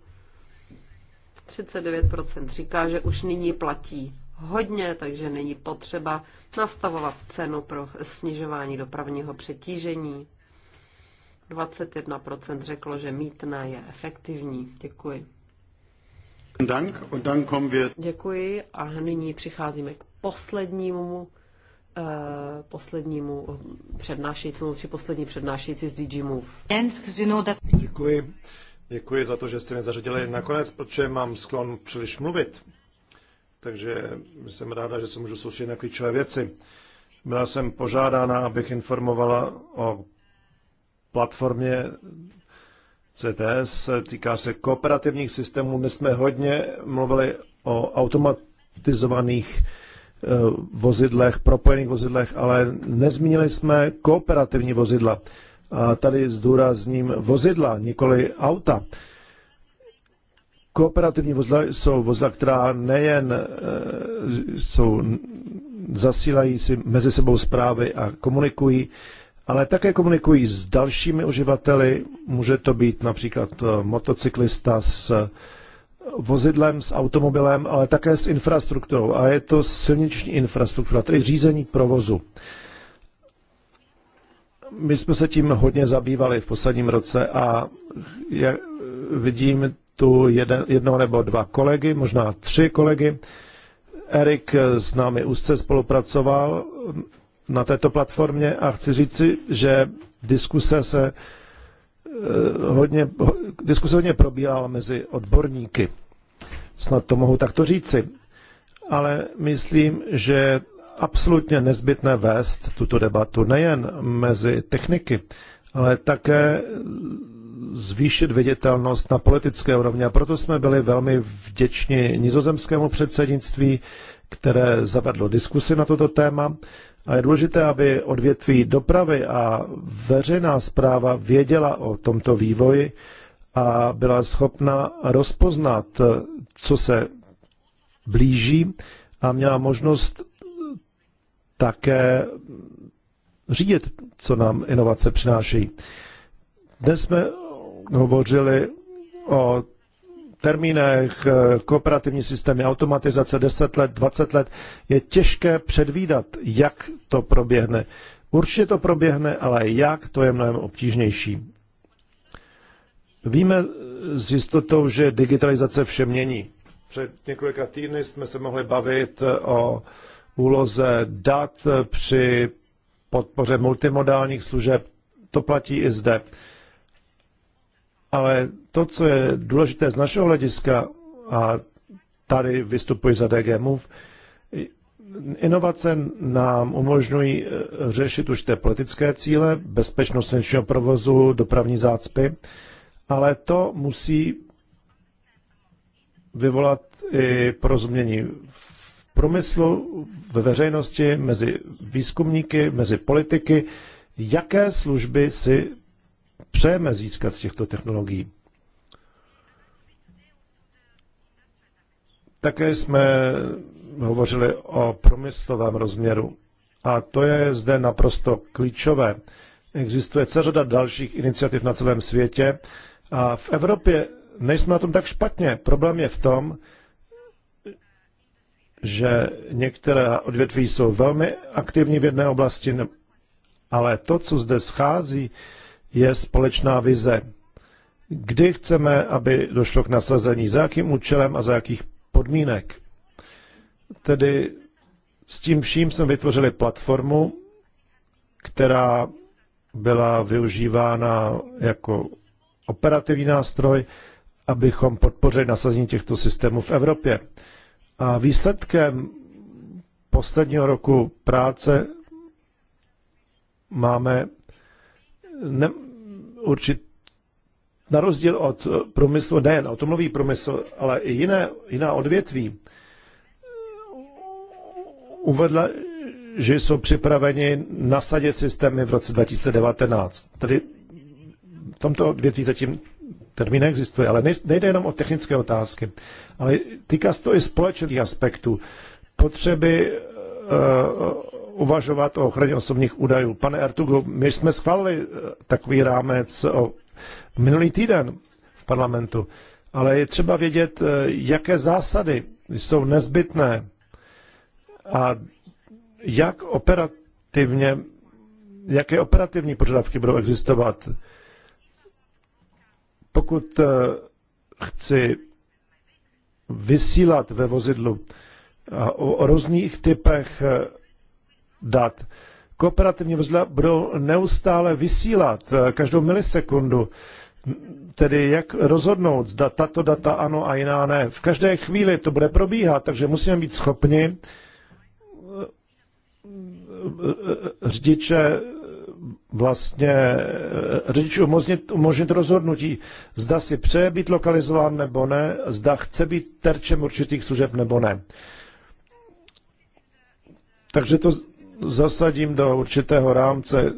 39% říká, že už nyní platí hodně, takže není potřeba nastavovat cenu pro snižování dopravního přetížení. 21% řeklo, že mítné je efektivní. Děkuji. Děkuji a nyní přicházíme k poslednímu eh, poslednímu přednášejícímu, či poslední přednášející z DG Move. Děkuji. Děkuji za to, že jste mě zařadili nakonec, protože mám sklon příliš mluvit takže jsem ráda, že se můžu soustředit na klíčové věci. Byla jsem požádána, abych informovala o platformě CTS, týká se kooperativních systémů. Dnes jsme hodně mluvili o automatizovaných eh, vozidlech, propojených vozidlech, ale nezmínili jsme kooperativní vozidla. A tady zdůrazním vozidla, nikoli auta. Kooperativní vozla jsou vozla, která nejen eh, jsou, zasílají si mezi sebou zprávy a komunikují, ale také komunikují s dalšími uživateli. Může to být například eh, motocyklista s vozidlem, s automobilem, ale také s infrastrukturou. A je to silniční infrastruktura, tedy řízení provozu. My jsme se tím hodně zabývali v posledním roce a vidím tu jedno nebo dva kolegy, možná tři kolegy. Erik s námi úzce spolupracoval na této platformě a chci říci, že diskuse se eh, hodně, diskuse hodně probíhala mezi odborníky. Snad to mohu takto říci. Ale myslím, že absolutně nezbytné vést tuto debatu nejen mezi techniky, ale také zvýšit viditelnost na politické úrovni. A proto jsme byli velmi vděční nizozemskému předsednictví, které zavedlo diskusy na toto téma. A je důležité, aby odvětví dopravy a veřejná zpráva věděla o tomto vývoji a byla schopna rozpoznat, co se blíží a měla možnost také řídit, co nám inovace přináší. Dnes jsme hovořili o termínech, eh, kooperativní systémy, automatizace 10 let, 20 let, je těžké předvídat, jak to proběhne. Určitě to proběhne, ale jak, to je mnohem obtížnější. Víme eh, s jistotou, že digitalizace vše mění. Před několika týdny jsme se mohli bavit eh, o úloze dat při podpoře multimodálních služeb. To platí i zde. Ale to, co je důležité z našeho hlediska, a tady vystupuji za DG Move, inovace nám umožňují eh, řešit už té politické cíle, bezpečnost silničního provozu, dopravní zácpy, ale to musí vyvolat i porozumění v průmyslu, ve veřejnosti, mezi výzkumníky, mezi politiky, jaké služby si přejeme získat z těchto technologií. Také jsme hovořili o promyslovém rozměru a to je zde naprosto klíčové. Existuje celá řada dalších iniciativ na celém světě a v Evropě nejsme na tom tak špatně. Problém je v tom, že některé odvětví jsou velmi aktivní v jedné oblasti, ale to, co zde schází, je společná vize. Kdy chceme, aby došlo k nasazení, za jakým účelem a za jakých podmínek. Tedy s tím vším jsme vytvořili platformu, která byla využívána jako operativní nástroj, abychom podpořili nasazení těchto systémů v Evropě. A výsledkem posledního roku práce máme ne, určit, na rozdíl od eh, průmyslu, nejen automobilový průmysl, ale i jiné, jiná odvětví, eh, uvedla, že jsou připraveni nasadit systémy v roce 2019. Tedy v tomto odvětví zatím termín neexistuje, ale nejde jenom o technické otázky, ale týká se to i společných aspektů, potřeby eh, uvažovat o ochraně osobních údajů. Pane Ertugu, my jsme schválili eh, takový rámec eh, minulý týden v parlamentu, ale je třeba vědět, eh, jaké zásady jsou nezbytné a jak operativně, jaké operativní požadavky budou existovat. Pokud chci vysílat ve vozidlu o různých typech dat. Kooperativní vozidla budou neustále vysílat eh, každou milisekundu, tedy jak rozhodnout, zda tato data ano a jiná ne. V každé chvíli to bude probíhat, takže musíme být schopni eh, eh, řidiče vlastně řidiči umožnit, umožnit rozhodnutí, zda si přeje být lokalizován nebo ne, zda chce být terčem určitých služeb nebo ne. Takže to zasadím do určitého rámce.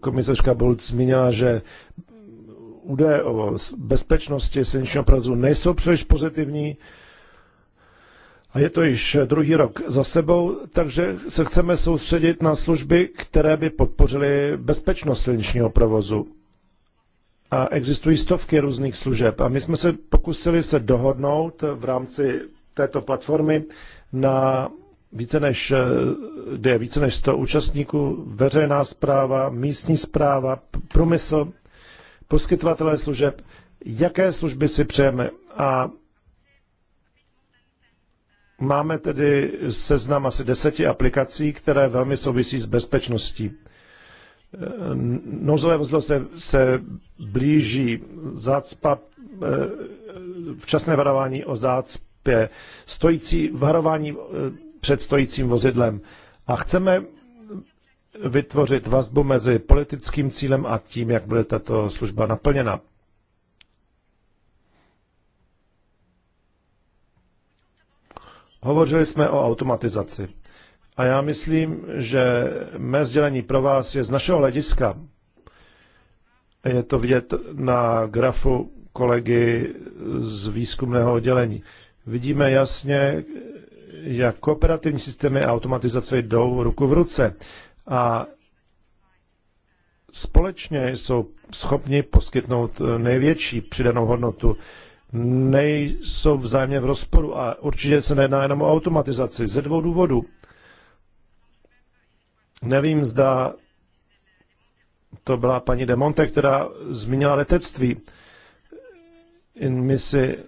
Komisařka Bulc zmínila, že údaje o bezpečnosti silničního provozu nejsou příliš pozitivní. A je to již druhý rok za sebou, takže se chceme soustředit na služby, které by podpořily bezpečnost silničního provozu. A existují stovky různých služeb. A my jsme se pokusili se dohodnout v rámci této platformy na více než, kde eh, je více než 100 účastníků, veřejná zpráva, místní zpráva, průmysl, poskytovatelé služeb, jaké služby si přejeme. A máme tedy seznam asi deseti aplikací, které velmi souvisí s bezpečností. Eh, nouzové vozidlo se, se blíží zácpa, eh, včasné varování o zácpě, stojící varování předstojícím vozidlem. A chceme vytvořit vazbu mezi politickým cílem a tím, jak bude tato služba naplněna. Hovořili jsme o automatizaci. A já myslím, že mé sdělení pro vás je z našeho hlediska. Je to vidět na grafu kolegy z výzkumného oddělení. Vidíme jasně, jak kooperativní systémy a automatizace jdou ruku v ruce a společně jsou schopni poskytnout největší přidanou hodnotu. Nejsou vzájemně v rozporu a určitě se nejedná jenom o automatizaci ze dvou důvodů. Nevím, zda to byla paní Demonte, která zmínila letectví. My si,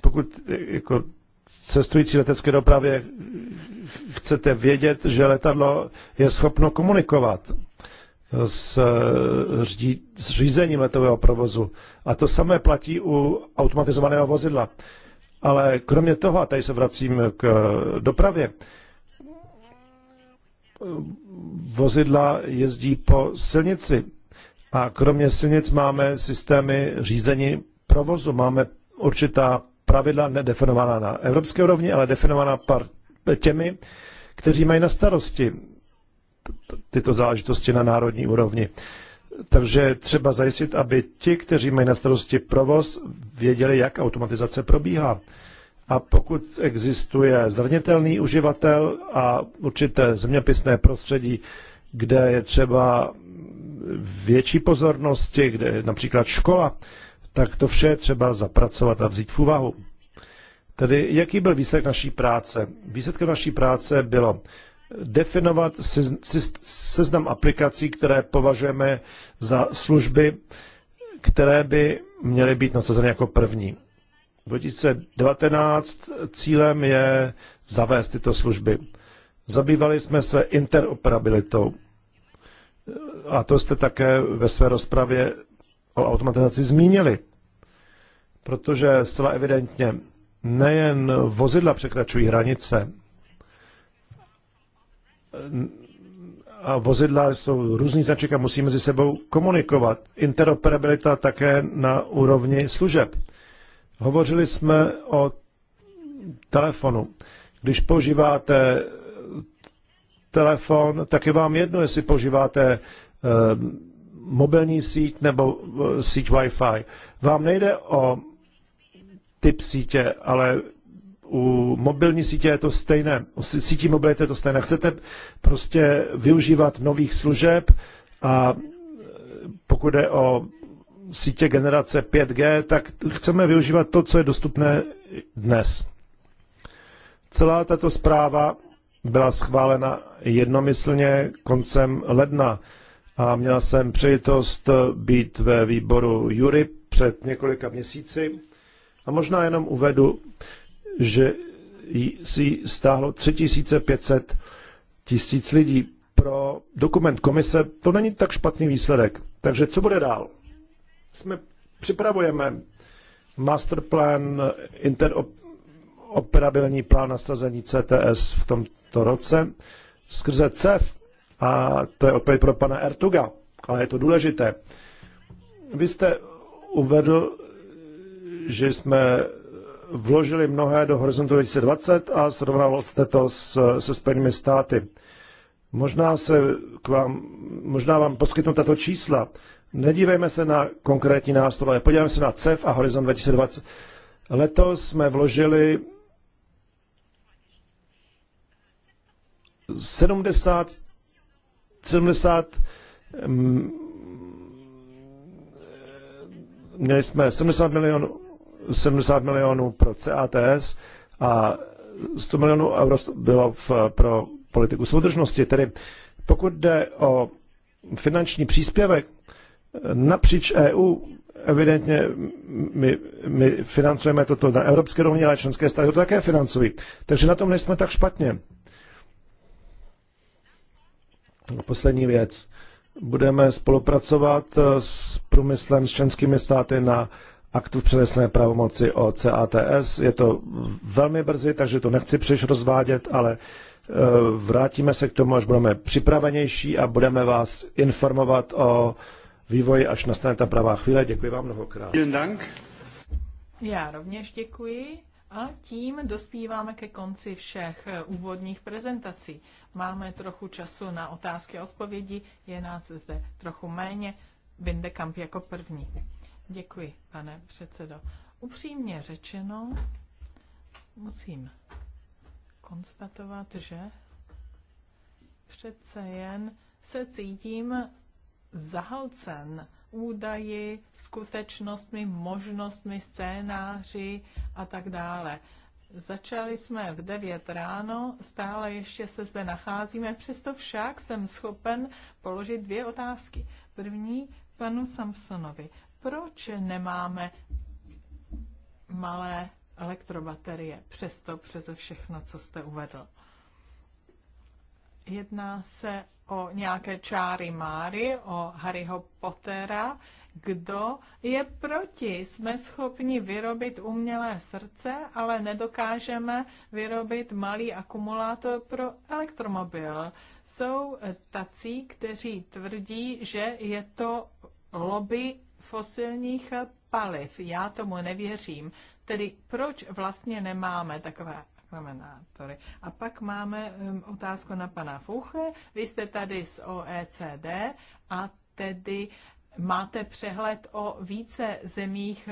pokud jako cestující letecké dopravě chcete vědět, že letadlo je schopno komunikovat s, řídí, s řízením letového provozu. A to samé platí u automatizovaného vozidla. Ale kromě toho, a tady se vracím k dopravě, vozidla jezdí po silnici. A kromě silnic máme systémy řízení provozu, máme určitá pravidla nedefinovaná na evropské úrovni, ale definovaná par, těmi, kteří mají na starosti tyto záležitosti na národní úrovni. Takže třeba zajistit, aby ti, kteří mají na starosti provoz, věděli, jak automatizace probíhá. A pokud existuje zranitelný uživatel a určité zeměpisné prostředí, kde je třeba větší pozornosti, kde je například škola, tak to vše je třeba zapracovat a vzít v úvahu. Tedy jaký byl výsledek naší práce? Výsledkem naší práce bylo definovat seznam aplikací, které považujeme za služby, které by měly být nasazeny jako první. V 2019 cílem je zavést tyto služby. Zabývali jsme se interoperabilitou. A to jste také ve své rozpravě o automatizaci zmínili. Protože zcela evidentně nejen vozidla překračují hranice, a vozidla jsou různý značek a musí mezi sebou komunikovat. Interoperabilita také na úrovni služeb. Hovořili jsme o telefonu. Když používáte telefon, tak je vám jedno, jestli používáte eh, mobilní síť nebo eh, síť Wi-Fi. Vám nejde o typ sítě, ale u mobilní sítě je to stejné, u sítí mobilní je to stejné. Chcete prostě využívat nových služeb a eh, pokud jde o sítě generace 5G, tak chceme využívat to, co je dostupné dnes. Celá tato zpráva byla schválena jednomyslně koncem ledna a měl jsem přejitost být ve výboru Jury před několika měsíci. A možná jenom uvedu, že si stáhlo 3500 tisíc lidí pro dokument komise. To není tak špatný výsledek. Takže co bude dál? Jsme připravujeme masterplan interoperabilní plán nasazení CTS v tomto roce. Skrze CEF a to je opět pro pana Ertuga, ale je to důležité. Vy jste uvedl, že jsme vložili mnohé do horizontu 2020 a srovnal jste to s, se Spojenými státy. Možná, se k vám, možná vám poskytnu tato čísla. Nedívejme se na konkrétní nástroje, podívejme se na CEF a Horizon 2020. Letos jsme vložili 70 70 mm, měli jsme 70 milionů, 70 milionů pro CATS a 100 milionů euro bylo v, pro politiku soudržnosti. Tedy pokud jde o finanční příspěvek napříč EU, evidentně my, my financujeme toto na evropské rovně, ale členské státy to také financují. Takže na tom nejsme tak špatně. Poslední věc. Budeme spolupracovat eh, s průmyslem s členskými státy na aktu v přenesné pravomoci o CATS. Je to velmi brzy, takže to nechci příliš rozvádět, ale eh, vrátíme se k tomu, až budeme připravenější a budeme vás informovat o vývoji, až nastane ta pravá chvíle. Děkuji vám mnohokrát. Já rovněž děkuji. A tím dospíváme ke konci všech eh, úvodních prezentací. Máme trochu času na otázky a odpovědi, je nás zde trochu méně. Kamp jako první. Děkuji, pane předsedo. Upřímně řečeno, musím konstatovat, že přece jen se cítím zahalcen údaji, skutečnostmi, možnostmi, scénáři a tak dále. Začali jsme v 9 ráno, stále ještě se zde nacházíme, přesto však jsem schopen položit dvě otázky. První panu Samsonovi. Proč nemáme malé elektrobaterie přesto přeze všechno, co jste uvedl? Jedná se o nějaké čáry Máry, o Harryho Pottera, kdo je proti. Jsme schopni vyrobit umělé srdce, ale nedokážeme vyrobit malý akumulátor pro elektromobil. Jsou tací, kteří tvrdí, že je to lobby fosilních paliv. Já tomu nevěřím. Tedy proč vlastně nemáme takové komentátory. A pak máme um, otázku na pana Fuche. Vy jste tady z OECD a tedy máte přehled o více zemích,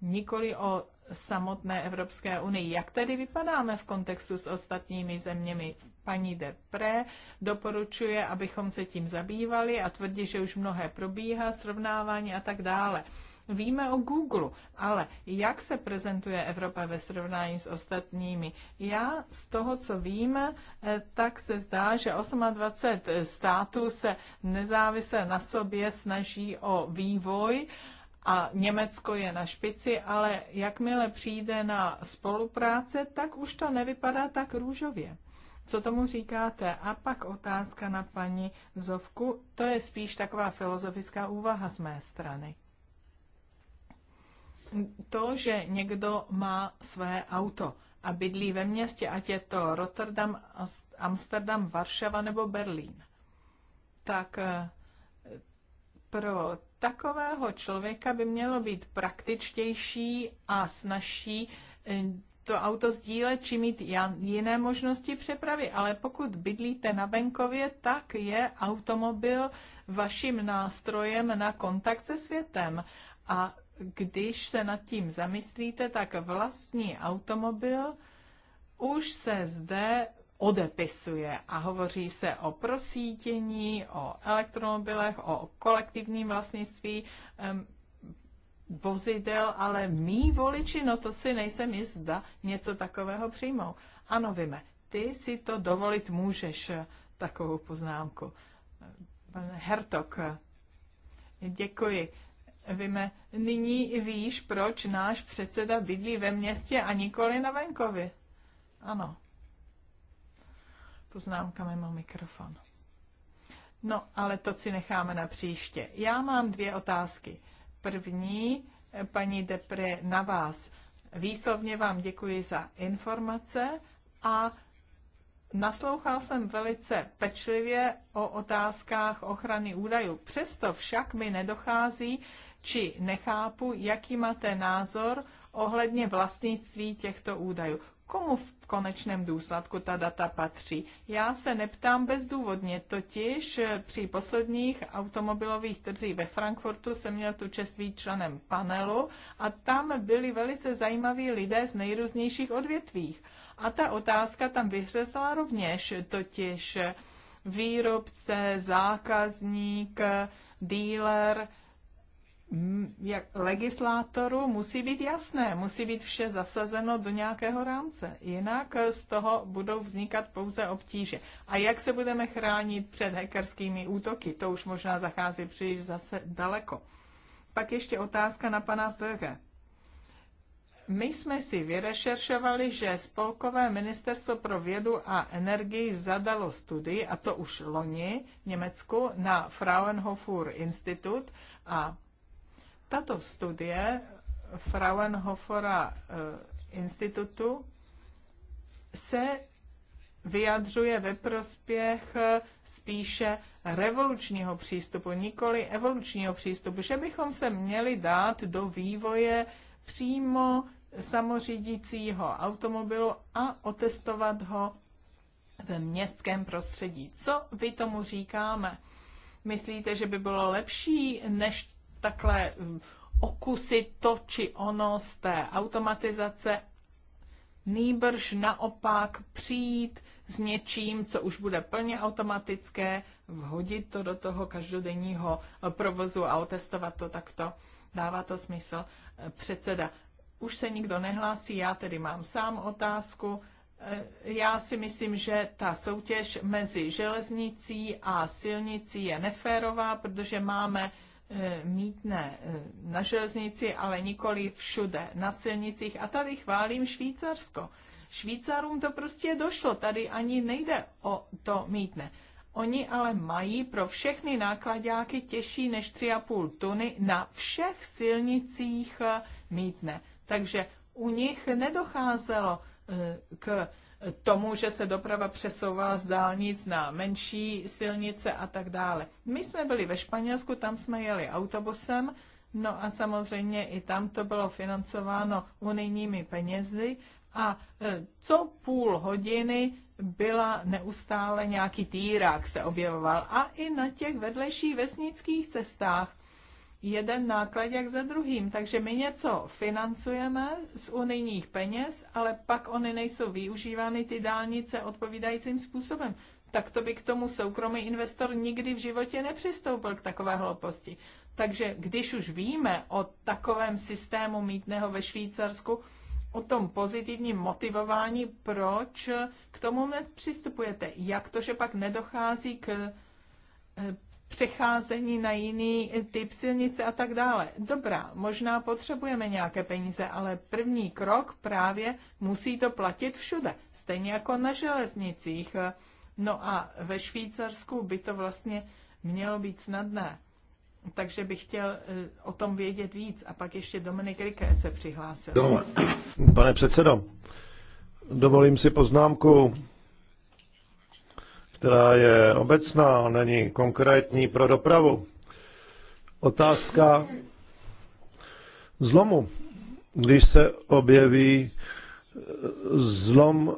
nikoli o samotné Evropské unii. Jak tedy vypadáme v kontextu s ostatními zeměmi? Paní Depre doporučuje, abychom se tím zabývali a tvrdí, že už mnohé probíhá, srovnávání a tak dále. Víme o Google, ale jak se prezentuje Evropa ve srovnání s ostatními? Já z toho, co víme, eh, tak se zdá, že 28 států se nezávisle na sobě snaží o vývoj a Německo je na špici, ale jakmile přijde na spolupráce, tak už to nevypadá tak růžově. Co tomu říkáte? A pak otázka na paní Zovku. To je spíš taková filozofická úvaha z mé strany to, že někdo má své auto a bydlí ve městě, ať je to Rotterdam, Amsterdam, Varšava nebo Berlín, tak eh, pro takového člověka by mělo být praktičtější a snažší eh, to auto sdílet či mít jiné možnosti přepravy. Ale pokud bydlíte na venkově, tak je automobil vaším nástrojem na kontakt se světem. A když se nad tím zamyslíte, tak vlastní automobil už se zde odepisuje a hovoří se o prosítění, o elektromobilech, o kolektivním vlastnictví um, vozidel, ale mý voliči, no to si nejsem jistá, něco takového přijmou. Ano, víme, ty si to dovolit můžeš, eh, takovou poznámku. Pane Hertok, eh, děkuji. Víme, nyní víš, proč náš předseda bydlí ve městě a nikoli na venkově. Ano. Poznámka mimo mikrofon. No, ale to si necháme na příště. Já mám dvě otázky. První, paní Depre, na vás. Výslovně vám děkuji za informace a Naslouchal jsem velice pečlivě o otázkách ochrany údajů. Přesto však mi nedochází či nechápu, jaký máte názor ohledně vlastnictví těchto údajů. Komu v konečném důsledku ta data patří? Já se neptám bezdůvodně, totiž eh, při posledních automobilových trzích ve Frankfurtu jsem měl tu čest být členem panelu a tam byli velice zajímaví lidé z nejrůznějších odvětvích. A ta otázka tam vyhřezla rovněž, totiž eh, výrobce, zákazník, eh, dealer, Mm, jak legislátoru musí být jasné, musí být vše zasazeno do nějakého rámce, jinak eh, z toho budou vznikat pouze obtíže. A jak se budeme chránit před hackerskými útoky, to už možná zachází příliš zase daleko. Pak ještě otázka na pana Pöge. My jsme si vyrešeršovali, že Spolkové ministerstvo pro vědu a energii zadalo studii, a to už loni v Německu, na Fraunhofer Institut a tato studie Frauenhofera eh, institutu se vyjadřuje ve prospěch eh, spíše revolučního přístupu, nikoli evolučního přístupu, že bychom se měli dát do vývoje přímo samořídícího automobilu a otestovat ho ve městském prostředí. Co vy tomu říkáme? Myslíte, že by bylo lepší než takhle um, okusit to či ono z té automatizace, nýbrž naopak přijít s něčím, co už bude plně automatické, vhodit to do toho každodenního provozu a otestovat to takto. Dává to smysl. Eh, předseda, už se nikdo nehlásí, já tedy mám sám otázku. Eh, já si myslím, že ta soutěž mezi železnicí a silnicí je neférová, protože máme E, mítne na železnici, ale nikoli všude, na silnicích. A tady chválím Švýcarsko. Švýcarům to prostě došlo, tady ani nejde o to mítne. Oni ale mají pro všechny nákladňáky těžší než 3,5 tuny na všech silnicích e, mítne. Takže u nich nedocházelo e, k tomu, že se doprava přesouvala z dálnic na menší silnice a tak dále. My jsme byli ve Španělsku, tam jsme jeli autobusem, no a samozřejmě i tam to bylo financováno unijními penězi a e, co půl hodiny byla neustále nějaký týrák se objevoval a i na těch vedlejších vesnických cestách jeden náklad jak za druhým. Takže my něco financujeme z unijních peněz, ale pak oni nejsou využívány ty dálnice odpovídajícím způsobem. Tak to by k tomu soukromý investor nikdy v životě nepřistoupil k takové hlouposti. Takže když už víme o takovém systému mítného ve Švýcarsku, o tom pozitivním motivování, proč k tomu nepřistupujete, jak to, že pak nedochází k eh, přecházení na jiný typ silnice a tak dále. Dobrá, možná potřebujeme nějaké peníze, ale první krok právě musí to platit všude, stejně jako na železnicích. No a ve Švýcarsku by to vlastně mělo být snadné. Takže bych chtěl eh, o tom vědět víc. A pak ještě Dominik Riké se přihlásil. Pane předsedo, dovolím si poznámku která je obecná, není konkrétní pro dopravu. Otázka zlomu. Když se objeví zlom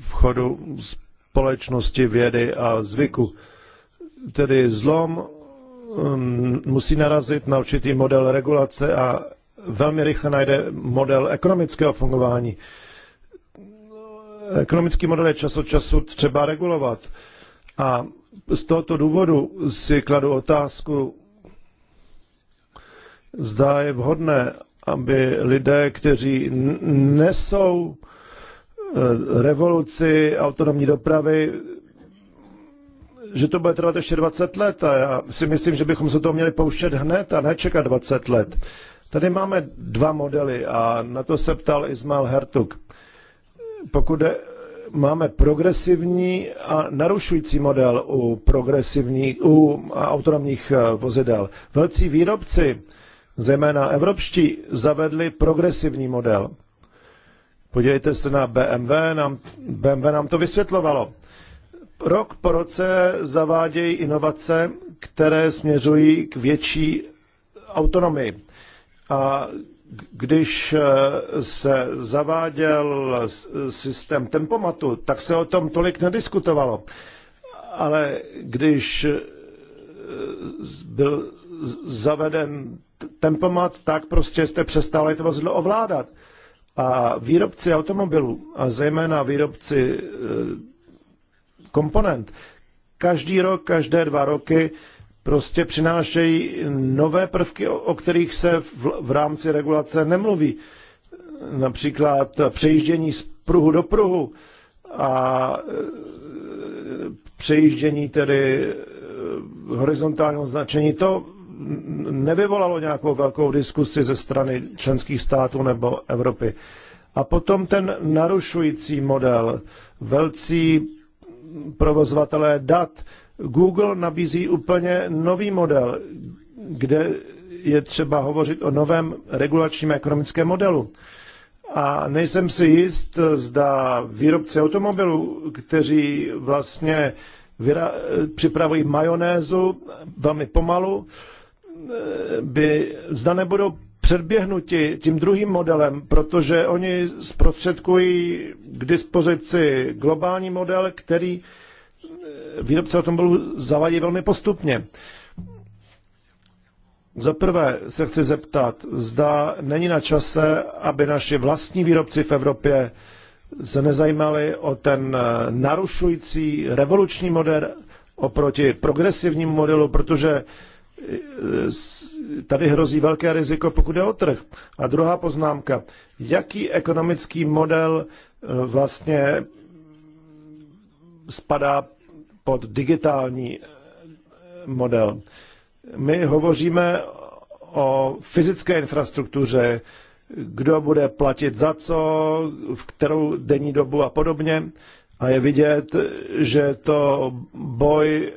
v chodu společnosti vědy a zvyku, tedy zlom mm, musí narazit na určitý model regulace a velmi rychle najde model ekonomického fungování ekonomický model je čas od času třeba regulovat. A z tohoto důvodu si kladu otázku, zda je vhodné, aby lidé, kteří nesou eh, revoluci autonomní dopravy, že to bude trvat ještě 20 let a já si myslím, že bychom se toho měli pouštět hned a nečekat 20 let. Tady máme dva modely a na to se ptal Ismail Hertuk pokud máme progresivní a narušující model u, progresivní, u autonomních eh, vozidel. Velcí výrobci, zejména evropští, zavedli progresivní model. Podívejte se na BMW, nám, BMW nám to vysvětlovalo. Rok po roce zavádějí inovace, které směřují k větší autonomii. A když eh, se zaváděl systém tempomatu, tak se o tom tolik nediskutovalo. Ale když eh, byl zaveden tempomat, tak prostě jste přestali to vozidlo ovládat. A výrobci automobilů, a zejména výrobci eh, komponent, každý rok, každé dva roky prostě přinášejí nové prvky, o kterých se v rámci regulace nemluví. Například přejíždění z pruhu do pruhu a e, přejíždění tedy e, horizontálního značení, to nevyvolalo nějakou velkou diskusi ze strany členských států nebo Evropy. A potom ten narušující model, velcí provozovatelé dat, Google nabízí úplně nový model, kde je třeba hovořit o novém regulačním ekonomickém modelu. A nejsem si jist, zda výrobci automobilů, kteří vlastně vyra- připravují majonézu velmi pomalu, by zda nebudou předběhnuti tím druhým modelem, protože oni zprostředkují k dispozici globální model, který výrobce automobilů zavadí velmi postupně. Za prvé se chci zeptat, zda není na čase, aby naši vlastní výrobci v Evropě se nezajímali o ten eh, narušující revoluční model oproti progresivnímu modelu, protože eh, tady hrozí velké riziko, pokud je o trh. A druhá poznámka, jaký ekonomický model eh, vlastně spadá pod digitální eh, model. My hovoříme o fyzické infrastruktuře, kdo bude platit za co, v kterou denní dobu a podobně. A je vidět, že to boj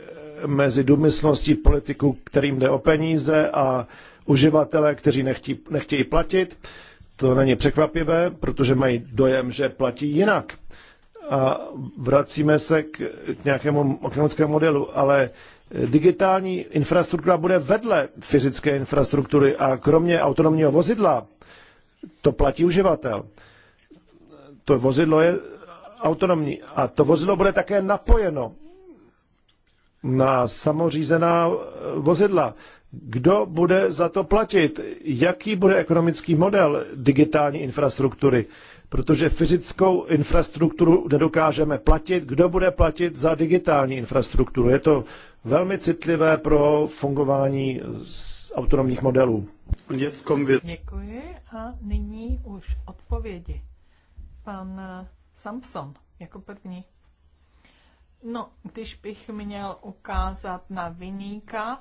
mezi důmyslností politiků, kterým jde o peníze a uživatele, kteří nechtí, nechtějí platit. To není překvapivé, protože mají dojem, že platí jinak a vracíme se k, k nějakému ekonomickému modelu, ale digitální infrastruktura bude vedle fyzické infrastruktury a kromě autonomního vozidla to platí uživatel. To vozidlo je autonomní a to vozidlo bude také napojeno na samořízená e, vozidla. Kdo bude za to platit? Jaký bude ekonomický model digitální infrastruktury? protože fyzickou infrastrukturu nedokážeme platit. Kdo bude platit za digitální infrastrukturu? Je to velmi citlivé pro fungování autonomních modelů. Děkuji a nyní už odpovědi. Pan eh, Samson jako první. No, když bych měl ukázat na vyníka,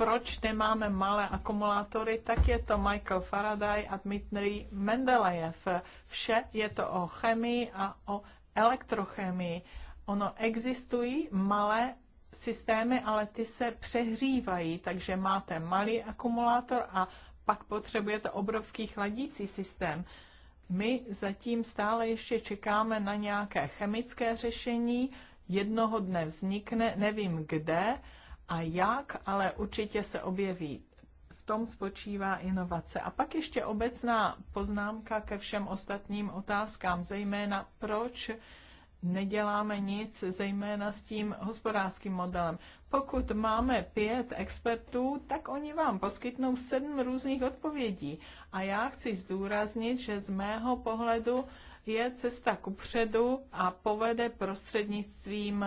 proč nemáme malé akumulátory, tak je to Michael Faraday a Dmitry Mendelejev. Vše je to o chemii a o elektrochemii. Ono existují malé systémy, ale ty se přehřívají, takže máte malý akumulátor a pak potřebujete obrovský chladící systém. My zatím stále ještě čekáme na nějaké chemické řešení, jednoho dne vznikne, nevím kde, a jak, ale určitě se objeví. V tom spočívá inovace. A pak ještě obecná poznámka ke všem ostatním otázkám, zejména proč neděláme nic, zejména s tím hospodářským modelem. Pokud máme pět expertů, tak oni vám poskytnou sedm různých odpovědí. A já chci zdůraznit, že z mého pohledu je cesta kupředu a povede prostřednictvím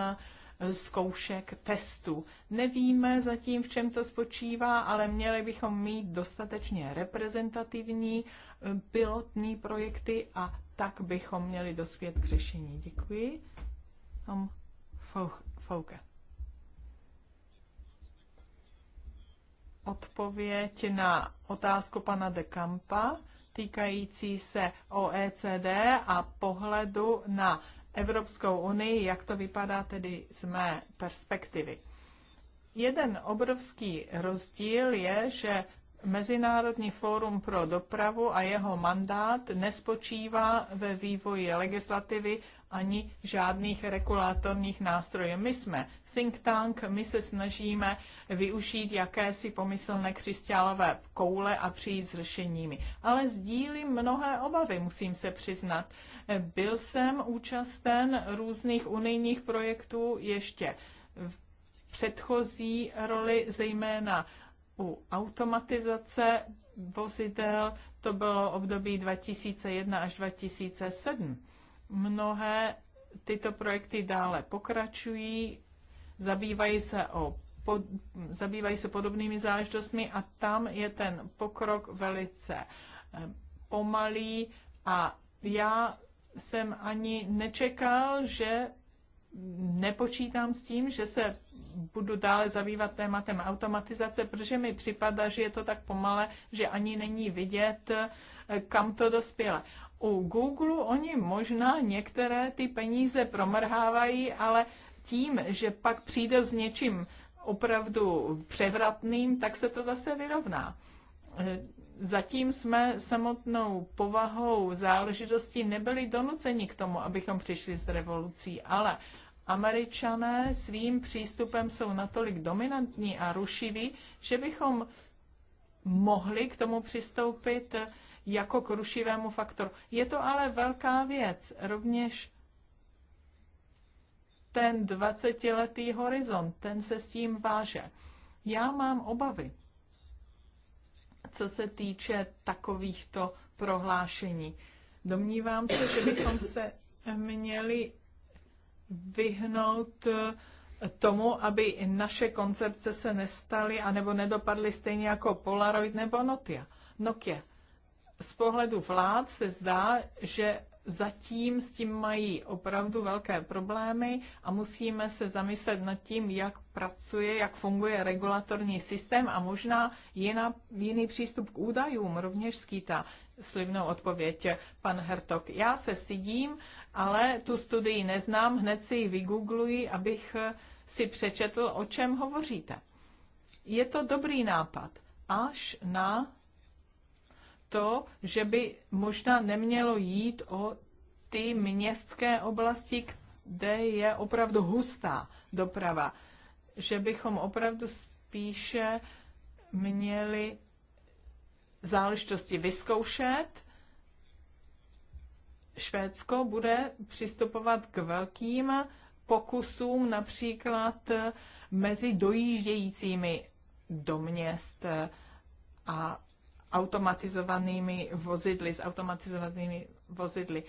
zkoušek, testů. Nevíme zatím, v čem to spočívá, ale měli bychom mít dostatečně reprezentativní eh, pilotní projekty a tak bychom měli dospět k řešení. Děkuji. Tom Fouke. Odpověď na otázku pana de Campa týkající se OECD a pohledu na Evropskou unii, jak to vypadá tedy z mé perspektivy. Jeden obrovský rozdíl je, že Mezinárodní fórum pro dopravu a jeho mandát nespočívá ve vývoji legislativy ani žádných regulatorních nástrojů. My jsme think tank. My se snažíme využít jakési pomyslné křišťálové koule a přijít s řešeními. Ale sdílím mnohé obavy, musím se přiznat. Byl jsem účasten různých unijních projektů ještě v předchozí roli, zejména u automatizace vozidel, to bylo období 2001 až 2007. Mnohé tyto projekty dále pokračují zabývají se o pod, zabývají se podobnými záležitostmi a tam je ten pokrok velice eh, pomalý a já jsem ani nečekal, že nepočítám s tím, že se budu dále zabývat tématem automatizace, protože mi připadá, že je to tak pomale, že ani není vidět, eh, kam to dospěle. U Google oni možná některé ty peníze promrhávají, ale tím, že pak přijde s něčím opravdu převratným, tak se to zase vyrovná. Eh, Zatím jsme samotnou povahou záležitosti nebyli donuceni k tomu, abychom přišli s revolucí, ale Američané svým přístupem jsou natolik dominantní a rušiví, že bychom mohli k tomu přistoupit jako k rušivému faktoru. Je to ale velká věc. Rovněž ten 20-letý horizont, ten se s tím váže. Já mám obavy, co se týče takovýchto prohlášení. Domnívám se, že bychom se měli vyhnout eh, tomu, aby naše koncepce se nestaly anebo nedopadly stejně jako Polaroid nebo Nokia. Nokia. Z pohledu vlád se zdá, že zatím s tím mají opravdu velké problémy a musíme se zamyslet nad tím, jak pracuje, jak funguje regulatorní systém a možná jiná, jiný přístup k údajům rovněž skýtá slibnou odpověď pan Hertok. Já se stydím, ale tu studii neznám, hned si ji vygoogluji, abych si přečetl, o čem hovoříte. Je to dobrý nápad, až na to, že by možná nemělo jít o ty městské oblasti, kde je opravdu hustá doprava. Že bychom opravdu spíše měli záležitosti vyzkoušet. Švédsko bude přistupovat k velkým pokusům, například mezi dojíždějícími do měst a automatizovanými vozidly, s automatizovanými vozidly.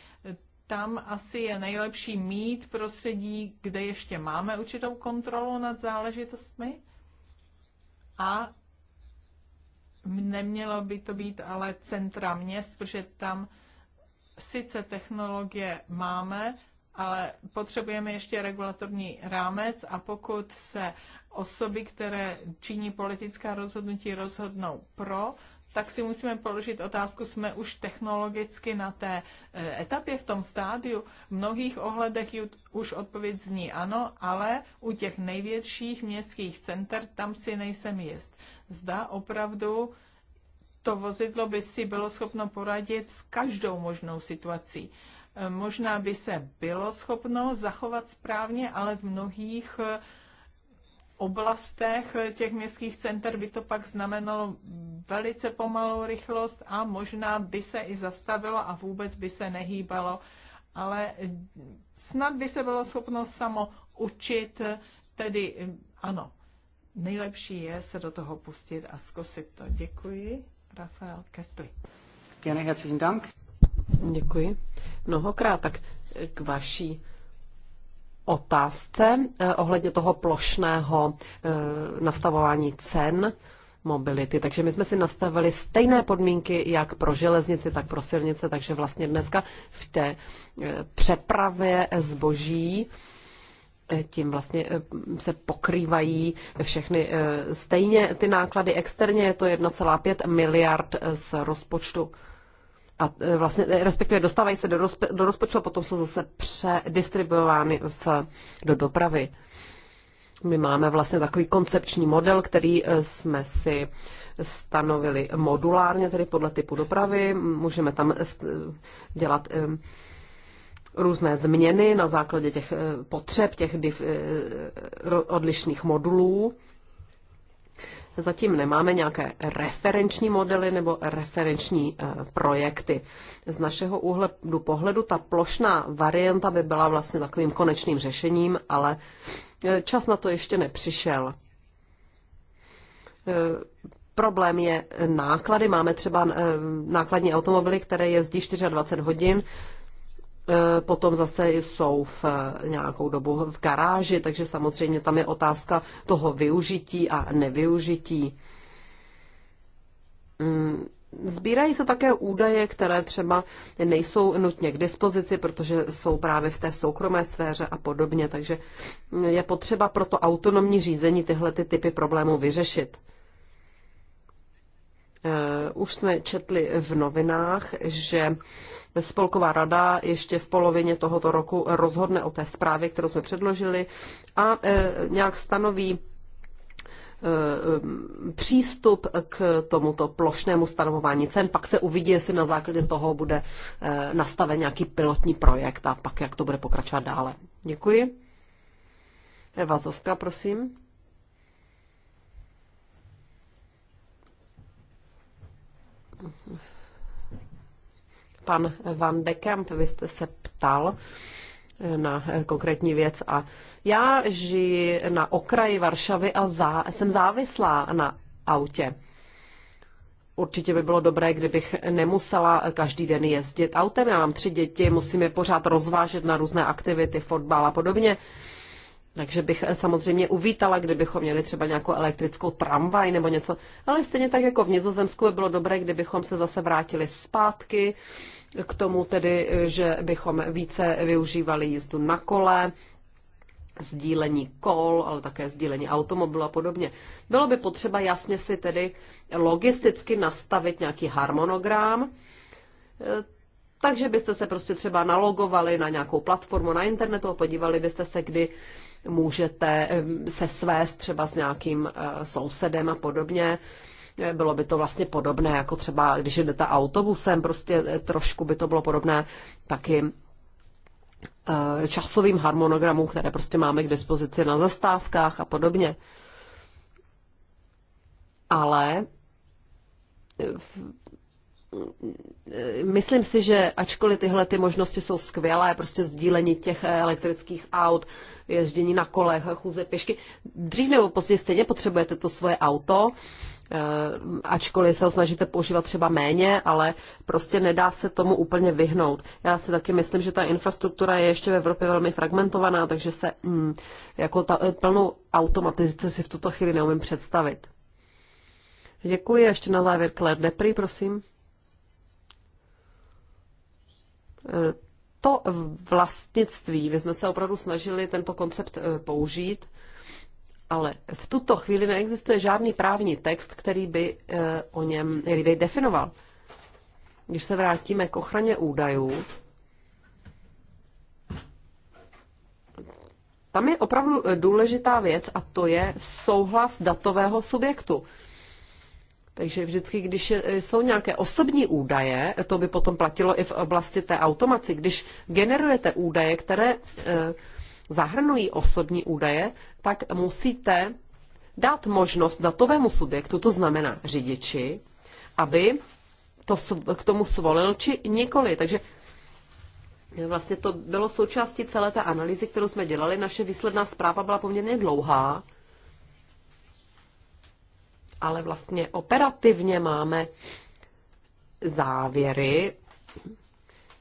Tam asi je nejlepší mít prostředí, kde ještě máme určitou kontrolu nad záležitostmi a nemělo by to být ale centra měst, protože tam sice technologie máme, ale potřebujeme ještě regulatorní rámec a pokud se osoby, které činí politická rozhodnutí, rozhodnou pro, tak si musíme položit otázku, jsme už technologicky na té e, etapě, v tom stádiu. V mnohých ohledech už odpověď zní ano, ale u těch největších městských center tam si nejsem jist. Zda opravdu to vozidlo by si bylo schopno poradit s každou možnou situací. E, možná by se bylo schopno zachovat správně, ale v mnohých e, oblastech těch městských center by to pak znamenalo velice pomalou rychlost a možná by se i zastavilo a vůbec by se nehýbalo. Ale snad by se bylo schopno samo učit, tedy ano, nejlepší je se do toho pustit a zkusit to. Děkuji. Rafael Kestli. Děkuji. Mnohokrát tak k vaší otázce eh, ohledně toho plošného eh, nastavování cen mobility. Takže my jsme si nastavili stejné podmínky jak pro železnici, tak pro silnice, takže vlastně dneska v té eh, přepravě zboží tím vlastně se pokrývají všechny stejně ty náklady externě, je to 1,5 miliard z rozpočtu a e, vlastně, e, respektive dostávají se do, rozpo, do rozpočtu a potom jsou zase předistribuovány v, do dopravy. My máme vlastně takový koncepční model, který e, jsme si stanovili modulárně, tedy podle typu dopravy. Můžeme tam dělat různé změny na základě těch potřeb, těch odlišných modulů zatím nemáme nějaké referenční modely nebo referenční eh, projekty. Z našeho úhledu pohledu ta plošná varianta by byla vlastně takovým konečným řešením, ale eh, čas na to ještě nepřišel. Eh, problém je náklady. Máme třeba nákladní automobily, které jezdí 24 hodin. E, potom zase jsou v e, nějakou dobu v garáži, takže samozřejmě tam je otázka toho využití a nevyužití. Zbírají mm, se také údaje, které třeba nejsou nutně k dispozici, protože jsou právě v té soukromé sféře a podobně, takže je potřeba pro to autonomní řízení tyhle ty typy problémů vyřešit. Eh, už jsme četli v novinách, že Spolková rada ještě v polovině tohoto roku rozhodne o té zprávě, kterou jsme předložili a eh, nějak stanoví eh, přístup k tomuto plošnému stanovování cen. Pak se uvidí, jestli na základě toho bude nastaven nějaký pilotní projekt a pak jak to bude pokračovat dále. Děkuji. Evazovka, prosím. Pan Van de Kamp, vy jste se ptal na konkrétní věc a já žiji na okraji Varšavy a zá, jsem závislá na autě. Určitě by bylo dobré, kdybych nemusela každý den jezdit autem. Já mám tři děti, musím je pořád rozvážet na různé aktivity, fotbal a podobně. Uh, takže bych eh, samozřejmě uvítala, kdybychom měli třeba nějakou elektrickou tramvaj nebo něco, ale stejně tak jako v Nizozemsku by bylo dobré, kdybychom se zase vrátili zpátky k tomu tedy, eh, že bychom více využívali jízdu na kole, sdílení kol, ale také sdílení automobilu a podobně. Bylo by potřeba jasně si tedy logisticky nastavit nějaký harmonogram, eh, takže byste se prostě třeba nalogovali na nějakou platformu na internetu a podívali byste se, kdy můžete se svést třeba s nějakým eh, sousedem a podobně. Eh, bylo by to vlastně podobné, jako třeba když jdete autobusem, prostě eh, trošku by to bylo podobné taky časovým harmonogramům, které prostě máme k dispozici na zastávkách a podobně. Ale myslím si, že ačkoliv tyhle ty možnosti jsou skvělé, prostě sdílení těch eh, elektrických aut, ježdění na kolech, chůze pěšky, dřív nebo později stejně potřebujete to svoje auto, eh, ačkoliv se ho snažíte používat třeba méně, ale prostě nedá se tomu úplně vyhnout. Já si taky myslím, že ta infrastruktura je ještě v Evropě velmi fragmentovaná, takže se mm, jako ta, eh, plnou automatizace si v tuto chvíli neumím představit. Děkuji, ještě na závěr Claire Depri, prosím. to vlastnictví, my jsme se opravdu snažili tento koncept eh, použít, ale v tuto chvíli neexistuje žádný právní text, který by eh, o něm, který by definoval. Když se vrátíme k ochraně údajů, tam je opravdu eh, důležitá věc a to je souhlas datového subjektu. Takže vždycky, když e, jsou nějaké osobní údaje, to by potom platilo i v oblasti té automaci, když generujete údaje, které e, zahrnují osobní údaje, tak musíte dát možnost datovému subjektu, to znamená řidiči, aby to k tomu svolil či nikoli. Takže vlastně to bylo součástí celé té analýzy, kterou jsme dělali. Naše výsledná zpráva byla poměrně dlouhá ale vlastně operativně máme závěry,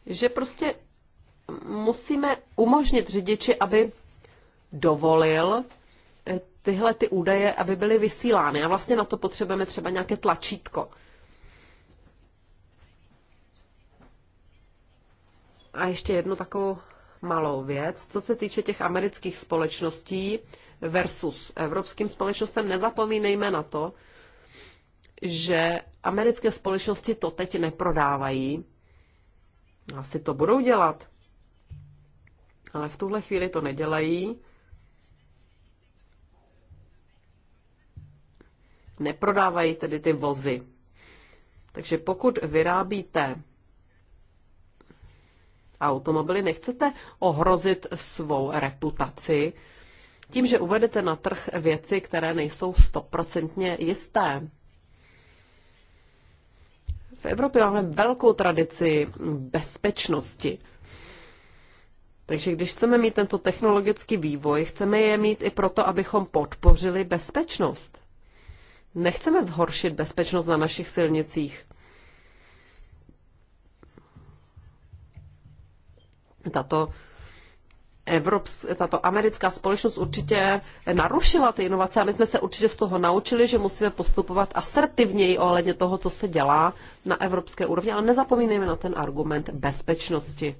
že prostě musíme umožnit řidiči, aby dovolil eh, tyhle ty údaje, aby byly vysílány. A vlastně na to potřebujeme třeba nějaké tlačítko. A ještě jednu takovou malou věc. Co se týče těch amerických společností versus evropským společnostem, nezapomínejme na to, že americké společnosti to teď neprodávají. Asi to budou dělat, ale v tuhle chvíli to nedělají. Neprodávají tedy ty vozy. Takže pokud vyrábíte automobily, nechcete ohrozit svou reputaci tím, že uvedete na trh věci, které nejsou stoprocentně jisté. V Evropě máme velkou tradici bezpečnosti. Takže když chceme mít tento technologický vývoj, chceme je mít i proto, abychom podpořili bezpečnost. Nechceme zhoršit bezpečnost na našich silnicích. Tato Evrops- tato americká společnost určitě narušila ty inovace a my jsme se určitě z toho naučili, že musíme postupovat asertivněji ohledně toho, co se dělá na evropské úrovni, ale nezapomínejme na ten argument bezpečnosti.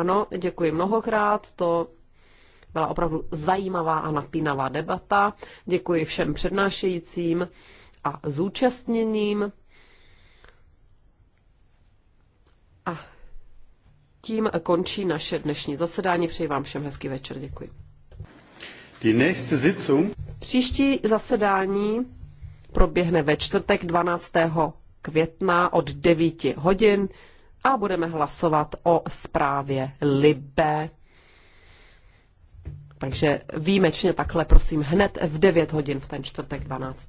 Ano, děkuji mnohokrát, to byla opravdu zajímavá a napínavá debata. Děkuji všem přednášejícím a zúčastněným. A tím končí naše dnešní zasedání. Přeji vám všem hezký večer. Děkuji. Příští zasedání proběhne ve čtvrtek 12. května od 9 hodin a budeme hlasovat o zprávě Libe. Takže výjimečně takhle, prosím, hned v 9 hodin v ten čtvrtek 12.